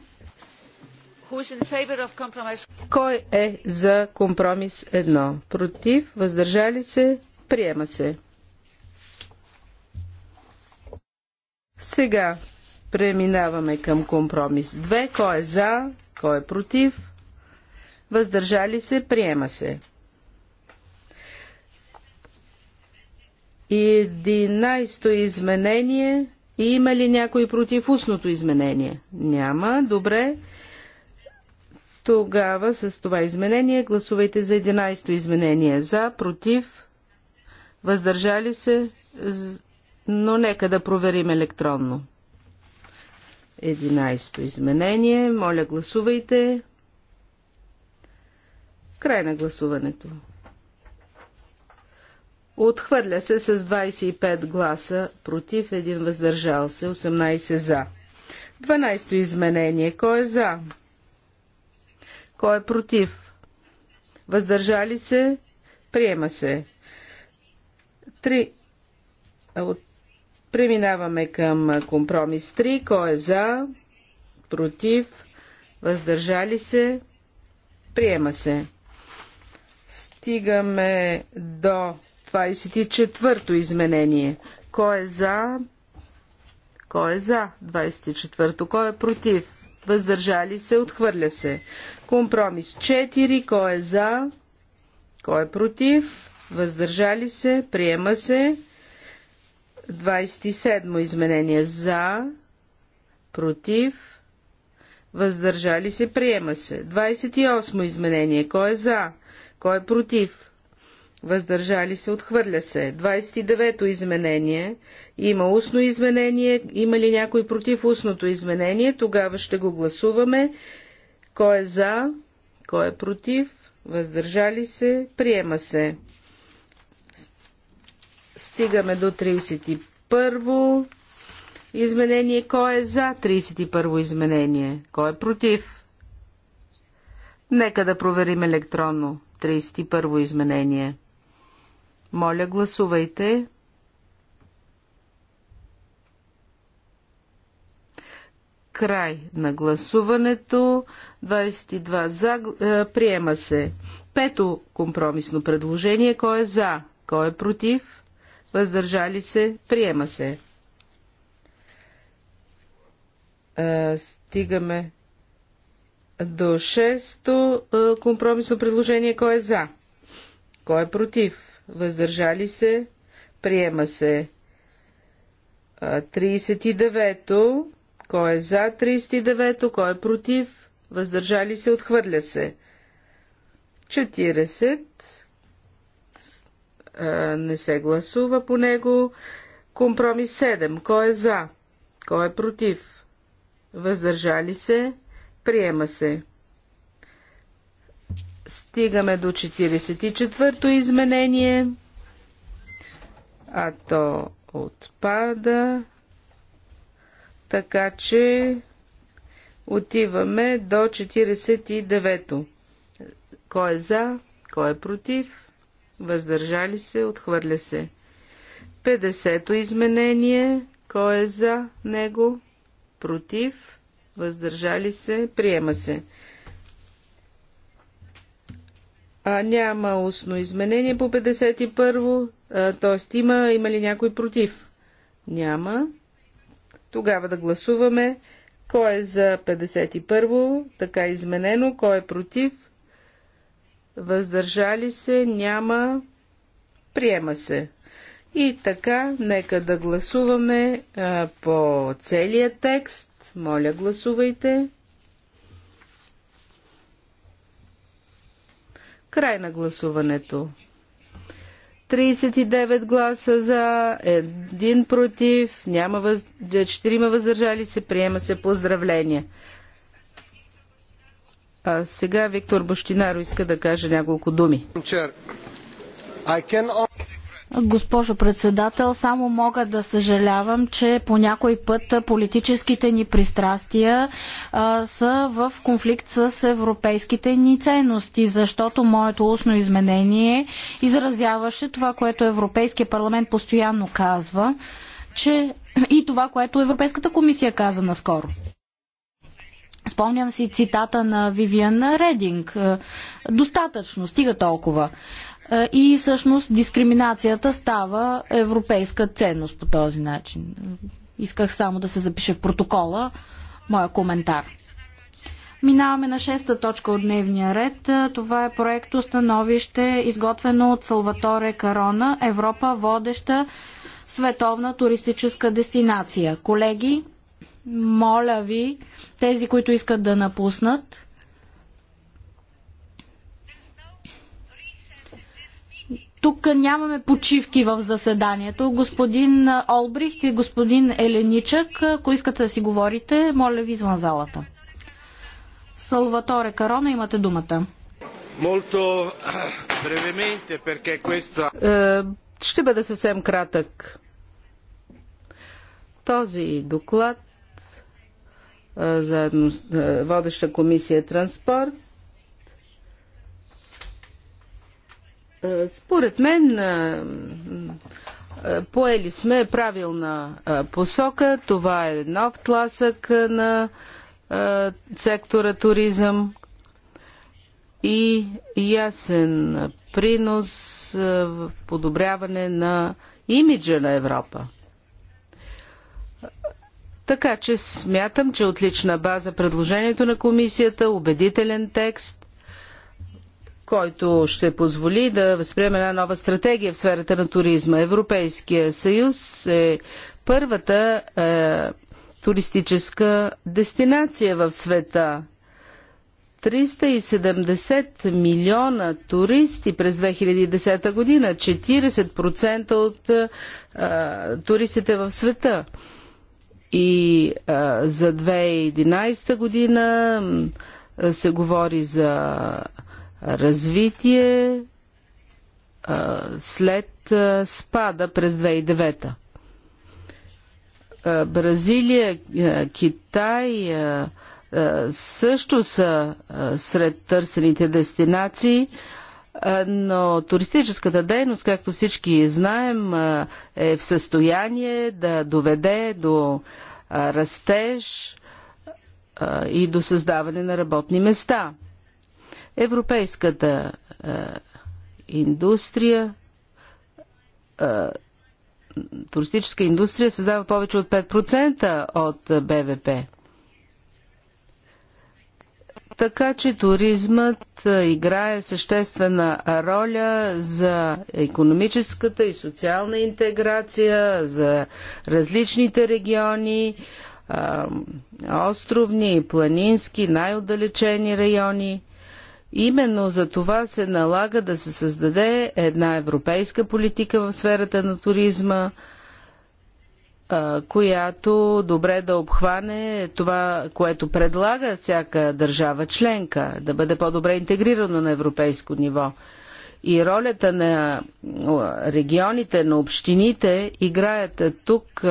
Кой е за компромис едно? Против? Въздържали се? Приема се. Сега преминаваме към компромис 2. Кой е за? Кой е против? Въздържали се? Приема се. 11-то изменение. И има ли някой против устното изменение? Няма. Добре. Тогава с това изменение гласувайте за 11-то изменение. За, против, въздържали се, но нека да проверим електронно. 11-то изменение. Моля, гласувайте. Край на гласуването. Отхвърля се с 25 гласа против, един въздържал се, 18 за. 12-то изменение. Кой е за? Кой е против? Въздържали се? Приема се. 3 от Преминаваме към компромис 3. Кой е за? Против? Въздържали се? Приема се. Стигаме до 24-то изменение. Кой е за? Кой е за 24-то? Кой е против? Въздържали се? Отхвърля се. Компромис 4. Кой е за? Кой е против? Въздържали се? Приема се. 27 изменение за, против, въздържали се, приема се. 28 изменение, кой е за, кой е против, въздържали се, отхвърля се. 29-то изменение, има устно изменение, има ли някой против устното изменение, тогава ще го гласуваме. Кой е за, кой е против, въздържали се, приема се. Стигаме до 31-во изменение. Кой е за 31-во изменение? Кой е против? Нека да проверим електронно 31-во изменение. Моля, гласувайте. Край на гласуването. 22 за. Е, приема се. Пето компромисно предложение. Кой е за? Кой е против? въздържали се, приема се. Стигаме до шесто компромисно предложение. Кой е за? Кой е против? Въздържали се? Приема се. 39-то. Кой е за 39-то? Кой е против? Въздържали се? Отхвърля се. 40 не се гласува по него. Компромис 7. Кой е за? Кой е против? Въздържали се? Приема се. Стигаме до 44-то изменение. А то отпада. Така че отиваме до 49-то. Кой е за? Кой е против? въздържали се, отхвърля се. 50-то изменение, кой е за него, против, въздържали се, приема се. А, няма устно изменение по 51-во, т.е. има, има ли някой против? Няма. Тогава да гласуваме кой е за 51-во, така изменено, кой е против, въздържали се, няма, приема се. И така, нека да гласуваме а, по целия текст. Моля, гласувайте. Край на гласуването. 39 гласа за, един против, няма въз... 4 въздържали се, приема се поздравления. А сега Виктор Бощинаро иска да каже няколко думи. Госпожо председател, само мога да съжалявам, че по някой път политическите ни пристрастия а, са в конфликт с европейските ни ценности, защото моето устно изменение изразяваше това, което Европейския парламент постоянно казва, че и това, което Европейската комисия каза наскоро. Спомням си цитата на Вивиан Рединг. Е, достатъчно, стига толкова. Е, и всъщност дискриминацията става европейска ценност по този начин. Исках само да се запише в протокола моя коментар. Минаваме на шеста точка от дневния ред. Е, това е проект становище, изготвено от Салваторе Карона, Европа водеща световна туристическа дестинация. Колеги, моля ви, тези, които искат да напуснат, тук нямаме почивки в заседанието. Господин Олбрихт и господин Еленичък, ако искате да си говорите, моля ви извън залата. Салваторе Карона, имате думата. Э, questa... Е, ще бъде съвсем кратък. Този доклад заедно с водеща комисия транспорт. Според мен поели сме правилна посока. Това е нов тласък на сектора туризъм и ясен принос в подобряване на имиджа на Европа. Така че смятам, че отлична база предложението на комисията, убедителен текст, който ще позволи да възприеме една нова стратегия в сферата на туризма. Европейския съюз е първата е, туристическа дестинация в света. 370 милиона туристи през 2010 година, 40% от е, туристите в света. И а, за 2011 година се говори за развитие а, след а, спада през 2009. А, Бразилия, а, Китай а, а, също са а, сред търсените дестинации, но туристическата дейност, както всички знаем, е в състояние да доведе до растеж и до създаване на работни места. Европейската индустрия, туристическа индустрия създава повече от 5% от БВП. Така че туризмът играе съществена роля за економическата и социална интеграция, за различните региони, островни и планински, най-отдалечени райони. Именно за това се налага да се създаде една европейска политика в сферата на туризма – която добре да обхване това, което предлага всяка държава членка, да бъде по-добре интегрирано на европейско ниво. И ролята на регионите, на общините играят тук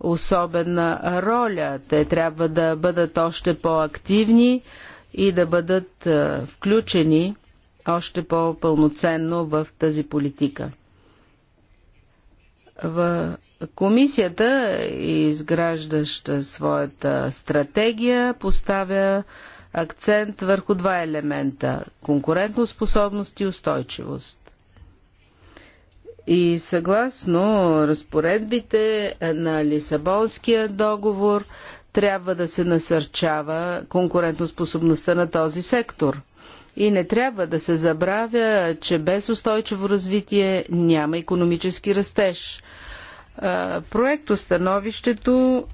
особена роля. Те трябва да бъдат още по-активни и да бъдат включени още по-пълноценно в тази политика. В Комисията, изграждаща своята стратегия, поставя акцент върху два елемента конкурентоспособност и устойчивост. И съгласно разпоредбите на Лисабонския договор, трябва да се насърчава конкурентоспособността на този сектор. И не трябва да се забравя, че без устойчиво развитие няма економически растеж. Проектостановището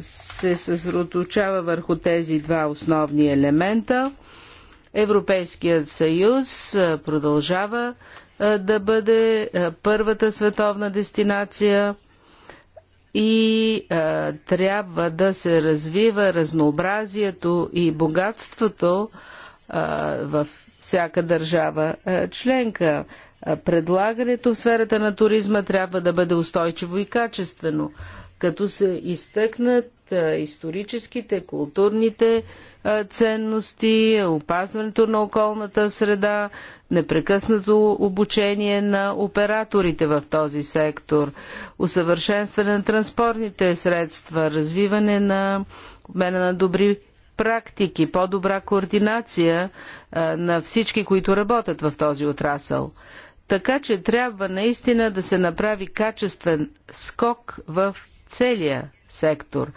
се съсредоточава върху тези два основни елемента. Европейският съюз продължава да бъде първата световна дестинация и трябва да се развива разнообразието и богатството във всяка държава членка предлагането в сферата на туризма трябва да бъде устойчиво и качествено, като се изтъкнат историческите, културните ценности, опазването на околната среда, непрекъснато обучение на операторите в този сектор, усъвършенстване на транспортните средства, развиване на обмена на добри практики, по-добра координация на всички, които работят в този отрасъл – така че трябва наистина да се направи качествен скок в целия сектор.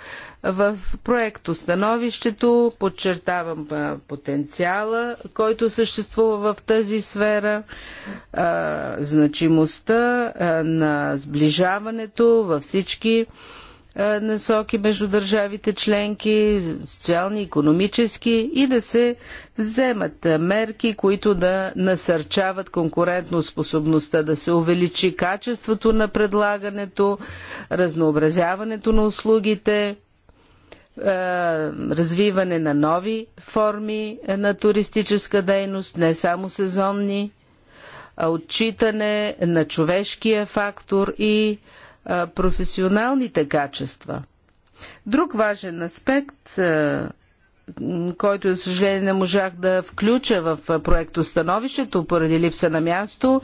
В проекто становището подчертавам потенциала, който съществува в тази сфера, значимостта на сближаването във всички насоки между държавите членки, социални, економически и да се вземат мерки, които да насърчават конкурентоспособността, да се увеличи качеството на предлагането, разнообразяването на услугите, развиване на нови форми на туристическа дейност, не само сезонни, отчитане на човешкия фактор и професионалните качества. Друг важен аспект, който, за съжаление, не можах да включа в проекто становището поради липса на място,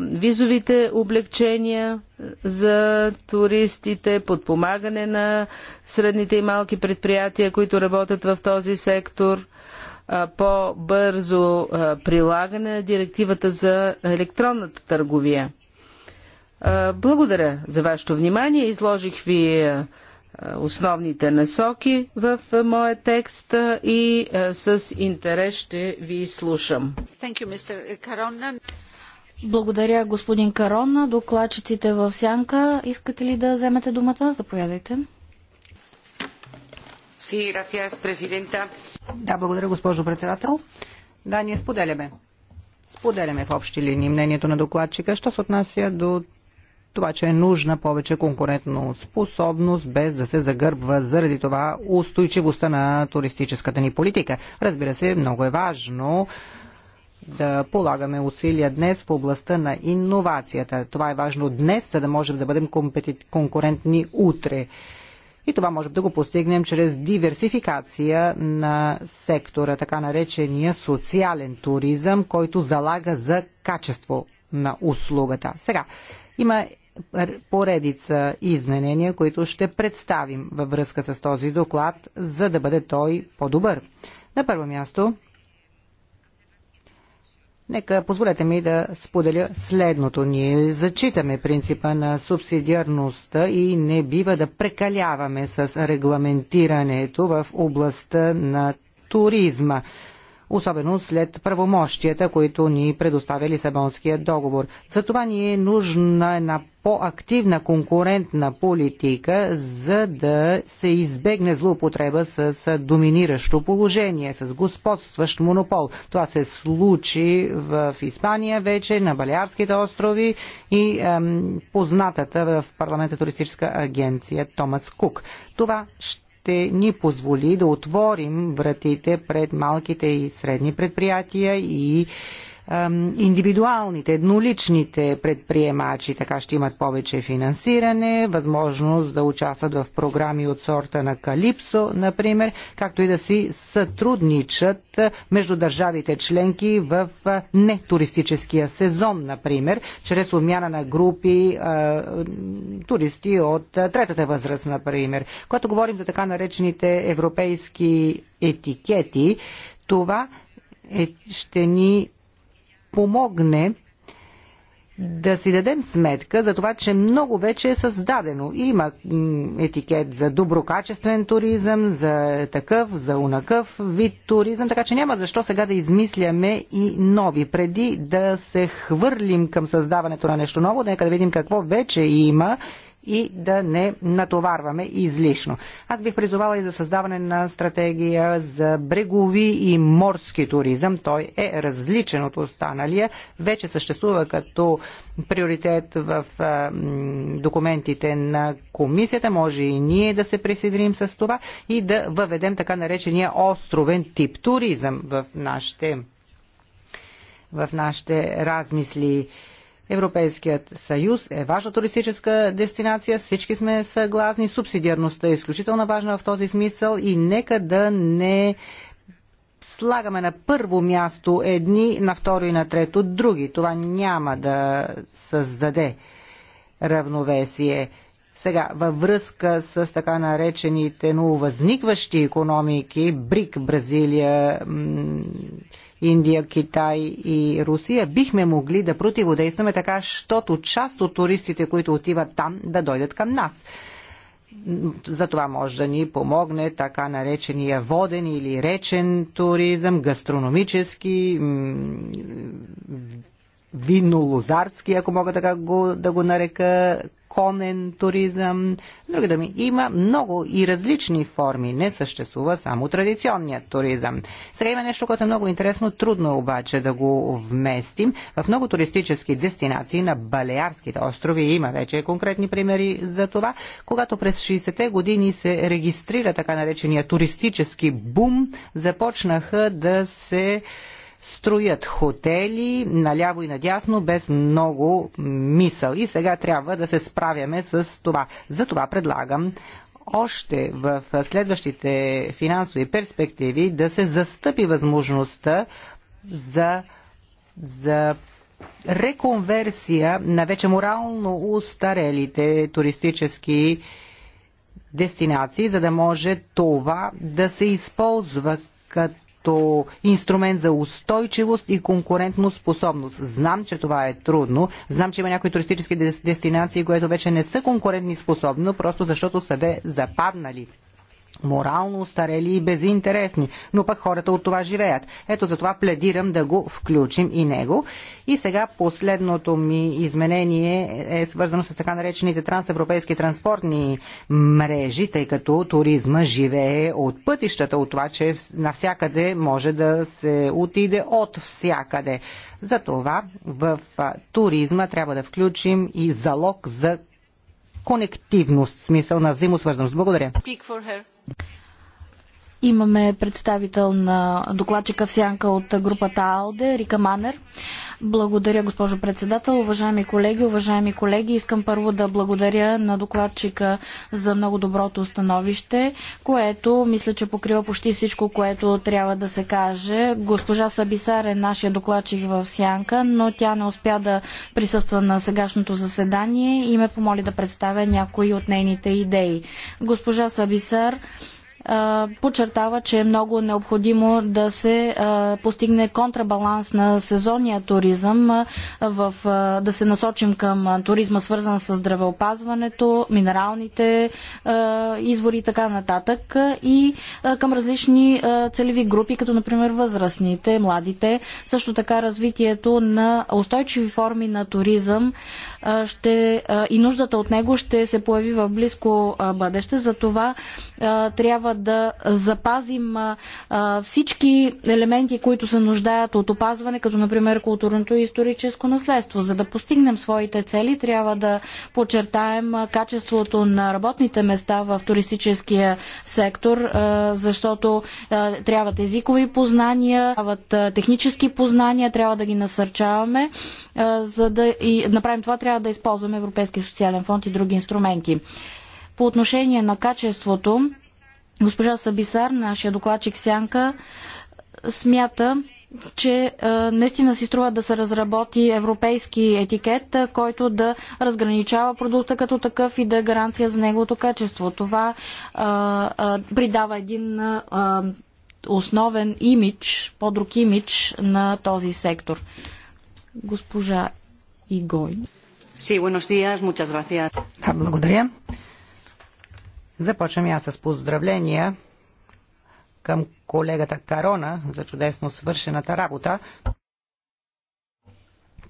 визовите облегчения за туристите, подпомагане на средните и малки предприятия, които работят в този сектор – по-бързо прилагане на директивата за електронната търговия. Благодаря за вашето внимание. Изложих ви основните насоки в моя текст и с интерес ще ви слушам. Благодаря, господин Карон. Докладчиците в сянка, искате ли да вземете думата? Заповядайте. Да, благодаря, госпожо председател. Да, ние споделяме. Споделяме в общи линии мнението на докладчика. Що се отнася до това, че е нужна повече конкурентно способност, без да се загърбва заради това устойчивостта на туристическата ни политика. Разбира се, много е важно да полагаме усилия днес в областта на иновацията. Това е важно днес, за да можем да бъдем конкурентни утре. И това можем да го постигнем чрез диверсификация на сектора, така наречения социален туризъм, който залага за качество на услугата. Сега, има поредица изменения, които ще представим във връзка с този доклад, за да бъде той по-добър. На първо място, нека позволете ми да споделя следното. Ние зачитаме принципа на субсидиарността и не бива да прекаляваме с регламентирането в областта на туризма особено след правомощията, които ни предоставя Лисабонския договор. Затова ни е нужна една по-активна конкурентна политика, за да се избегне злоупотреба с доминиращо положение, с господстващ монопол. Това се случи в Испания вече, на Балиарските острови и ем, познатата в парламента туристическа агенция Томас Кук. Това ще ще ни позволи да отворим вратите пред малките и средни предприятия и индивидуалните, едноличните предприемачи. Така ще имат повече финансиране, възможност да участват в програми от сорта на Калипсо, например, както и да си сътрудничат между държавите членки в нетуристическия сезон, например, чрез обмяна на групи туристи от третата възраст, например. Когато говорим за така наречените европейски етикети, това е, ще ни помогне да си дадем сметка за това, че много вече е създадено. Има етикет за доброкачествен туризъм, за такъв, за унакъв вид туризъм, така че няма защо сега да измисляме и нови. Преди да се хвърлим към създаването на нещо ново, нека да видим какво вече има и да не натоварваме излишно. Аз бих призовала и за създаване на стратегия за брегови и морски туризъм. Той е различен от останалия. Вече съществува като приоритет в а, документите на комисията. Може и ние да се присъединим с това и да въведем така наречения островен тип туризъм в нашите, в нашите размисли Европейският съюз е важна туристическа дестинация, всички сме съгласни, субсидиарността е изключително важна в този смисъл и нека да не слагаме на първо място едни, на второ и на трето други. Това няма да създаде равновесие. Сега, във връзка с така наречените възникващи економики, БРИК, Бразилия, Индия, Китай и Русия, бихме могли да противодействаме така, щото част от туристите, които отиват там, да дойдат към нас. За това може да ни помогне така наречения воден или речен туризъм, гастрономически, винолозарски, ако мога така го, да го нарека, конен туризъм. други думи, има много и различни форми. Не съществува само традиционният туризъм. Сега има нещо, което е много интересно, трудно е обаче да го вместим. В много туристически дестинации на Балеарските острови има вече конкретни примери за това. Когато през 60-те години се регистрира така наречения туристически бум, започнаха да се строят хотели наляво и надясно без много мисъл. И сега трябва да се справяме с това. Затова предлагам още в следващите финансови перспективи да се застъпи възможността за, за реконверсия на вече морално устарелите туристически дестинации, за да може това да се използва като като инструмент за устойчивост и конкурентно способност. Знам, че това е трудно. Знам, че има някои туристически дестинации, които вече не са конкурентни способни, просто защото са бе западнали морално устарели и безинтересни, но пък хората от това живеят. Ето за това пледирам да го включим и него. И сега последното ми изменение е свързано с така наречените трансевропейски транспортни мрежи, тъй като туризма живее от пътищата, от това, че навсякъде може да се отиде от всякъде. Затова в туризма трябва да включим и залог за конективност, смисъл на взаимосвързаност. Благодаря. Имаме представител на докладчика в сянка от групата АЛДЕ, Рика Манер. Благодаря, госпожо председател. Уважаеми колеги, уважаеми колеги, искам първо да благодаря на докладчика за много доброто становище, което мисля, че покрива почти всичко, което трябва да се каже. Госпожа Сабисар е нашия докладчик в Сянка, но тя не успя да присъства на сегашното заседание и ме помоли да представя някои от нейните идеи. Госпожа Сабисар подчертава, че е много необходимо да се постигне контрабаланс на сезонния туризъм, в, да се насочим към туризма свързан с здравеопазването, минералните извори и така нататък и към различни целеви групи, като например възрастните, младите, също така развитието на устойчиви форми на туризъм, ще, и нуждата от него ще се появи в близко бъдеще. Затова трябва да запазим всички елементи, които се нуждаят от опазване, като например културното и историческо наследство. За да постигнем своите цели, трябва да подчертаем качеството на работните места в туристическия сектор, защото трябват езикови познания, трябват технически познания, трябва да ги насърчаваме, за да и направим това трябва трябва да използваме Европейския социален фонд и други инструменти. По отношение на качеството, госпожа Сабисар, нашия докладчик Сянка, смята, че наистина си струва да се разработи европейски етикет, който да разграничава продукта като такъв и да е гаранция за неговото качество. Това а, а, придава един а, основен имидж, по-друг имидж на този сектор. Госпожа Игой. Sí, buenos días, muchas gracias. благодаря. Започвам я с поздравления към колегата Карона за чудесно свършената работа.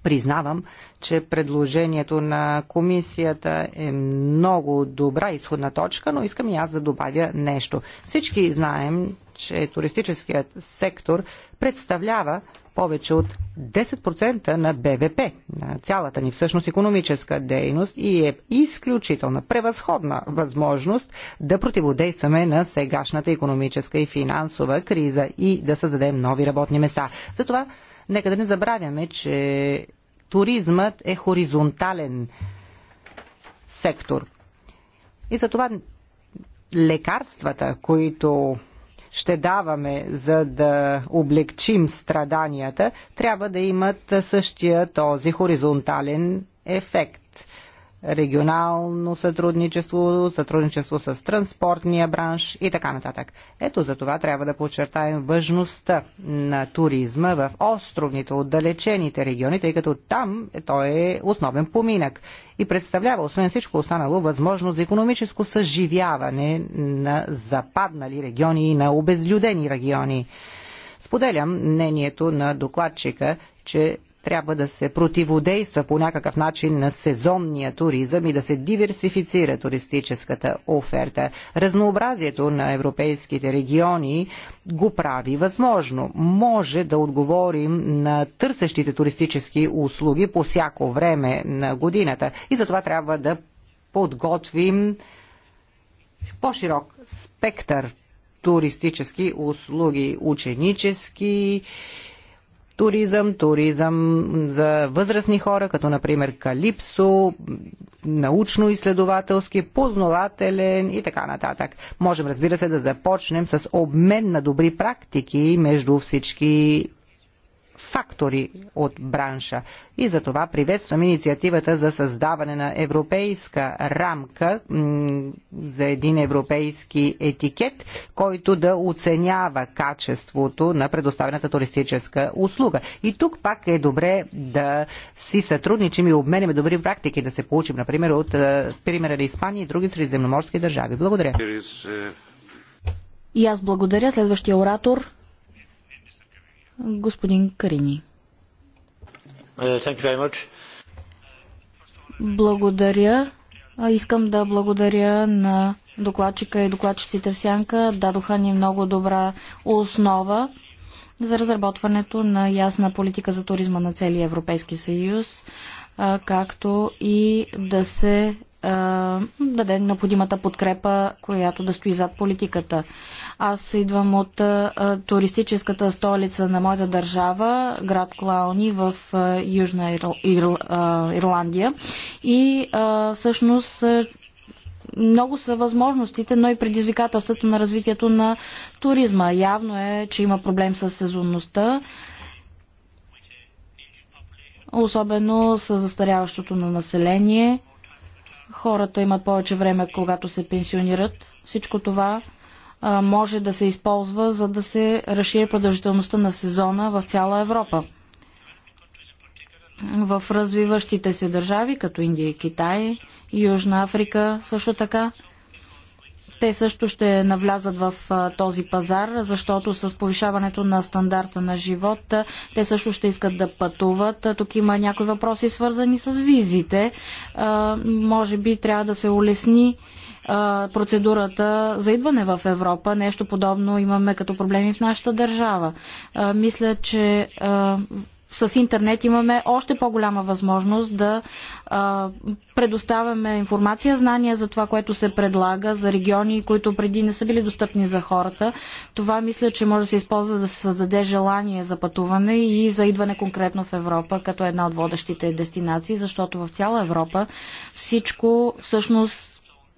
Признавам, че предложението на комисията е много добра изходна точка, но искам и аз да добавя нещо. Всички знаем, че туристическият сектор представлява повече от 10% на БВП, на цялата ни всъщност економическа дейност и е изключителна, превъзходна възможност да противодействаме на сегашната економическа и финансова криза и да създадем нови работни места. Затова нека да не забравяме, че туризмът е хоризонтален сектор. И затова лекарствата, които ще даваме, за да облегчим страданията, трябва да имат същия този хоризонтален ефект регионално сътрудничество, сътрудничество с транспортния бранш и така нататък. Ето за това трябва да подчертаем важността на туризма в островните, отдалечените региони, тъй като там е, той е основен поминък и представлява, освен всичко останало, възможност за економическо съживяване на западнали региони и на обезлюдени региони. Споделям мнението на докладчика, че трябва да се противодейства по някакъв начин на сезонния туризъм и да се диверсифицира туристическата оферта. Разнообразието на европейските региони го прави възможно. Може да отговорим на търсещите туристически услуги по всяко време на годината. И затова трябва да подготвим по-широк спектър туристически услуги, ученически, туризъм, туризъм за възрастни хора, като например Калипсо, научно-изследователски, познавателен и така нататък. Можем, разбира се, да започнем с обмен на добри практики между всички фактори от бранша. И за това приветствам инициативата за създаване на европейска рамка за един европейски етикет, който да оценява качеството на предоставената туристическа услуга. И тук пак е добре да си сътрудничим и обменяме добри практики, да се получим, например, от е, примера на Испания и други средиземноморски държави. Благодаря. И аз благодаря. Следващия оратор господин Карини. Uh, благодаря. Искам да благодаря на докладчика и докладчиците в Сянка. Дадоха ни много добра основа за разработването на ясна политика за туризма на целия Европейски съюз, както и да се е, даде необходимата подкрепа, която да стои зад политиката. Аз идвам от а, е, туристическата столица на моята държава, град Клауни в а, е, Южна Ир... Ир... А, Ирландия. И а, всъщност много са възможностите, но и предизвикателствата на развитието на туризма. Явно е, че има проблем с сезонността особено с застаряващото на население хората имат повече време, когато се пенсионират. Всичко това а, може да се използва, за да се разшири продължителността на сезона в цяла Европа. В развиващите се държави, като Индия и Китай, Южна Африка също така, те също ще навлязат в този пазар, защото с повишаването на стандарта на живот те също ще искат да пътуват. Тук има някои въпроси свързани с визите. Може би трябва да се улесни процедурата за идване в Европа. Нещо подобно имаме като проблеми в нашата държава. Мисля, че с интернет имаме още по-голяма възможност да а, предоставяме информация, знания за това, което се предлага, за региони, които преди не са били достъпни за хората. Това мисля, че може да се използва да се създаде желание за пътуване и за идване конкретно в Европа, като една от водещите дестинации, защото в цяла Европа всичко всъщност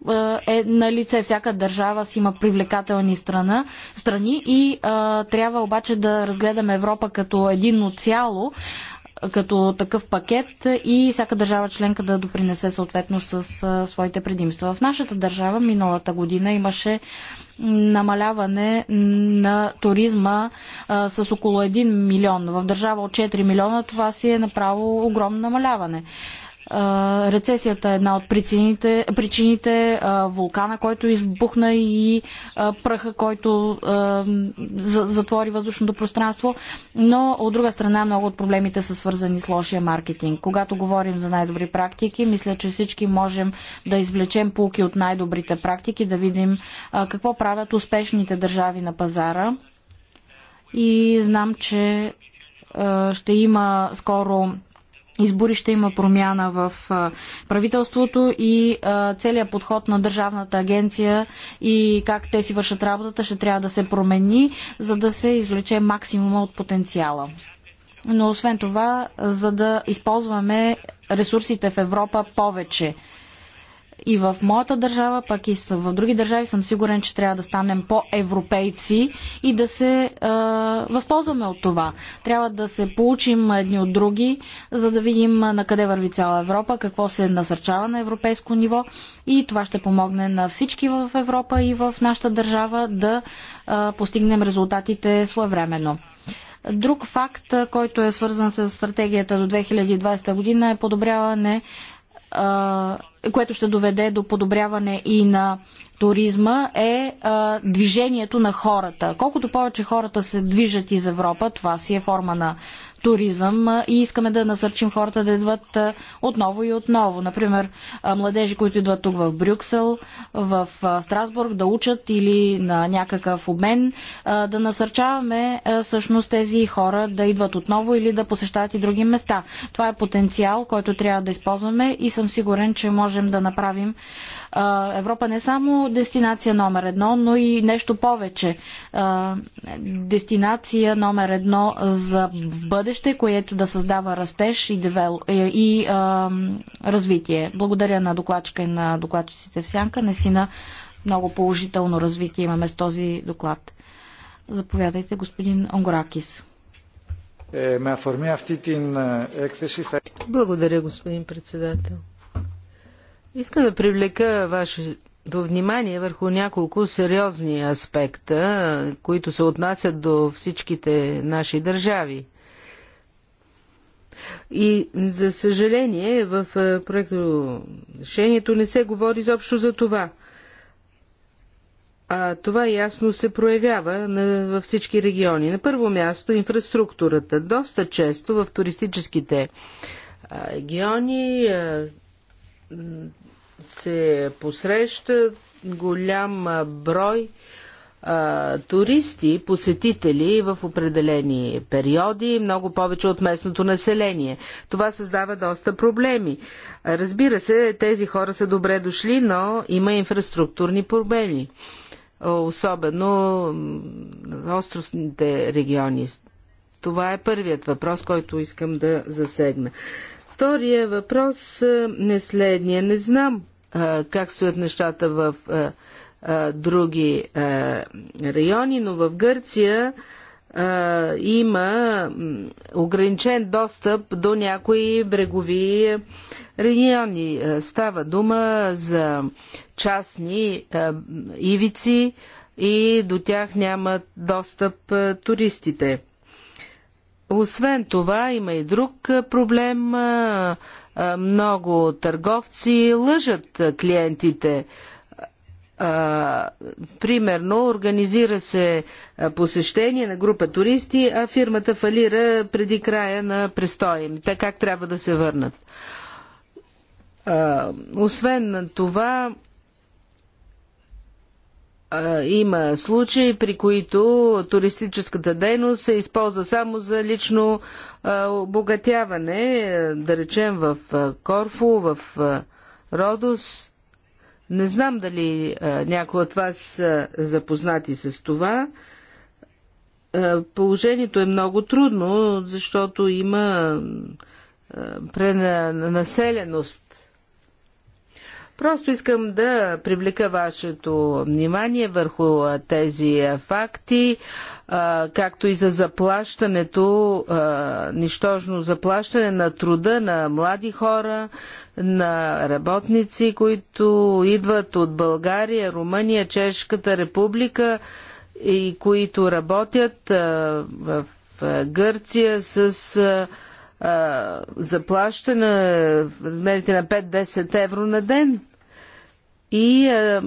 е, е на лице. Всяка държава си има привлекателни страна, страни и а, трябва обаче да разгледаме Европа като единно цяло, като такъв пакет и всяка държава членка да допринесе съответно с а, своите предимства. В нашата държава миналата година имаше намаляване на туризма а, с около 1 милион. В държава от 4 милиона това си е направо огромно намаляване. Рецесията е една от причините, причините вулкана, който избухна и пръха, който затвори въздушното пространство. Но от друга страна много от проблемите са свързани с лошия маркетинг. Когато говорим за най-добри практики, мисля, че всички можем да извлечем полки от най-добрите практики, да видим какво правят успешните държави на пазара. И знам, че ще има скоро избори ще има промяна в правителството и целият подход на Държавната агенция и как те си вършат работата ще трябва да се промени, за да се извлече максимума от потенциала. Но освен това, за да използваме ресурсите в Европа повече и в моята държава, пък и в други държави съм сигурен, че трябва да станем по-европейци и да се е, възползваме от това. Трябва да се получим едни от други, за да видим на къде върви цяла Европа, какво се насърчава на европейско ниво и това ще помогне на всички в Европа и в нашата държава да е, постигнем резултатите своевременно. Друг факт, който е свързан с стратегията до 2020 година е подобряване което ще доведе до подобряване и на туризма, е а, движението на хората. Колкото повече хората се движат из Европа, това си е форма на туризъм и искаме да насърчим хората да идват отново и отново. Например, младежи, които идват тук в Брюксел, в Страсбург да учат или на някакъв обмен, да насърчаваме всъщност тези хора да идват отново или да посещават и други места. Това е потенциал, който трябва да използваме и съм сигурен, че можем да направим Европа не е само дестинация номер едно, но и нещо повече. Дестинация номер едно за в бъдеще, което да създава растеж и, девел... Е, и а, развитие. Благодаря на докладчика и на докладчиците в Сянка. Наистина много положително развитие имаме с този доклад. Заповядайте, господин Онгоракис. Е, е, Благодаря, господин председател. Искам да привлека вашето внимание върху няколко сериозни аспекта, които се отнасят до всичките наши държави. И за съжаление в проекто решението не се говори изобщо за това. А това ясно се проявява на, във всички региони. На първо място инфраструктурата. Доста често в туристическите а, региони а, се посреща голям брой а, туристи, посетители в определени периоди, много повече от местното население. Това създава доста проблеми. Разбира се, тези хора са добре дошли, но има инфраструктурни проблеми. Особено островните региони. Това е първият въпрос, който искам да засегна. Втория въпрос не следния. Не знам как стоят нещата в други райони, но в Гърция има ограничен достъп до някои брегови региони. Става дума за частни ивици и до тях нямат достъп туристите. Освен това, има и друг проблем. Много търговци лъжат клиентите. Примерно, организира се посещение на група туристи, а фирмата фалира преди края на престоя им. Те как трябва да се върнат? Освен това, има случаи, при които туристическата дейност се използва само за лично обогатяване, да речем в Корфу, в Родос. Не знам дали някои от вас са запознати с това. Положението е много трудно, защото има пренаселеност Просто искам да привлека вашето внимание върху тези факти, както и за заплащането, нищожно заплащане на труда на млади хора, на работници, които идват от България, Румъния, Чешката република и които работят в Гърция с заплащана в размерите на 5-10 евро на ден. И а,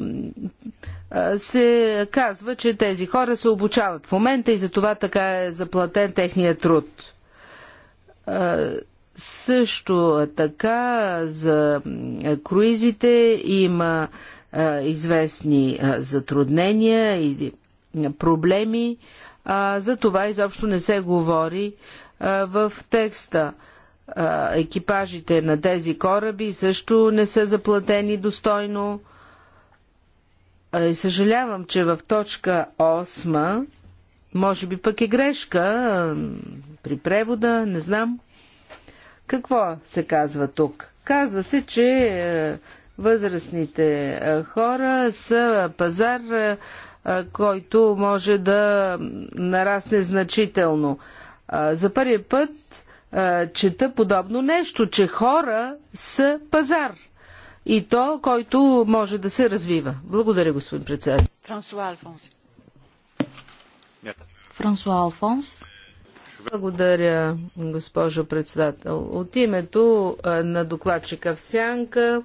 а, се казва, че тези хора се обучават в момента и за това така е заплатен техния труд. А, също така за круизите има а, известни а, затруднения и проблеми. А, за това изобщо не се говори в текста. Екипажите на тези кораби също не са заплатени достойно. Съжалявам, че в точка 8, може би пък е грешка при превода, не знам. Какво се казва тук? Казва се, че е, възрастните е, хора са пазар, е, който може да нарасне значително. За първи път чета подобно нещо, че хора са пазар. И то, който може да се развива. Благодаря, господин председател. Франсуа Алфонс. Франсуа Алфонс. Благодаря, госпожо председател. От името на докладчика в Сянка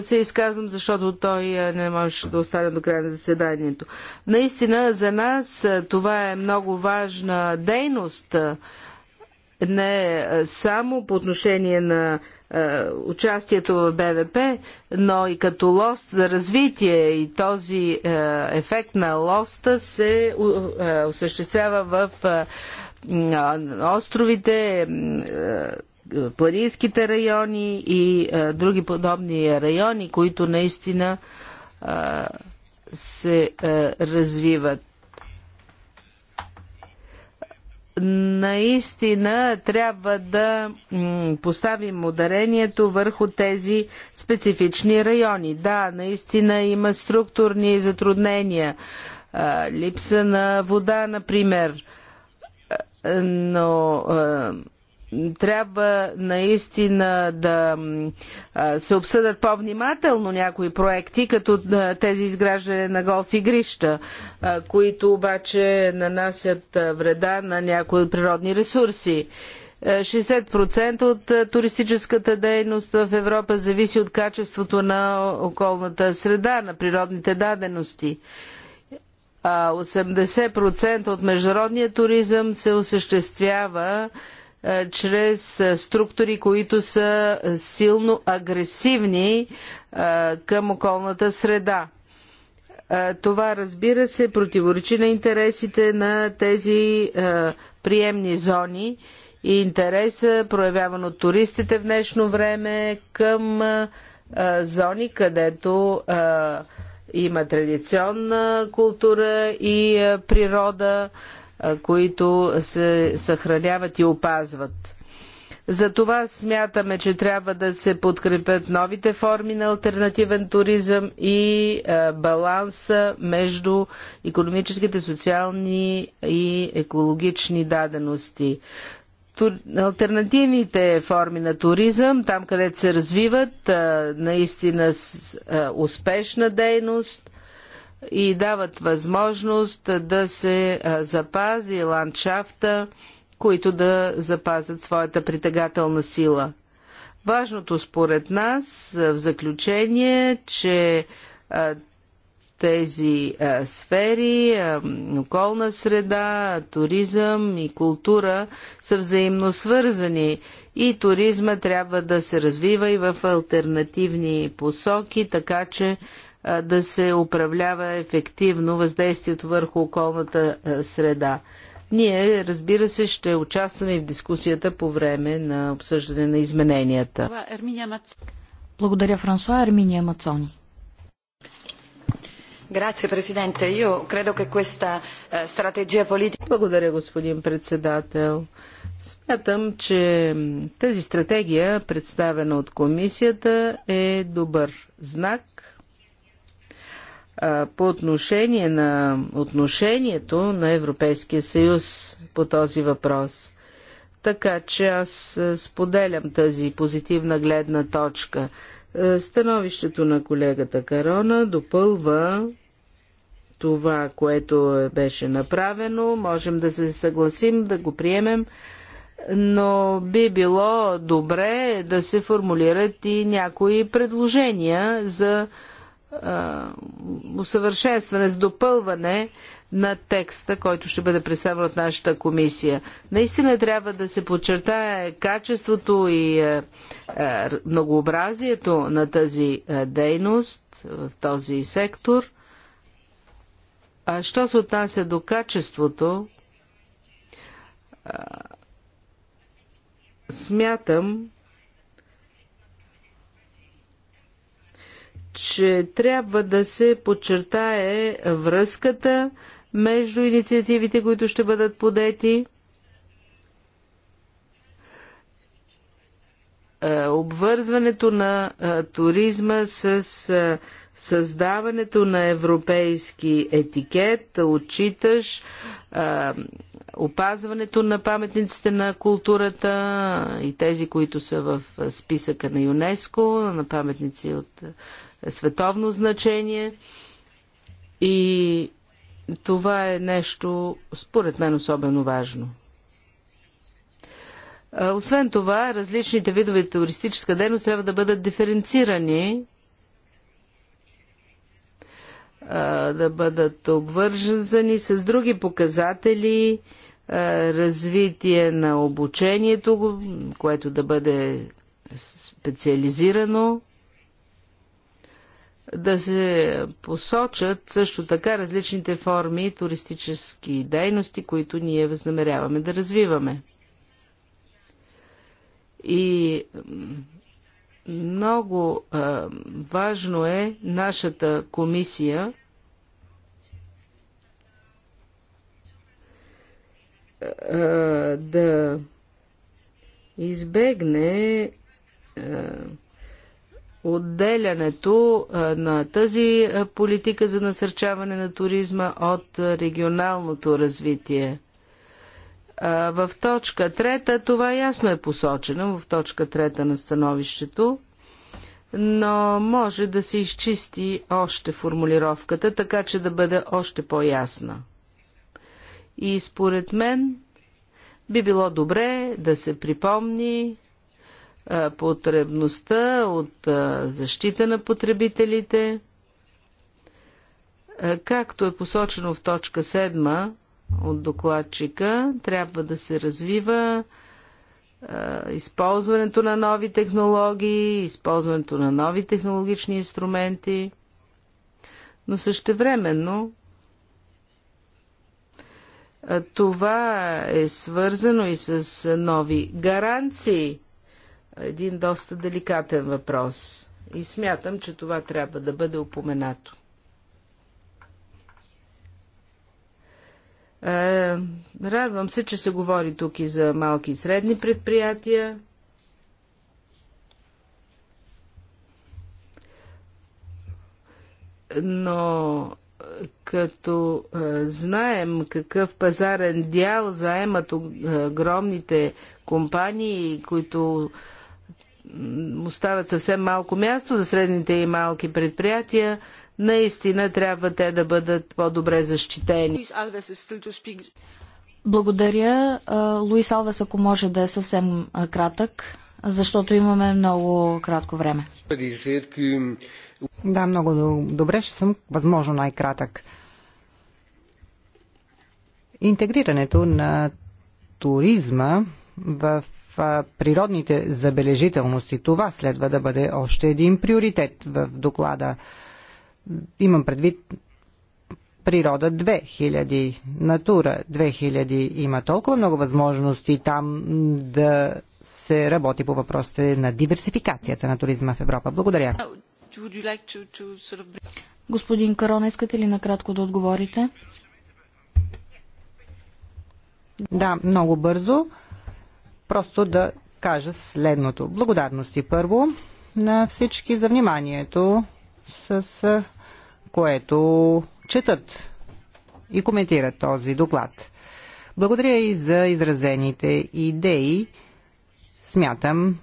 се изказвам, защото той не можеше да остане до края на заседанието. Наистина, за нас това е много важна дейност, не само по отношение на участието в БВП, но и като лост за развитие и този ефект на лоста се осъществява в островите, е, планинските райони и е, други подобни райони, които наистина е, се развиват. Наистина трябва да поставим ударението върху тези специфични райони. Да, наистина има структурни затруднения. Липса на вода, например но е, трябва наистина да е, се обсъдят по-внимателно някои проекти, като е, тези изграждане на голф игрища, които обаче нанасят вреда на някои природни ресурси. 60% от туристическата дейност в Европа зависи от качеството на околната среда, на природните дадености. 80% от международния туризъм се осъществява чрез структури, които са силно агресивни към околната среда. Това, разбира се, противоречи на интересите на тези приемни зони и интереса, проявяван от туристите в днешно време към зони, където има традиционна култура и е, природа, е, които се съхраняват и опазват. Затова смятаме, че трябва да се подкрепят новите форми на альтернативен туризъм и е, баланса между економическите, социални и екологични дадености. Альтернативните форми на туризъм, там където се развиват, наистина успешна дейност и дават възможност да се запази ландшафта, които да запазят своята притегателна сила. Важното според нас в заключение, че тези а, сфери, а, околна среда, туризъм и култура са взаимно свързани и туризма трябва да се развива и в альтернативни посоки, така че а, да се управлява ефективно въздействието върху околната среда. Ние, разбира се, ще участваме в дискусията по време на обсъждане на измененията. Благодаря, Франсуа Арминия Мацони. Grazie Presidente. Io credo che questa eh, strategia politica... Благодаря, господин председател. Смятам, че тази стратегия, представена от комисията, е добър знак по отношение на отношението на Европейския съюз по този въпрос. Така че аз споделям тази позитивна гледна точка. Е, становището на колегата Карона допълва това, което беше направено. Можем да се съгласим, да го приемем, но би било добре да се формулират и някои предложения за а, усъвършенстване, с допълване на текста, който ще бъде представен от нашата комисия. Наистина трябва да се подчертае качеството и многообразието на тази дейност в този сектор – а що се отнася до качеството, смятам, че трябва да се подчертае връзката между инициативите, които ще бъдат подети, обвързването на туризма с Създаването на европейски етикет, отчиташ а, опазването на паметниците на културата и тези, които са в списъка на ЮНЕСКО, на паметници от е, световно значение. И това е нещо, според мен, особено важно. Освен това, различните видове туристическа дейност трябва да бъдат диференцирани да бъдат обвързани с други показатели, развитие на обучението, което да бъде специализирано, да се посочат също така различните форми туристически дейности, които ние възнамеряваме да развиваме. И много важно е нашата комисия да избегне отделянето на тази политика за насърчаване на туризма от регионалното развитие. В точка трета това ясно е посочено, в точка трета на становището, но може да се изчисти още формулировката, така че да бъде още по-ясна. И според мен би било добре да се припомни потребността от защита на потребителите, както е посочено в точка 7 от докладчика, трябва да се развива използването на нови технологии, използването на нови технологични инструменти, но същевременно това е свързано и с нови гаранции. Един доста деликатен въпрос. И смятам, че това трябва да бъде упоменато. Радвам се, че се говори тук и за малки и средни предприятия. Но като е, знаем какъв пазарен дял заемат е, огромните компании, които остават съвсем малко място за средните и малки предприятия, наистина трябва те да бъдат по-добре защитени. Благодаря. Е, Луис Алвес, ако може да е съвсем кратък защото имаме много кратко време. Да, много добре, ще съм възможно най-кратък. Интегрирането на туризма в природните забележителности, това следва да бъде още един приоритет в доклада. Имам предвид Природа 2000, Натура 2000 има толкова много възможности там да се работи по въпросите на диверсификацията на туризма в Европа. Благодаря. Господин Карон, искате ли накратко да отговорите? Да, много бързо. Просто да кажа следното. Благодарности първо на всички за вниманието, с което четат и коментират този доклад. Благодаря и за изразените идеи. Смятам,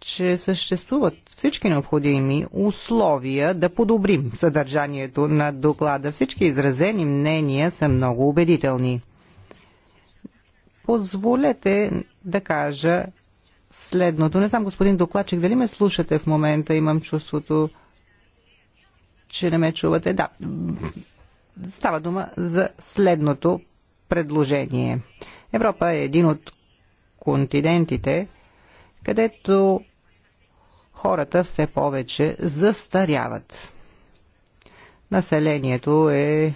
че съществуват всички необходими условия да подобрим съдържанието на доклада. Всички изразени мнения са много убедителни. Позволете да кажа следното. Не знам, господин докладчик, дали ме слушате в момента? Имам чувството, че не ме чувате. Да, става дума за следното предложение. Европа е един от континентите, където хората все повече застаряват. Населението е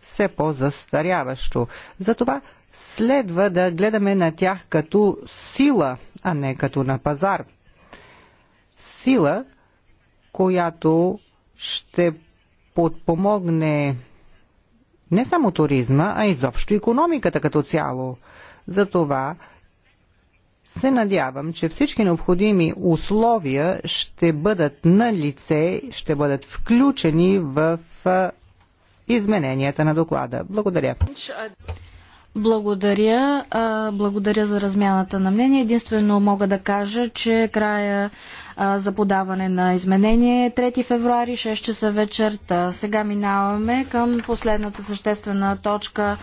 все по-застаряващо. Затова следва да гледаме на тях като сила, а не като на пазар. Сила, която ще подпомогне не само туризма, а изобщо економиката като цяло. Затова се надявам, че всички необходими условия ще бъдат на лице, ще бъдат включени в измененията на доклада. Благодаря. Благодаря. Благодаря за размяната на мнение. Единствено мога да кажа, че края за подаване на изменение 3 е февруари, 6 часа вечерта. Сега минаваме към последната съществена точка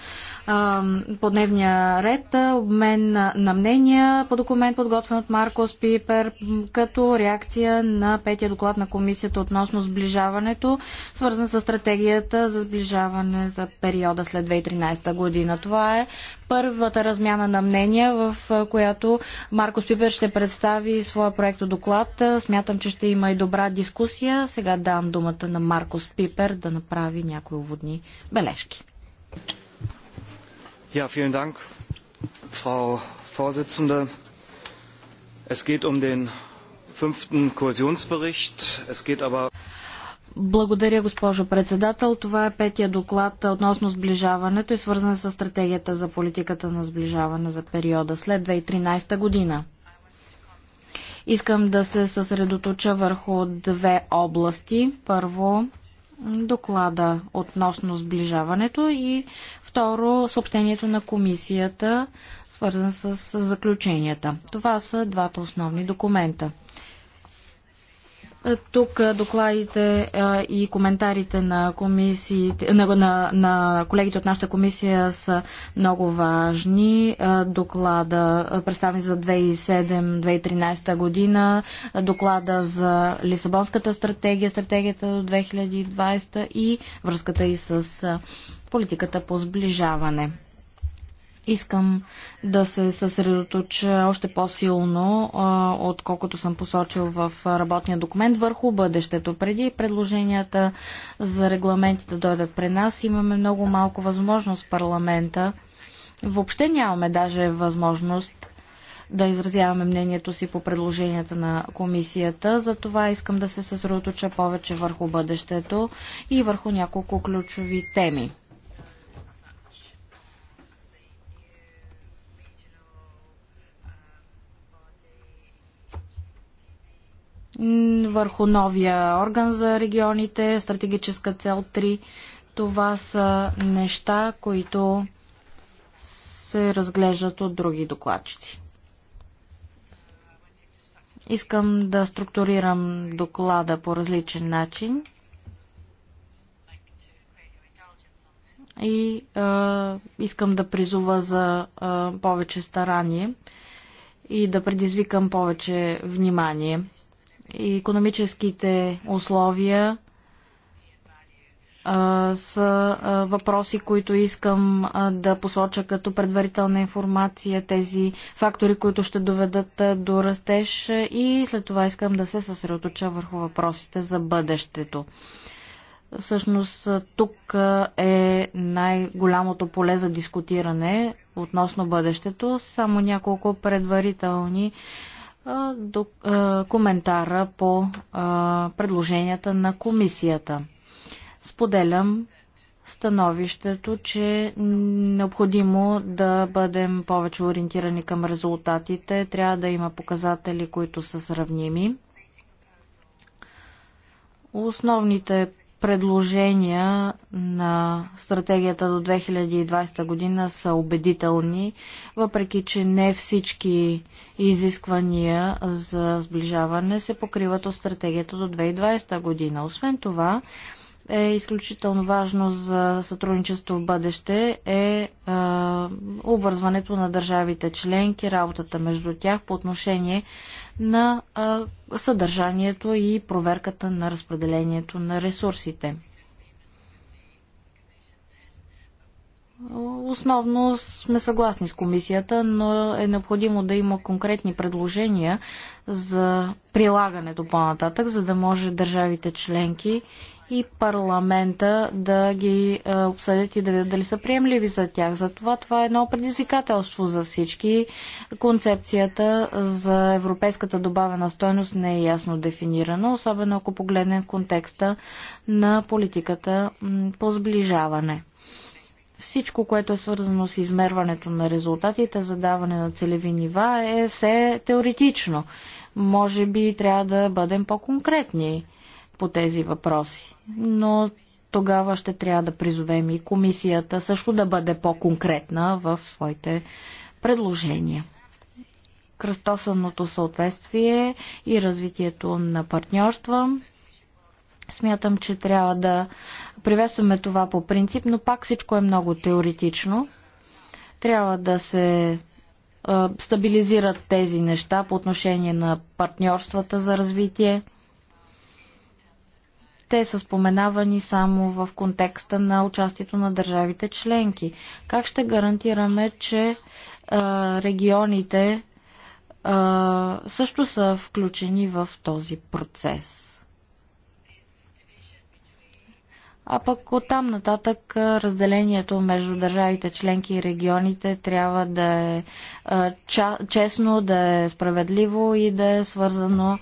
по дневния ред обмен на мнения по документ, подготвен от Маркос Пипер, като реакция на петия доклад на комисията относно сближаването, свързан с стратегията за сближаване за периода след 2013 година. Това е първата размяна на мнения, в която Маркос Пипер ще представи своя проект доклад. Смятам, че ще има и добра дискусия. Сега давам думата на Маркос Пипер да направи някои уводни бележки. Frau präsidentin! Es geht um den fünften Kohäsionsbericht. Es geht aber благодаря, госпожо председател. Това е петия доклад относно сближаването и свързан с стратегията за политиката на сближаване за периода след 2013 година. Искам да се съсредоточа върху две области. Първо, доклада относно сближаването и второ съобщението на комисията, свързан с заключенията. Това са двата основни документа. Тук докладите и коментарите на, комисиите, на, на, на колегите от нашата комисия са много важни. Доклада представен за 2007-2013 година, доклада за Лисабонската стратегия, стратегията до 2020 и връзката и с политиката по сближаване. Искам да се съсредоточа още по-силно, отколкото съм посочил в работния документ, върху бъдещето. Преди предложенията за регламентите да дойдат при нас, имаме много малко възможност в парламента. Въобще нямаме даже възможност да изразяваме мнението си по предложенията на комисията. Затова искам да се съсредоточа повече върху бъдещето и върху няколко ключови теми. върху новия орган за регионите, стратегическа цел 3. Това са неща, които се разглеждат от други докладчици. Искам да структурирам доклада по различен начин и е, искам да призова за е, повече старание и да предизвикам повече внимание и економическите условия са въпроси, които искам да посоча като предварителна информация, тези фактори, които ще доведат до растеж и след това искам да се съсредоточа върху въпросите за бъдещето. Всъщност тук е най-голямото поле за дискутиране относно бъдещето. Само няколко предварителни до, коментара по предложенията на комисията. Споделям становището, че е необходимо да бъдем повече ориентирани към резултатите. Трябва да има показатели, които са сравними. Основните предложения на стратегията до 2020 година са убедителни, въпреки че не всички изисквания за сближаване се покриват от стратегията до 2020 година. Освен това, е изключително важно за сътрудничество в бъдеще е, е обвързването на държавите членки, работата между тях по отношение на е, съдържанието и проверката на разпределението на ресурсите. Основно сме съгласни с комисията, но е необходимо да има конкретни предложения за прилагането по-нататък, за да може държавите членки и парламента да ги е, обсъдят и да видят дали са приемливи за тях. Затова това е едно предизвикателство за всички. Концепцията за европейската добавена стойност не е ясно дефинирана, особено ако погледнем в контекста на политиката по сближаване всичко, което е свързано с измерването на резултатите, задаване на целеви нива е все теоретично. Може би трябва да бъдем по-конкретни по тези въпроси. Но тогава ще трябва да призовем и комисията също да бъде по-конкретна в своите предложения. Кръстосаното съответствие и развитието на партньорства. Смятам, че трябва да приветстваме това по принцип, но пак всичко е много теоретично. Трябва да се стабилизират тези неща по отношение на партньорствата за развитие те са споменавани само в контекста на участието на държавите членки. Как ще гарантираме, че а, регионите а, също са включени в този процес? А пък от там нататък разделението между държавите, членки и регионите трябва да е честно, да е справедливо и да е свързано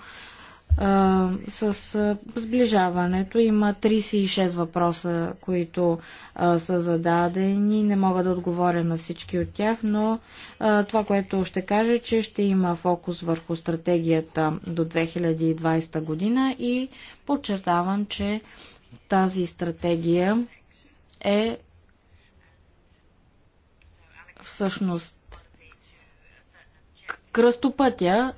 а, с сближаването. Има 36 въпроса, които а, са зададени. Не мога да отговоря на всички от тях, но а, това, което ще кажа, че ще има фокус върху стратегията до 2020 година и подчертавам, че тази стратегия е всъщност кръстопътя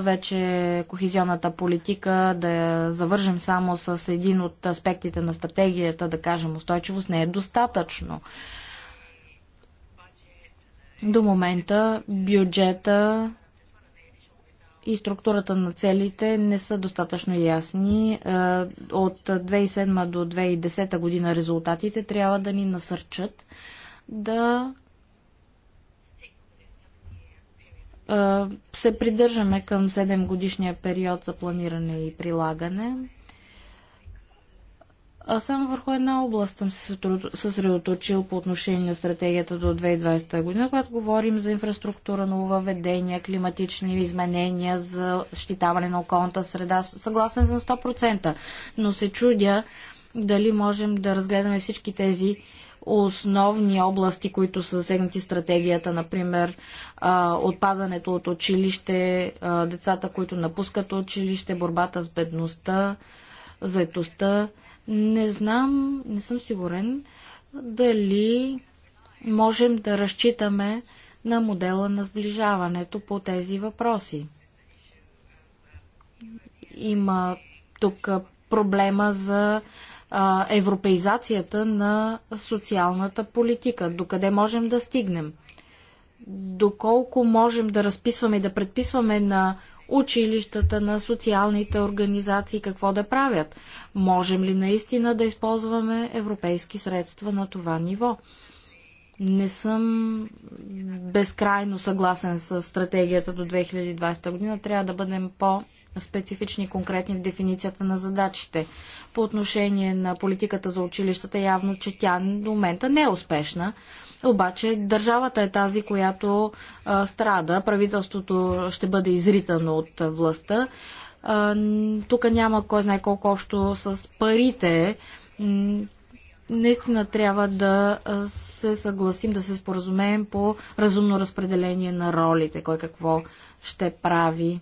вече кохизионната политика да я завържем само с един от аспектите на стратегията, да кажем устойчивост, не е достатъчно. До момента бюджета и структурата на целите не са достатъчно ясни. От 2007 до 2010 година резултатите трябва да ни насърчат да се придържаме към 7 годишния период за планиране и прилагане. А само върху една област съм се съсредоточил по отношение на стратегията до 2020 година, когато говорим за инфраструктура, нововведения, климатични изменения, за щитаване на околната среда. Съгласен съм 100%, но се чудя дали можем да разгледаме всички тези основни области, които са засегнати стратегията, например отпадането от училище, децата, които напускат училище, борбата с бедността, заетостта. Не знам, не съм сигурен дали можем да разчитаме на модела на сближаването по тези въпроси. Има тук проблема за а, европеизацията на социалната политика? Докъде можем да стигнем? Доколко можем да разписваме и да предписваме на училищата, на социалните организации какво да правят? Можем ли наистина да използваме европейски средства на това ниво? не съм безкрайно съгласен с стратегията до 2020 година. Трябва да бъдем по- специфични и конкретни в дефиницията на задачите. По отношение на политиката за училищата, явно, че тя до момента не е успешна. Обаче държавата е тази, която а, страда. Правителството ще бъде изритано от властта. тук няма кой знае колко общо с парите наистина трябва да се съгласим, да се споразумеем по разумно разпределение на ролите, кой какво ще прави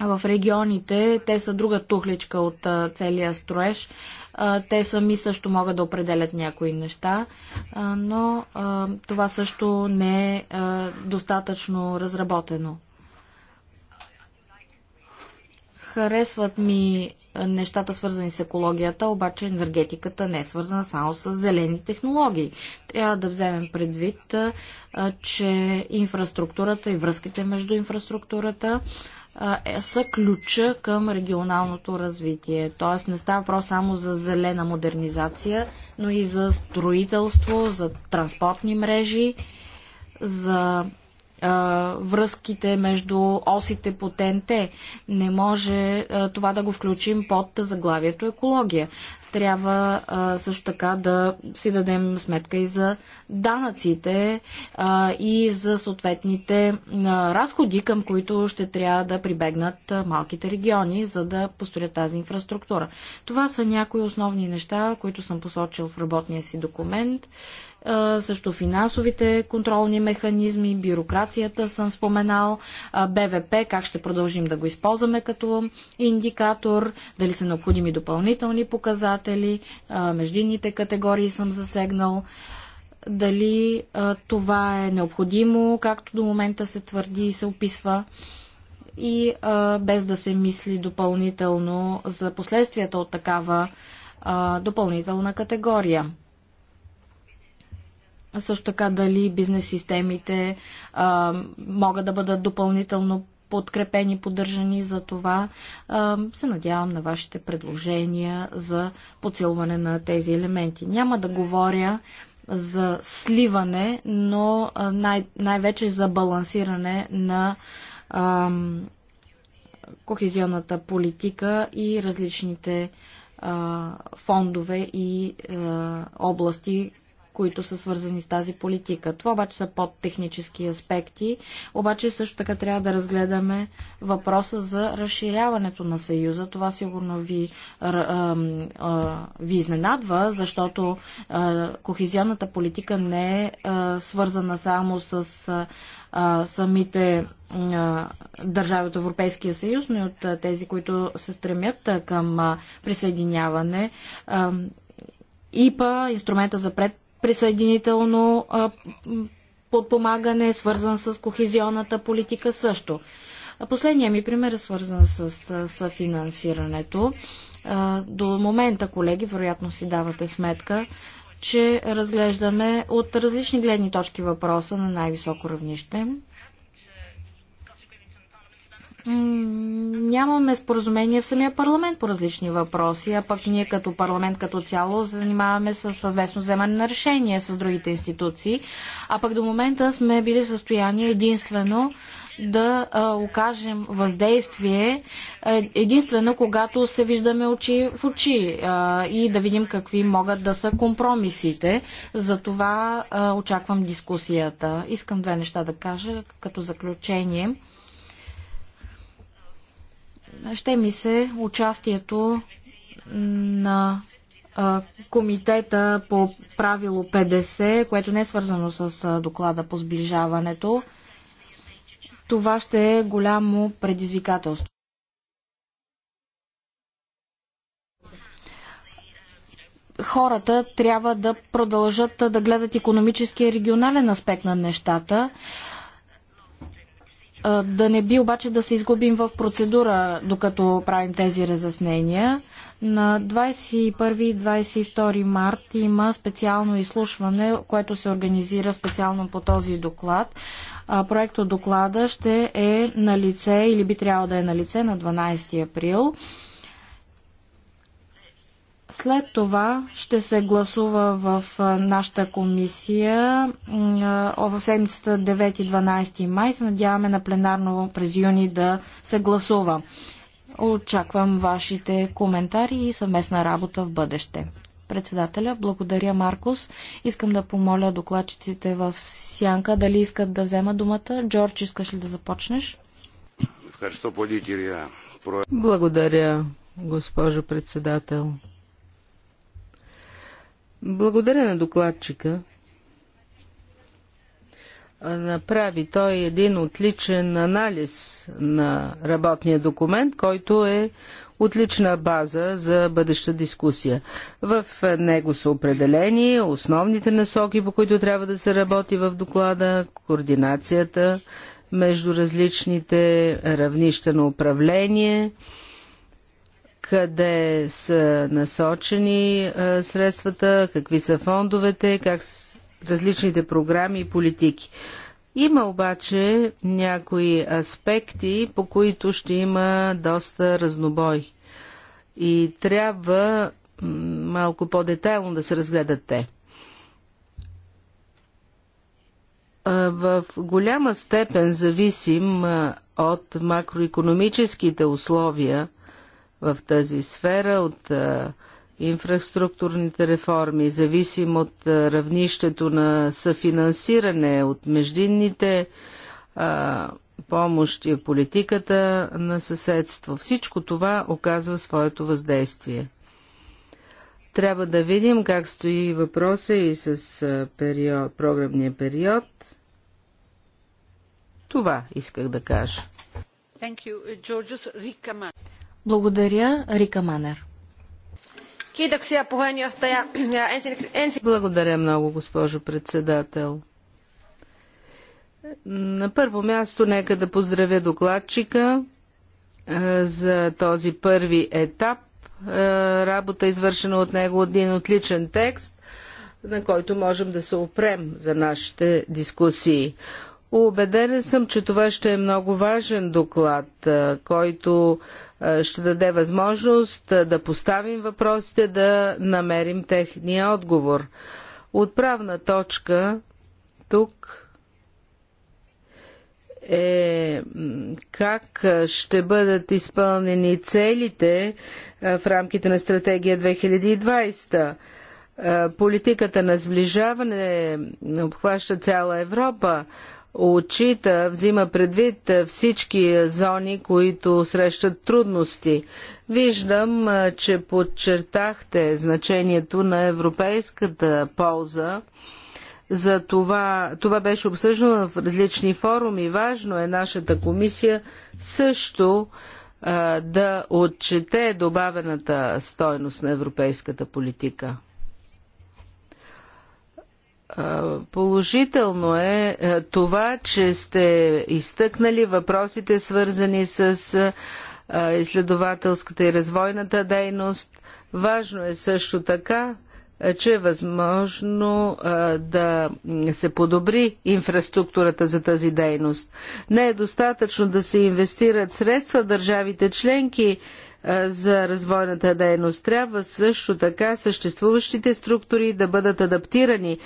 в регионите, те са друга тухличка от а, целия строеж. А, те сами също могат да определят някои неща, а, но а, това също не е а, достатъчно разработено. Харесват ми нещата свързани с екологията, обаче енергетиката не е свързана само с зелени технологии. Трябва да вземем предвид, а, че инфраструктурата и връзките между инфраструктурата а, е, са ключа към регионалното развитие. Тоест не става въпрос само за зелена модернизация, но и за строителство, за транспортни мрежи, за връзките между осите по ТНТ. Не може това да го включим под заглавието екология трябва а, също така да си дадем сметка и за данъците а, и за съответните а, разходи, към които ще трябва да прибегнат а, малките региони, за да построят тази инфраструктура. Това са някои основни неща, които съм посочил в работния си документ също финансовите контролни механизми, бюрокрацията съм споменал, БВП, как ще продължим да го използваме като индикатор, дали са необходими допълнителни показатели, междинните категории съм засегнал дали това е необходимо, както до момента се твърди и се описва, и а, без да се мисли допълнително за последствията от такава а, допълнителна категория. Също така дали бизнес системите а, могат да бъдат допълнително подкрепени, поддържани. За това а, се надявам на вашите предложения за подсилване на тези елементи. Няма да говоря за сливане, но най- най-вече за балансиране на а, кохезионната политика и различните а, фондове и а, области, които са свързани с тази политика. Това обаче са подтехнически аспекти, обаче също така трябва да разгледаме въпроса за разширяването на Съюза. Това сигурно ви, а, а, ви изненадва, защото а, кохезионната политика не е а, свързана само с. А, самите държави от Европейския съюз, но и от тези, които се стремят към присъединяване. ИПА, инструмента за пред присъединително подпомагане, свързан с кохезионната политика също. Последният ми пример е свързан с, съфинансирането. с финансирането. До момента, колеги, вероятно си давате сметка, че разглеждаме от различни гледни точки въпроса на най-високо равнище нямаме споразумение в самия парламент по различни въпроси, а пък ние като парламент като цяло занимаваме с съвместно вземане на решение с другите институции, а пък до момента сме били в състояние единствено да а, окажем въздействие е, единствено когато се виждаме очи в очи а, и да видим какви могат да са компромисите. За това а, очаквам дискусията. Искам две неща да кажа като заключение ще ми се участието на комитета по правило 50, което не е свързано с доклада по сближаването. Това ще е голямо предизвикателство. хората трябва да продължат да гледат економически и регионален аспект на нещата. Да не би обаче да се изгубим в процедура, докато правим тези разяснения. На 21 и 22 март има специално изслушване, което се организира специално по този доклад. Проекто доклада ще е на лице или би трябвало да е на лице на 12 април. След това ще се гласува в нашата комисия в седмицата 9-12 май. Се надяваме на пленарно през юни да се гласува. Очаквам вашите коментари и съвместна работа в бъдеще. Председателя, благодаря Маркус. Искам да помоля докладчиците в Сянка дали искат да взема думата. Джордж, искаш ли да започнеш? Благодаря, госпожо председател. Благодаря на докладчика. Направи той един отличен анализ на работния документ, който е отлична база за бъдеща дискусия. В него са определени основните насоки, по които трябва да се работи в доклада, координацията между различните равнища на управление, къде са насочени средствата, какви са фондовете, как с различните програми и политики. Има обаче някои аспекти, по които ще има доста разнобой. И трябва малко по-детайлно да се разгледат те. В голяма степен зависим от макроекономическите условия в тази сфера, от инфраструктурните реформи, зависим от равнището на съфинансиране, от междинните помощи, политиката на съседство. Всичко това оказва своето въздействие. Трябва да видим как стои въпроса и с период, програмния период. Това исках да кажа. Благодаря, Рика Манер. Благодаря много, госпожо председател. На първо място нека да поздравя докладчика за този първи етап. Работа извършена от него един отличен текст, на който можем да се опрем за нашите дискусии. Убеден съм, че това ще е много важен доклад, който е, ще даде възможност е, да поставим въпросите, да намерим техния отговор. Отправна точка тук е как е, ще бъдат изпълнени целите в рамките на стратегия 2020. Политиката на сближаване обхваща цяла Европа отчита, взима предвид всички зони, които срещат трудности. Виждам, че подчертахте значението на европейската полза. За това, това беше обсъждано в различни форуми. Важно е нашата комисия също а, да отчете добавената стойност на европейската политика. Положително е, е това, че сте изтъкнали въпросите свързани с е, е, изследователската и развойната дейност. Важно е също така, че е възможно да се подобри инфраструктурата за тази дейност. Не е достатъчно да се инвестират средства в държавите членки, за развойната дейност. Трябва също така съществуващите структури да бъдат адаптирани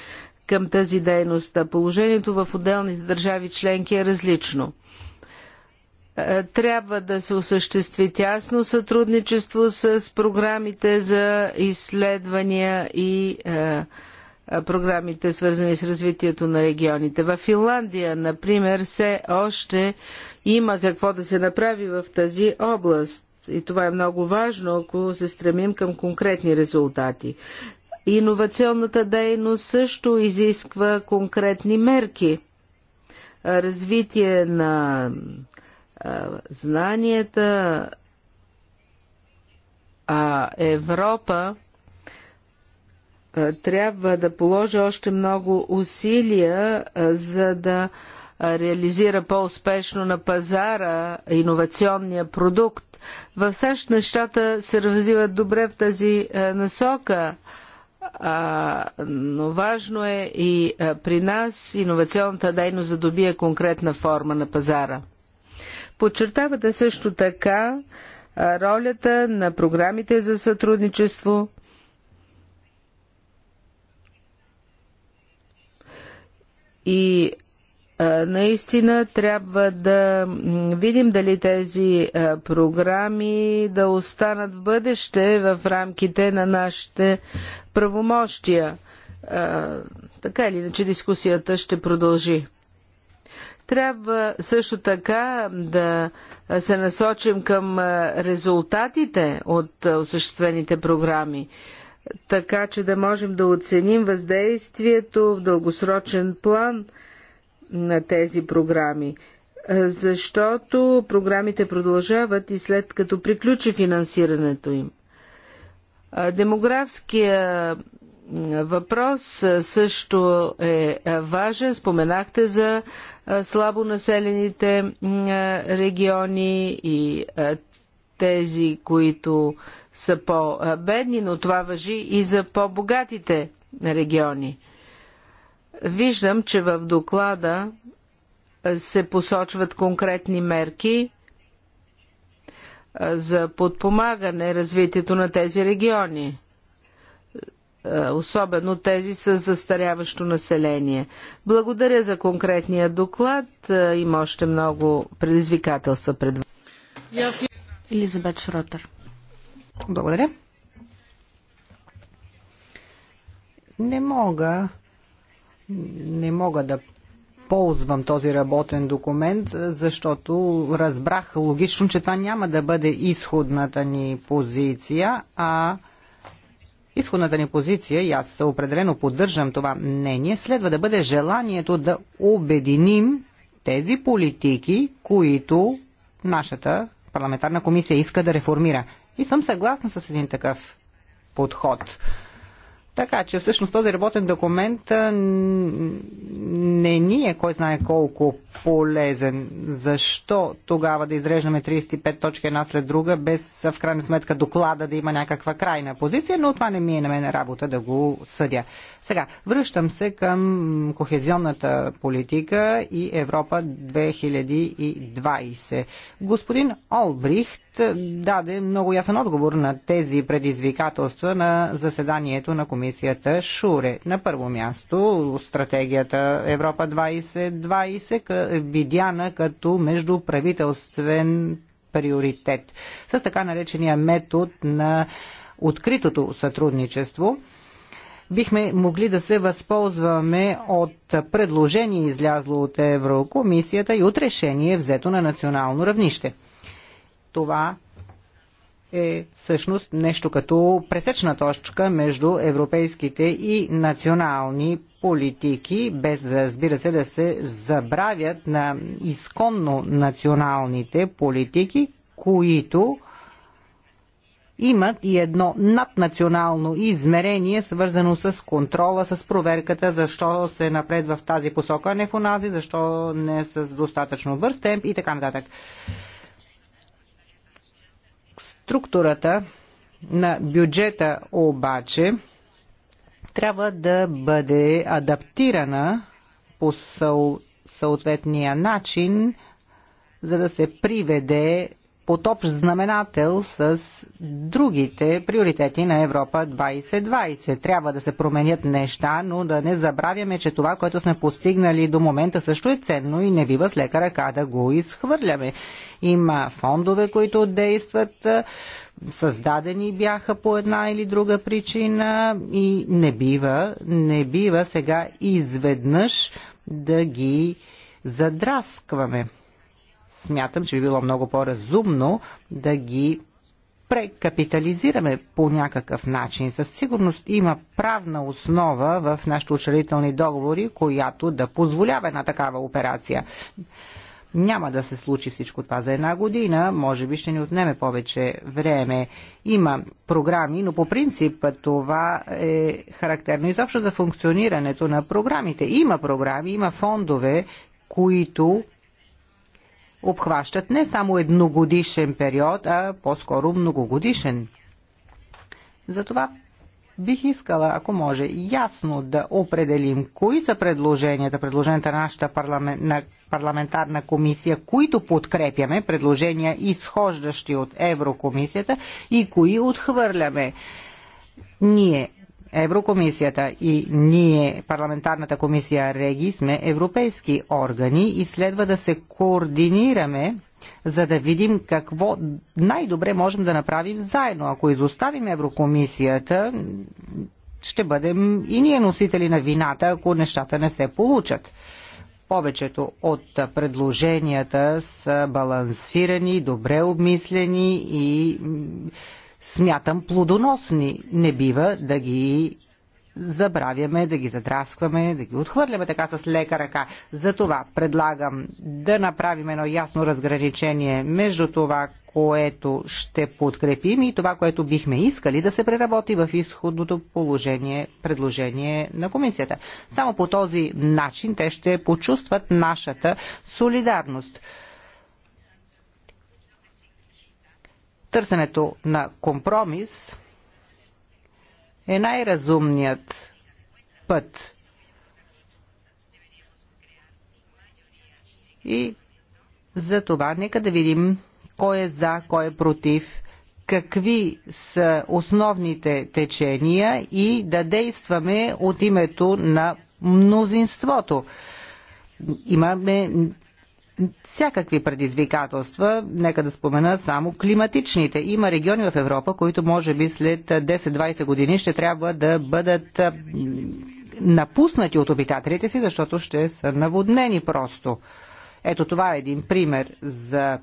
към тази дейност. Положението в отделните държави членки е различно. Е, трябва да се осъществи тясно сътрудничество с програмите за изследвания и е, е, програмите, свързани с развитието на регионите. В Финландия, например, все още има какво да се направи в тази област. И това е много важно, ако се стремим към конкретни резултати. Иновационната дейност също изисква конкретни мерки. Развитие на знанията, а Европа трябва да положи още много усилия, за да реализира по-успешно на пазара иновационния продукт. В САЩ нещата се развиват добре в тази насока а, но важно е и а, при нас иновационната дейност да добие конкретна форма на пазара. Подчертавате също така а, ролята на програмите за сътрудничество и Наистина трябва да видим дали тези програми да останат в бъдеще в рамките на нашите правомощия. Така или иначе дискусията ще продължи. Трябва също така да се насочим към резултатите от осъществените програми, така че да можем да оценим въздействието в дългосрочен план – на тези програми, защото програмите продължават и след като приключи финансирането им. Демографския въпрос също е важен. Споменахте за слабо населените региони и тези, които са по-бедни, но това въжи и за по-богатите региони. Виждам, че в доклада се посочват конкретни мерки за подпомагане развитието на тези региони, особено тези с застаряващо население. Благодаря за конкретния доклад. Има още много предизвикателства пред вас. Елизабет Шротер. Благодаря. Не мога не мога да ползвам този работен документ, защото разбрах логично, че това няма да бъде изходната ни позиция, а изходната ни позиция, и аз определено поддържам това мнение, следва да бъде желанието да обединим тези политики, които нашата парламентарна комисия иска да реформира. И съм съгласна с един такъв подход. Така че всъщност този работен документ не ни е кой знае колко полезен. Защо тогава да изреждаме 35 точки една след друга, без в крайна сметка доклада да има някаква крайна позиция, но това не ми е на мен работа да го съдя. Сега, връщам се към кохезионната политика и Европа 2020. Господин Олбрихт даде много ясен отговор на тези предизвикателства на заседанието на комисията Шуре. На първо място стратегията Европа 2020 видяна като междуправителствен приоритет. С така наречения метод на откритото сътрудничество – бихме могли да се възползваме от предложение излязло от Еврокомисията и от решение взето на национално равнище. Това е всъщност нещо като пресечна точка между европейските и национални политики, без разбира се да се забравят на изконно националните политики, които имат и едно наднационално измерение, свързано с контрола, с проверката, защо се напредва в тази посока, а не в онази, защо не с достатъчно бърз темп и така нататък. Структурата на бюджета обаче трябва да бъде адаптирана по съответния начин, за да се приведе от общ знаменател с другите приоритети на Европа 2020. Трябва да се променят неща, но да не забравяме, че това, което сме постигнали до момента също е ценно и не бива с лека ръка да го изхвърляме. Има фондове, които действат, създадени бяха по една или друга причина и не бива, не бива сега изведнъж да ги задраскваме смятам, че би било много по-разумно да ги прекапитализираме по някакъв начин. Със сигурност има правна основа в нашите учредителни договори, която да позволява една такава операция. Няма да се случи всичко това за една година, може би ще ни отнеме повече време. Има програми, но по принцип това е характерно изобщо за функционирането на програмите. Има програми, има фондове, които обхващат не само едногодишен период, а по-скоро многогодишен. Затова бих искала, ако може, ясно да определим кои са предложенията, предложенията на нашата парламент, на парламентарна комисия, които подкрепяме, предложения изхождащи от Еврокомисията и кои отхвърляме. Ние Еврокомисията и ние, парламентарната комисия Реги, сме европейски органи и следва да се координираме, за да видим какво най-добре можем да направим заедно. Ако изоставим Еврокомисията, ще бъдем и ние носители на вината, ако нещата не се получат. Повечето от предложенията са балансирани, добре обмислени и смятам, плодоносни. Не бива да ги забравяме, да ги задраскваме, да ги отхвърляме така с лека ръка. Затова предлагам да направим едно ясно разграничение между това, което ще подкрепим и това, което бихме искали да се преработи в изходното положение, предложение на комисията. Само по този начин те ще почувстват нашата солидарност. Търсенето на компромис е най-разумният път. И за това нека да видим кой е за, кой е против, какви са основните течения и да действаме от името на мнозинството. Имаме всякакви предизвикателства, нека да спомена само климатичните. Има региони в Европа, които може би след 10-20 години ще трябва да бъдат напуснати от обитателите си, защото ще са наводнени просто. Ето това е един пример за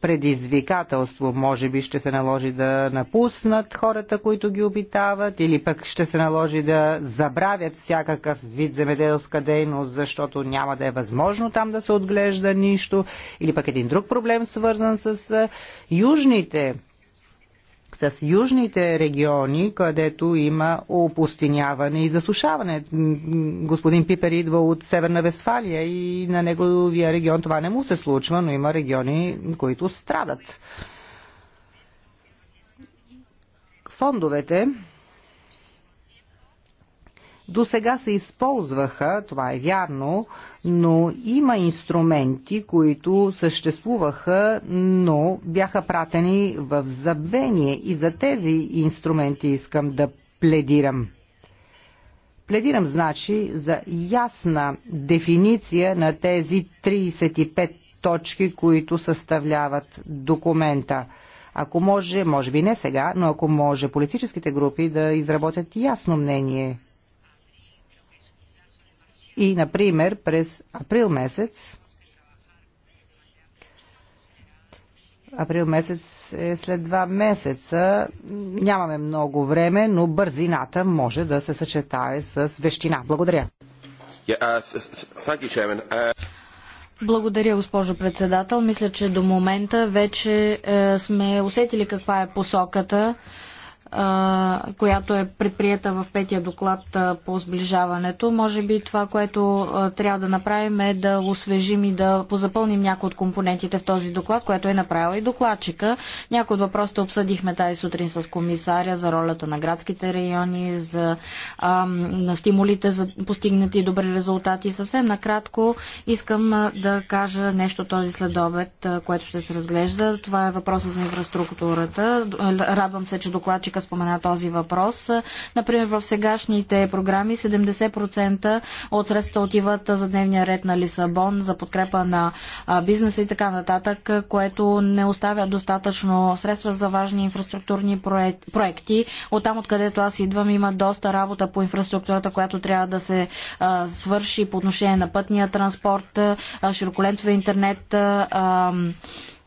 предизвикателство. Може би ще се наложи да напуснат хората, които ги обитават, или пък ще се наложи да забравят всякакъв вид земеделска дейност, защото няма да е възможно там да се отглежда нищо, или пък един друг проблем, свързан с е, южните с южните региони, където има опустиняване и засушаване. Господин Пипер идва от Северна Вестфалия и на неговия регион това не му се случва, но има региони, които страдат. Фондовете до сега се използваха, това е вярно, но има инструменти, които съществуваха, но бяха пратени в забвение и за тези инструменти искам да пледирам. Пледирам, значи, за ясна дефиниция на тези 35 точки, които съставляват документа. Ако може, може би не сега, но ако може политическите групи да изработят ясно мнение и, например, през април месец април месец е след два месеца. Нямаме много време, но бързината може да се съчетае с вещина. Благодаря. Uh, uh, Благодаря, госпожо председател. Мисля, че до момента вече е, сме усетили каква е посоката която е предприета в петия доклад по сближаването. Може би това, което трябва да направим е да освежим и да позапълним някои от компонентите в този доклад, което е направила и докладчика. Някои от въпросите обсъдихме тази сутрин с комисаря за ролята на градските райони, за а, на стимулите за постигнати добри резултати. Съвсем накратко искам да кажа нещо този следобед, което ще се разглежда. Това е въпроса за инфраструктурата. Радвам се, че докладчика спомена този въпрос. Например, в сегашните програми 70% от средства отиват за дневния ред на Лисабон, за подкрепа на бизнеса и така нататък, което не оставя достатъчно средства за важни инфраструктурни проекти. От там, откъдето аз идвам, има доста работа по инфраструктурата, която трябва да се свърши по отношение на пътния транспорт, широколентове интернет,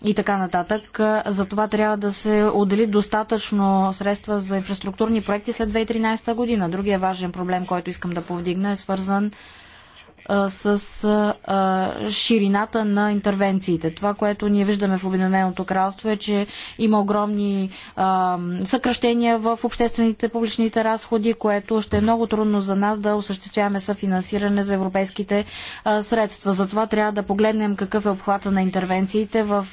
и така нататък. За това трябва да се отдели достатъчно средства за инфраструктурни проекти след 2013 година. Другия важен проблем, който искам да повдигна, е свързан с ширината на интервенциите. Това, което ние виждаме в Обединеното кралство е, че има огромни съкръщения в обществените публичните разходи, което ще е много трудно за нас да осъществяваме съфинансиране за европейските средства. Затова трябва да погледнем какъв е обхвата на интервенциите в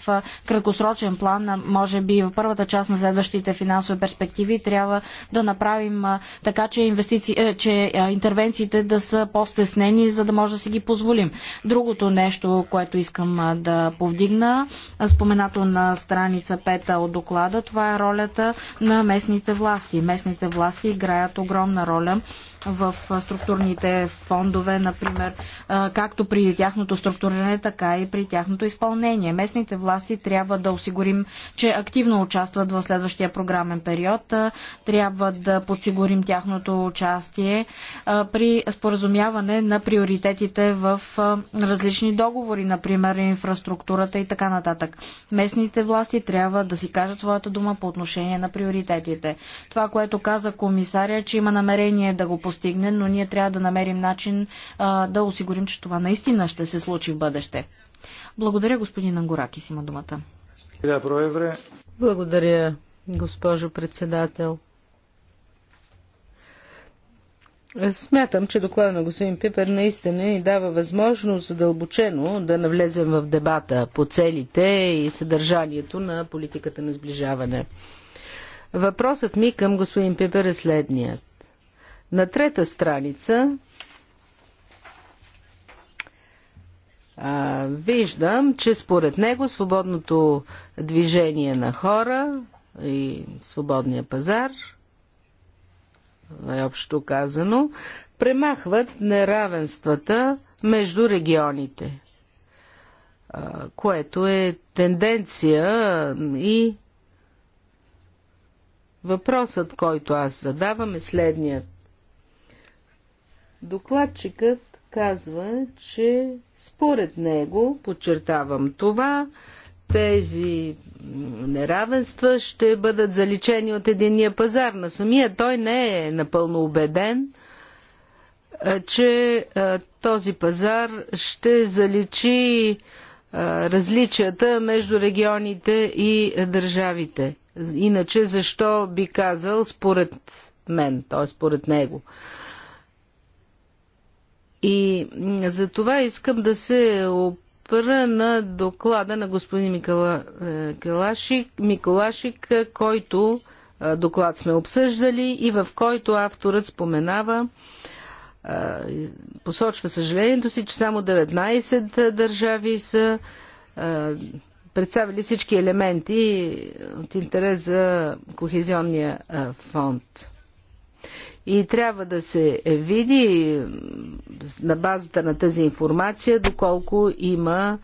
краткосрочен план, може би в първата част на следващите финансови перспективи трябва да направим така, че, е, че интервенциите да са по-стеснени, за да може може да си ги позволим. Другото нещо, което искам да повдигна, споменато на страница 5 от доклада, това е ролята на местните власти. Местните власти играят огромна роля в структурните фондове, например, както при тяхното структуриране, така и при тяхното изпълнение. Местните власти трябва да осигурим, че активно участват в следващия програмен период. Трябва да подсигурим тяхното участие при споразумяване на приоритетите в различни договори, например, инфраструктурата и така нататък. Местните власти трябва да си кажат своята дума по отношение на приоритетите. Това, което каза комисаря, че има намерение да го постигне, постигне, но ние трябва да намерим начин а, да осигурим, че това наистина ще се случи в бъдеще. Благодаря, господин си има думата. Благодаря, госпожо председател. Смятам, че доклада на господин Пипер наистина ни дава възможност задълбочено да навлезем в дебата по целите и съдържанието на политиката на сближаване. Въпросът ми към господин Пипер е следният. На трета страница а, виждам, че според него свободното движение на хора и свободния пазар, най-общо казано, премахват неравенствата между регионите, а, което е тенденция и въпросът, който аз задавам е следният Докладчикът казва, че според него, подчертавам това, тези неравенства ще бъдат заличени от единния пазар. На самия той не е напълно убеден, че този пазар ще заличи различията между регионите и държавите. Иначе защо би казал според мен, т.е. според него. И за това искам да се опра на доклада на господин Микола, е, Миколашик, е, който е, доклад сме обсъждали и в който авторът споменава посочва съжалението си, че само 19 държави са представили всички елементи от интерес за Кохезионния фонд. И трябва да се види на базата на тази информация доколко има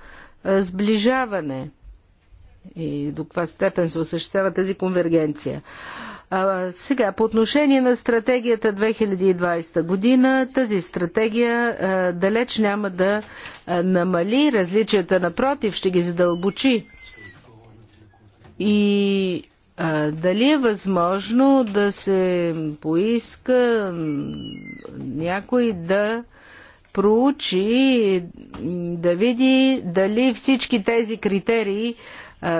сближаване и до каква степен се осъществява тази конвергенция. А, сега, по отношение на стратегията 2020 година, тази стратегия а, далеч няма да а, намали различията, напротив, ще ги задълбочи. И а, дали е възможно да се поиска някой да проучи, да види дали всички тези критерии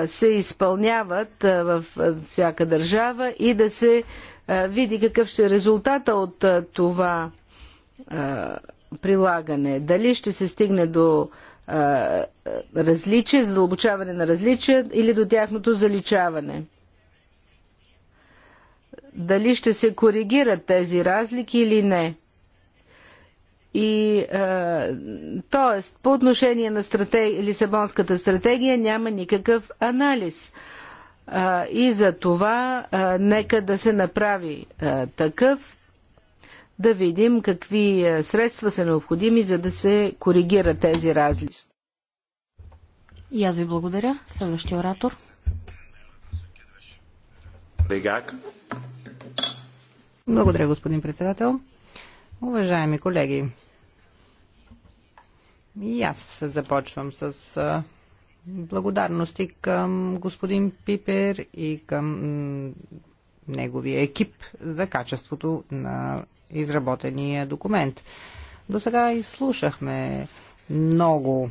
се изпълняват в всяка държава и да се види какъв ще е резултата от това прилагане. Дали ще се стигне до различие, задълбочаване на различия или до тяхното заличаване дали ще се коригират тези разлики или не. И, е, т.е. по отношение на стратег... Лисабонската стратегия няма никакъв анализ. Е, и за това е, нека да се направи е, такъв, да видим какви е, средства са необходими, за да се коригират тези разлики. И аз ви благодаря. Следващия оратор. Дегак. Благодаря, господин председател. Уважаеми колеги, и аз започвам с благодарности към господин Пипер и към неговия екип за качеството на изработения документ. До сега изслушахме много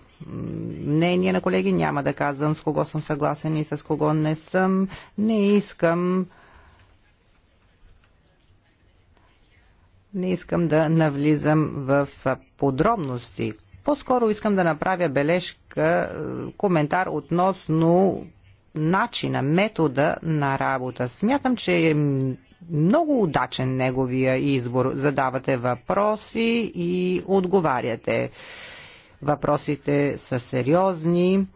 мнения на колеги. Няма да казвам с кого съм съгласен и с кого не съм. Не искам Не искам да навлизам в подробности. По-скоро искам да направя бележка, коментар относно начина, метода на работа. Смятам, че е много удачен неговия избор. Задавате въпроси и отговаряте. Въпросите са сериозни,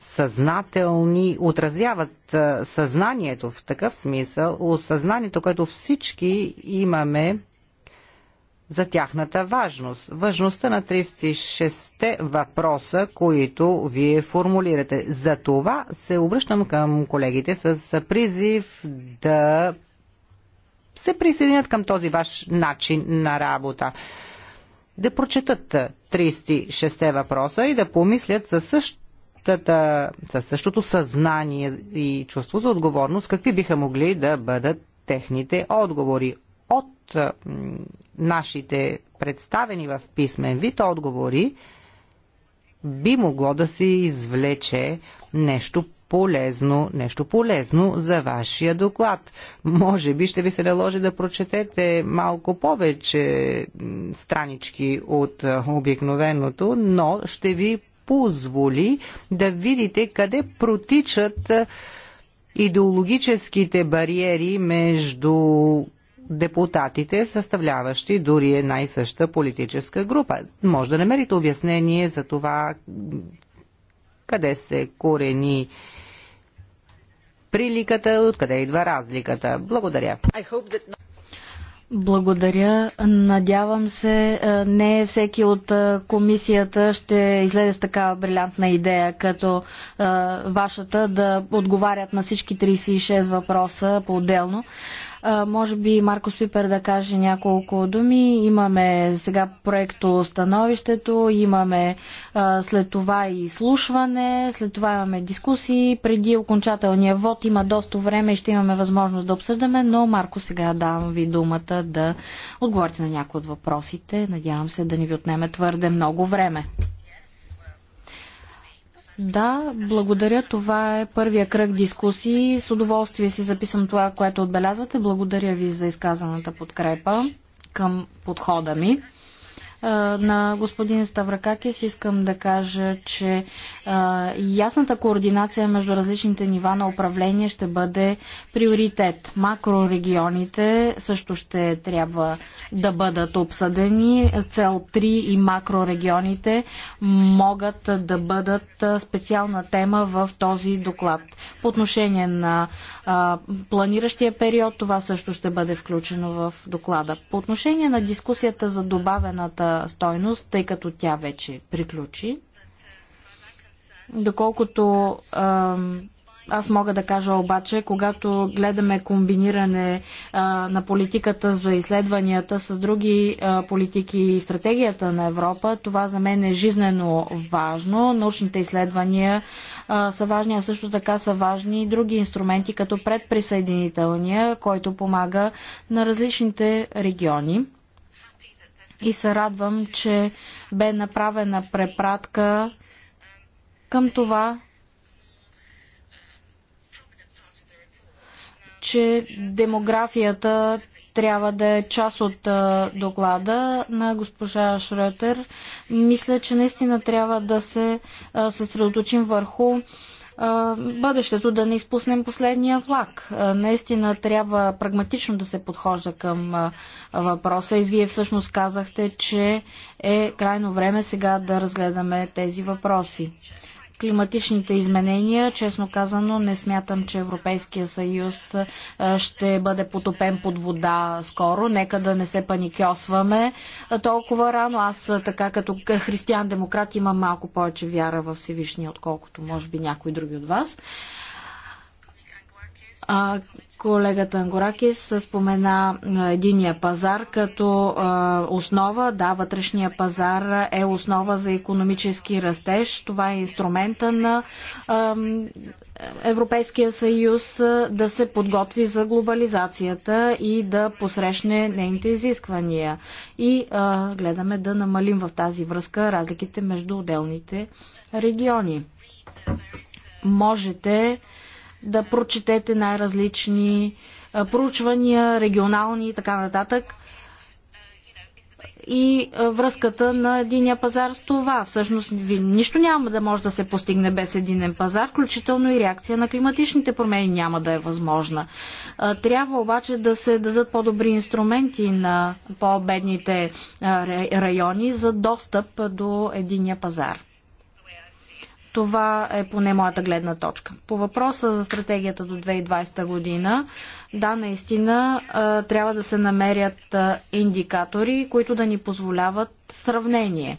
съзнателни, отразяват съзнанието в такъв смисъл, осъзнанието, което всички имаме за тяхната важност. Важността на 36-те въпроса, които вие формулирате. За това се обръщам към колегите с призив да се присъединят към този ваш начин на работа. Да прочетат 36-те въпроса и да помислят със същото със същото съзнание и чувство за отговорност, какви биха могли да бъдат техните отговори от нашите представени в писмен вид отговори би могло да се извлече нещо полезно, нещо полезно за вашия доклад. Може би ще ви се наложи да прочетете малко повече странички от обикновеното, но ще ви позволи да видите къде протичат идеологическите бариери между депутатите, съставляващи дори една и съща политическа група. Може да намерите обяснение за това къде се корени приликата, откъде идва разликата. Благодаря. Благодаря. Надявам се, е, не всеки от е, комисията ще излезе с такава брилянтна идея, като е, вашата, да отговарят на всички 36 въпроса по-отделно. Може би Марко Спипер да каже няколко думи. Имаме сега проекто становището, имаме след това и слушване, след това имаме дискусии. Преди окончателния вод има доста време и ще имаме възможност да обсъждаме, но Марко сега давам ви думата да отговорите на някои от въпросите. Надявам се да ни ви отнеме твърде много време. Да, благодаря. Това е първия кръг дискусии. С удоволствие си записам това, което отбелязвате. Благодаря ви за изказаната подкрепа към подхода ми на господин Ставракакис искам да кажа, че ясната координация между различните нива на управление ще бъде приоритет. Макрорегионите също ще трябва да бъдат обсъдени. Цел 3 и макрорегионите могат да бъдат специална тема в този доклад. По отношение на планиращия период, това също ще бъде включено в доклада. По отношение на дискусията за добавената стойност, тъй като тя вече приключи. Доколкото аз мога да кажа обаче, когато гледаме комбиниране а, на политиката за изследванията с други а, политики и стратегията на Европа, това за мен е жизнено важно. Научните изследвания а, са важни, а също така са важни и други инструменти, като предприсъединителния, който помага на различните региони и се радвам, че бе направена препратка към това, че демографията трябва да е част от доклада на госпожа Шретер. Мисля, че наистина трябва да се съсредоточим върху бъдещето да не изпуснем последния влак. Наистина трябва прагматично да се подхожда към въпроса и вие всъщност казахте, че е крайно време сега да разгледаме тези въпроси климатичните изменения. Честно казано, не смятам, че Европейския съюз ще бъде потопен под вода скоро. Нека да не се паникьосваме толкова рано. Аз така като християн-демократ имам малко повече вяра в Всевишния, отколкото може би някои други от вас. А, Колегата Ангоракис спомена единия пазар като основа. Да, вътрешния пазар е основа за економически растеж. Това е инструмента на Европейския съюз да се подготви за глобализацията и да посрещне нейните изисквания. И а, гледаме да намалим в тази връзка разликите между отделните региони. Можете да прочетете най-различни проучвания, регионални и така нататък. И връзката на единия пазар с това. Всъщност, ви, нищо няма да може да се постигне без единен пазар, включително и реакция на климатичните промени няма да е възможна. Трябва обаче да се дадат по-добри инструменти на по-бедните райони за достъп до единия пазар. Това е поне моята гледна точка. По въпроса за стратегията до 2020 година, да, наистина трябва да се намерят индикатори, които да ни позволяват сравнение.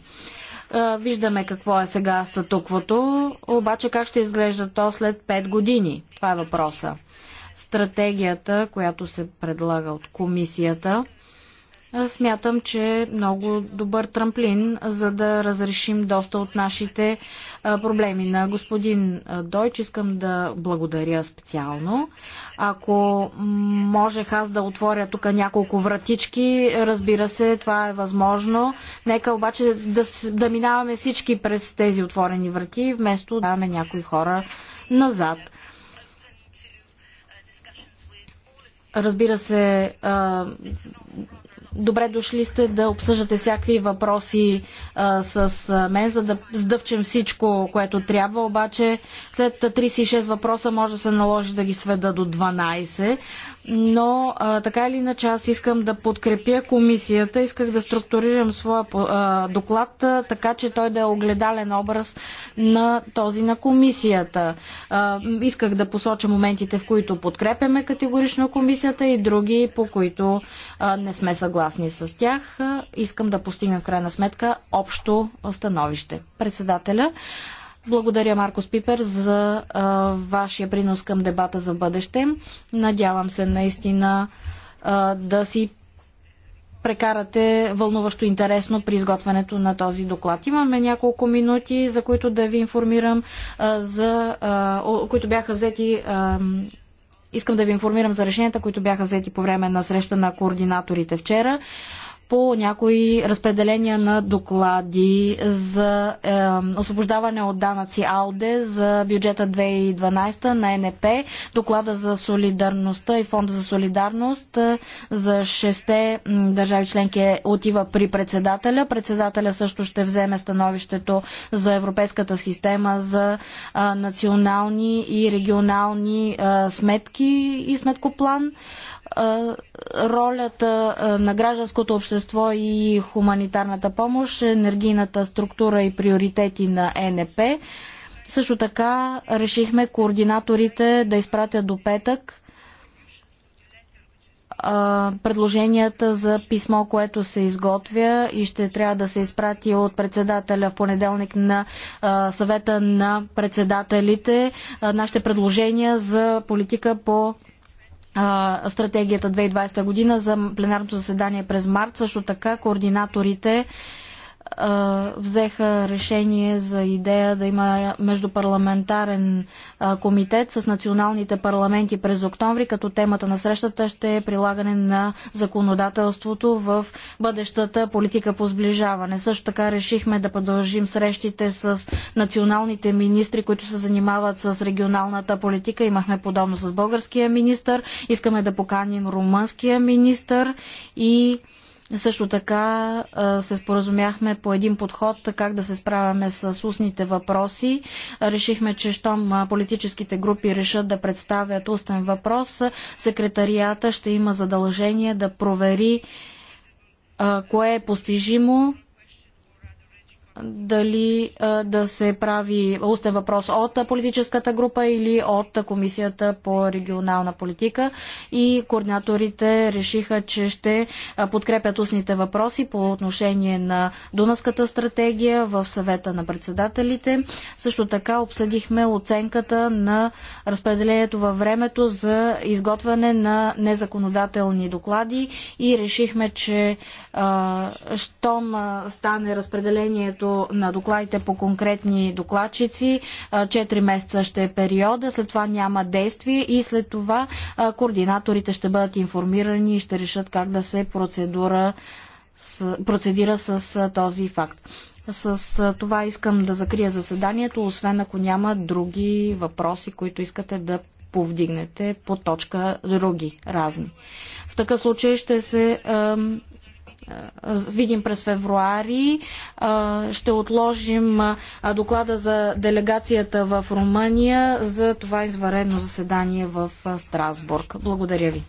Виждаме какво е сега статуквото, обаче как ще изглежда то след 5 години? Това е въпроса. Стратегията, която се предлага от комисията, смятам, че е много добър трамплин, за да разрешим доста от нашите проблеми. На господин Дойч искам да благодаря специално. Ако можех аз да отворя тук няколко вратички, разбира се, това е възможно. Нека обаче да, да минаваме всички през тези отворени врати, вместо да даваме някои хора назад. Разбира се, Добре дошли сте да обсъждате всякакви въпроси а, с мен, за да сдъвчем всичко, което трябва. Обаче след 36 въпроса може да се наложи да ги сведа до 12 но а, така или иначе аз искам да подкрепя комисията, исках да структурирам своя а, доклад, а, така че той да е огледален образ на този на комисията. А, исках да посоча моментите, в които подкрепяме категорично комисията и други, по които а, не сме съгласни с тях. А, искам да постигнем в крайна сметка общо становище. Председателя. Благодаря, Маркос Пипер, за а, вашия принос към дебата за бъдеще. Надявам се наистина а, да си прекарате вълнуващо интересно при изготвянето на този доклад. Имаме няколко минути, за които да ви информирам, а, за, а, о, които бяха взети. А, Искам да ви информирам за решенията, които бяха взети по време на среща на координаторите вчера по някои разпределения на доклади за е, освобождаване от данъци АЛДЕ за бюджета 2012 на НП, доклада за солидарността и фонда за солидарност е, за шесте държави членки е, отива при председателя. Председателя също ще вземе становището за Европейската система за е, национални и регионални е, сметки и сметкоплан. Е, ролята на гражданското общество и хуманитарната помощ, енергийната структура и приоритети на ЕНП. Също така решихме координаторите да изпратят до петък предложенията за писмо, което се изготвя и ще трябва да се изпрати от председателя в понеделник на съвета на председателите нашите предложения за политика по стратегията 2020 година за пленарното заседание през март. Също така координаторите взеха решение за идея да има междупарламентарен комитет с националните парламенти през октомври, като темата на срещата ще е прилагане на законодателството в бъдещата политика по сближаване. Също така решихме да продължим срещите с националните министри, които се занимават с регионалната политика. Имахме подобно с българския министр. Искаме да поканим румънския министр и също така се споразумяхме по един подход как да се справяме с устните въпроси. Решихме, че щом политическите групи решат да представят устен въпрос, секретарията ще има задължение да провери кое е постижимо дали да се прави устен въпрос от политическата група или от Комисията по регионална политика и координаторите решиха, че ще подкрепят устните въпроси по отношение на Дунавската стратегия в съвета на председателите. Също така обсъдихме оценката на разпределението във времето за изготвяне на незаконодателни доклади и решихме, че щом стане разпределението времето на докладите по конкретни докладчици. 4 месеца ще е периода, след това няма действие и след това координаторите ще бъдат информирани и ще решат как да се процедура с, процедира с този факт. С това искам да закрия заседанието, освен ако няма други въпроси, които искате да повдигнете по точка други, разни. В такъв случай ще се е, видим през февруари. Е, ще отложим е, доклада за делегацията в Румъния за това изваредно заседание в Страсбург. Благодаря ви.